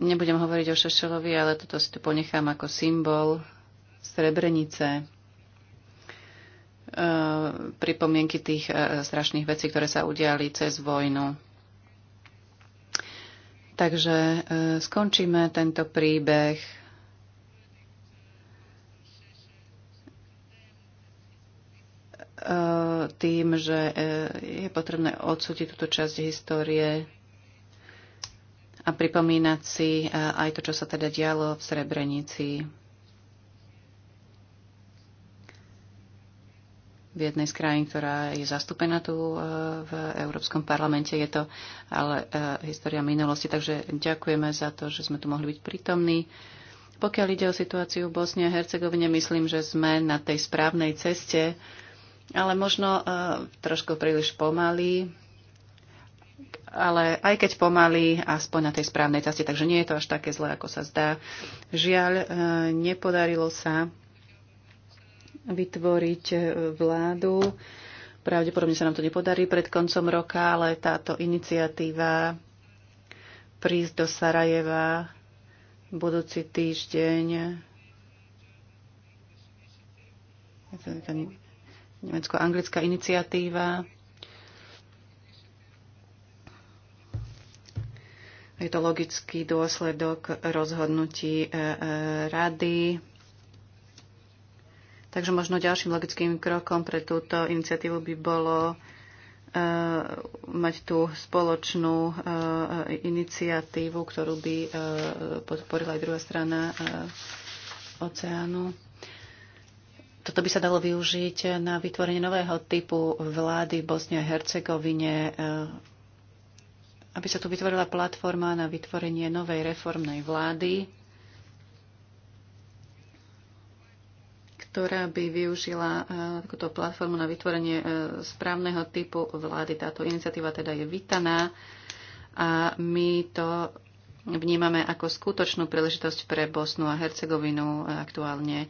Nebudem hovoriť o Šešelovi, ale toto si tu ponechám ako symbol Srebrenice. Pripomienky tých strašných vecí, ktoré sa udiali cez vojnu. Takže skončíme tento príbeh tým, že eh, je potrebné odsúdiť túto časť histórie a pripomínať si eh, aj to, čo sa teda dialo v Srebrenici. v jednej z krajín, ktorá je zastúpená tu eh, v Európskom parlamente. Je to ale história minulosti, takže ďakujeme za to, že sme tu mohli byť prítomní. Pokiaľ ide o situáciu v Bosne a Hercegovine, myslím, že sme na tej správnej ceste ale možno e, trošku príliš pomaly. Ale aj keď pomaly, aspoň na tej správnej ceste, takže nie je to až také zlé, ako sa zdá. Žiaľ, e, nepodarilo sa vytvoriť e, vládu. Pravdepodobne sa nám to nepodarí pred koncom roka, ale táto iniciatíva prísť do Sarajeva budúci týždeň ten nemecko-anglická iniciatíva. Je to logický dôsledok rozhodnutí e, e, rady. Takže možno ďalším logickým krokom pre túto iniciatívu by bolo e, mať tú spoločnú iniciatívu, ktorú by podporila aj druhá strana oceánu. Toto by sa dalo využiť na vytvorenie nového typu vlády v Bosne a Hercegovine, eh, aby sa tu vytvorila platforma na vytvorenie novej reformnej vlády, ktorá by využila eh, takúto platformu na vytvorenie eh, správneho typu vlády. Táto iniciatíva teda je vítaná a my to vnímame ako skutočnú príležitosť pre Bosnu a Hercegovinu aktuálne.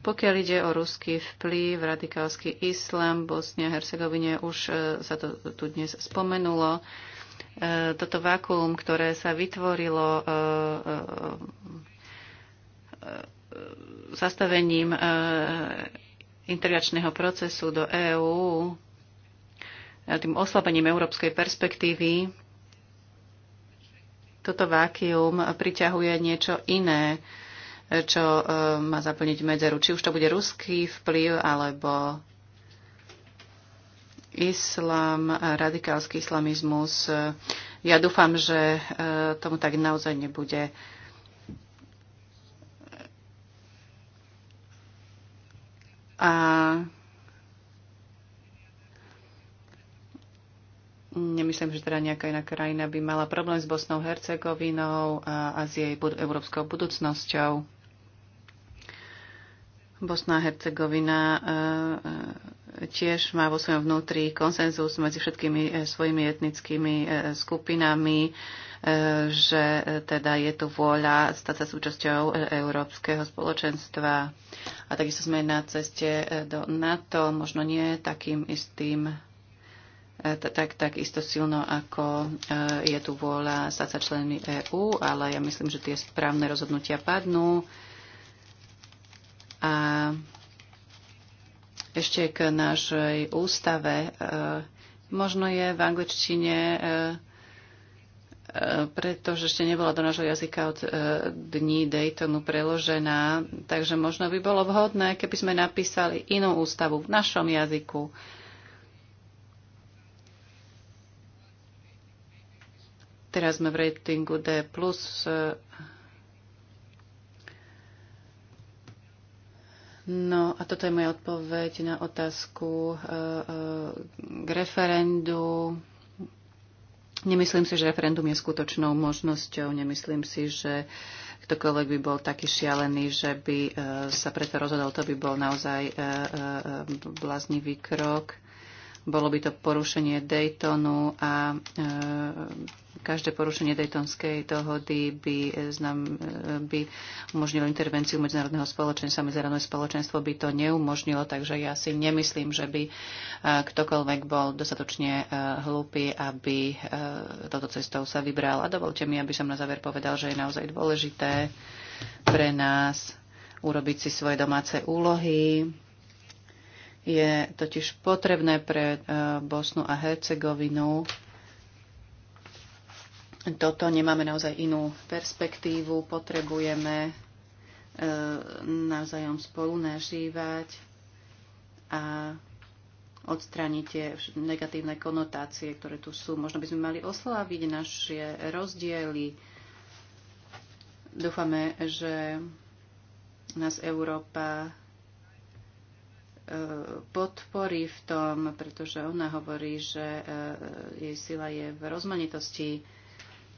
Pokiaľ ide o ruský vplyv, radikálsky islám v Bosne a Hercegovine, už e, sa to tu dnes spomenulo. E, toto vakuum, ktoré sa vytvorilo e, zastavením integračného procesu do EÚ, tým oslabením európskej perspektívy, toto vákium priťahuje niečo iné, čo e, má zaplniť medzeru. Či už to bude ruský vplyv, alebo islám, radikálsky islamizmus. Ja dúfam, že e, tomu tak naozaj nebude. A Nemyslím, že teda nejaká iná krajina by mala problém s Bosnou Hercegovinou a, a s jej bud- európskou budúcnosťou. Bosná Hercegovina e, e, tiež má vo svojom vnútri konsenzus medzi všetkými e, svojimi etnickými e, skupinami, e, že e, teda je tu vôľa stať sa súčasťou e, európskeho spoločenstva. A takisto sme na ceste e, do NATO, možno nie takým istým E, tak, tak isto silno, ako e, je tu vôľa stať sa členmi EÚ, ale ja myslím, že tie správne rozhodnutia padnú. A ešte k našej ústave. E, možno je v angličtine, pretože ešte nebola do nášho jazyka od dní Daytonu preložená, takže možno by bolo vhodné, keby sme napísali inú ústavu v našom jazyku, Teraz sme v ratingu D+. E, no a toto je moja odpoveď na otázku e, e, k referendu. Nemyslím si, že referendum je skutočnou možnosťou. Nemyslím si, že ktokoľvek by bol taký šialený, že by sa preto rozhodol, to by bol naozaj bláznivý krok. Bolo by to porušenie Daytonu a každé porušenie Daytonskej dohody by, eh, znam, eh, by umožnilo intervenciu medzinárodného spoločenstva. Medzinárodné spoločenstvo by to neumožnilo, takže ja si nemyslím, že by eh, ktokoľvek bol dostatočne hlúpy, aby toto cestou sa vybral. A dovolte mi, aby som na záver povedal, že je naozaj dôležité pre nás urobiť si svoje domáce úlohy, je totiž potrebné pre Bosnu a Hercegovinu toto nemáme naozaj inú perspektívu, potrebujeme e, navzájom spolu nažívať a odstrániť tie negatívne konotácie, ktoré tu sú. Možno by sme mali osláviť naše rozdiely. Dúfame, že nás Európa e, podporí v tom, pretože ona hovorí, že e, jej sila je v rozmanitosti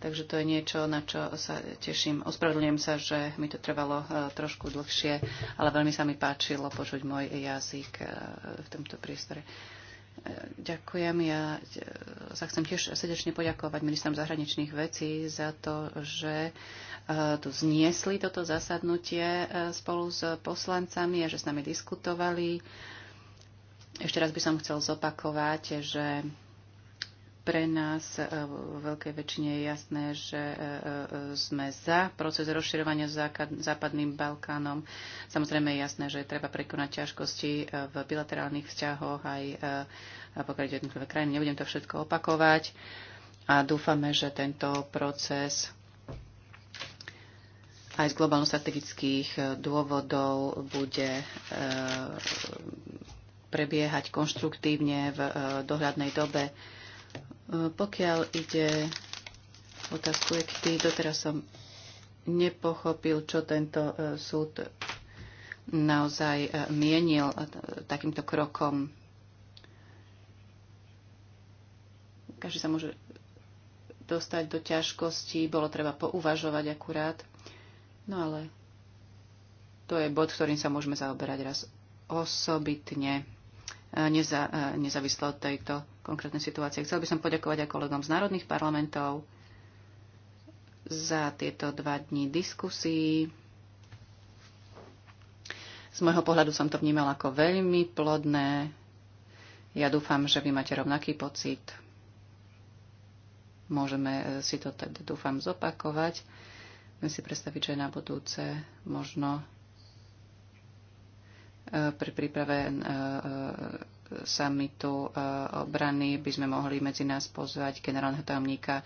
Takže to je niečo, na čo sa teším. Ospravedlňujem sa, že mi to trvalo e, trošku dlhšie, ale veľmi sa mi páčilo počuť môj jazyk e, v tomto priestore. E, ďakujem. Ja sa chcem tiež srdečne poďakovať ministrom zahraničných vecí za to, že tu zniesli toto zasadnutie spolu s poslancami a že s nami diskutovali. Ešte raz by som chcel zopakovať, že pre nás e, v veľkej väčšine je jasné, že e, e, sme za proces rozširovania západným Balkánom. Samozrejme je jasné, že treba prekonať ťažkosti v bilaterálnych vzťahoch aj pokiaľ ide jednotlivé krajiny. Nebudem to všetko opakovať a dúfame, že tento proces aj z globálno-strategických dôvodov bude prebiehať konštruktívne v dohľadnej dobe pokiaľ ide otázku ekty, doteraz som nepochopil, čo tento e, súd naozaj e, mienil e, takýmto krokom. Každý sa môže dostať do ťažkostí, bolo treba pouvažovať akurát. No ale to je bod, ktorým sa môžeme zaoberať raz osobitne, neza, nezávisle od tejto konkrétne situácie. Chcel by som poďakovať aj kolegom z národných parlamentov za tieto dva dní diskusí. Z môjho pohľadu som to vnímal ako veľmi plodné. Ja dúfam, že vy máte rovnaký pocit. Môžeme e, si to teda, dúfam, zopakovať. Viem si predstaviť, že na budúce možno e, pri príprave e, samitu e, obrany by sme mohli medzi nás pozvať generálneho tajomníka e,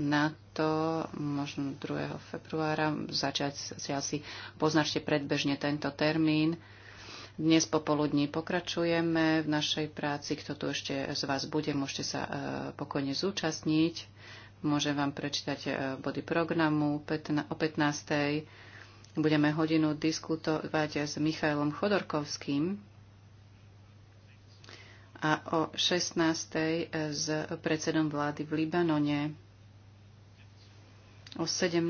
NATO, možno 2. februára, začať si asi poznačte predbežne tento termín. Dnes popoludní pokračujeme v našej práci. Kto tu ešte z vás bude, môžete sa e, pokojne zúčastniť. Môžem vám prečítať body programu o 15. Budeme hodinu diskutovať s Michailom Chodorkovským, a o 16. Eh, s predsedom vlády v Libanone. O 17.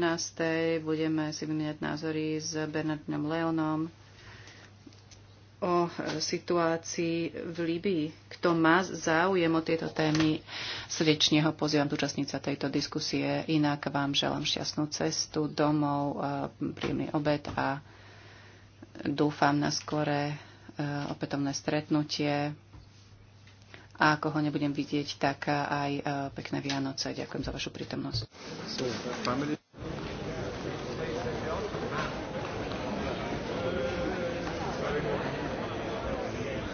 budeme si vymieňať názory s Bernardinom Leonom o eh, situácii v Líbii. Kto má záujem o tieto témy, srdečne ho pozývam zúčastniť sa tejto diskusie. Inak vám želám šťastnú cestu domov, eh, príjemný obed a dúfam na skore opätovné stretnutie a ako ho nebudem vidieť, tak aj e, pekné Vianoce. Ďakujem za vašu prítomnosť.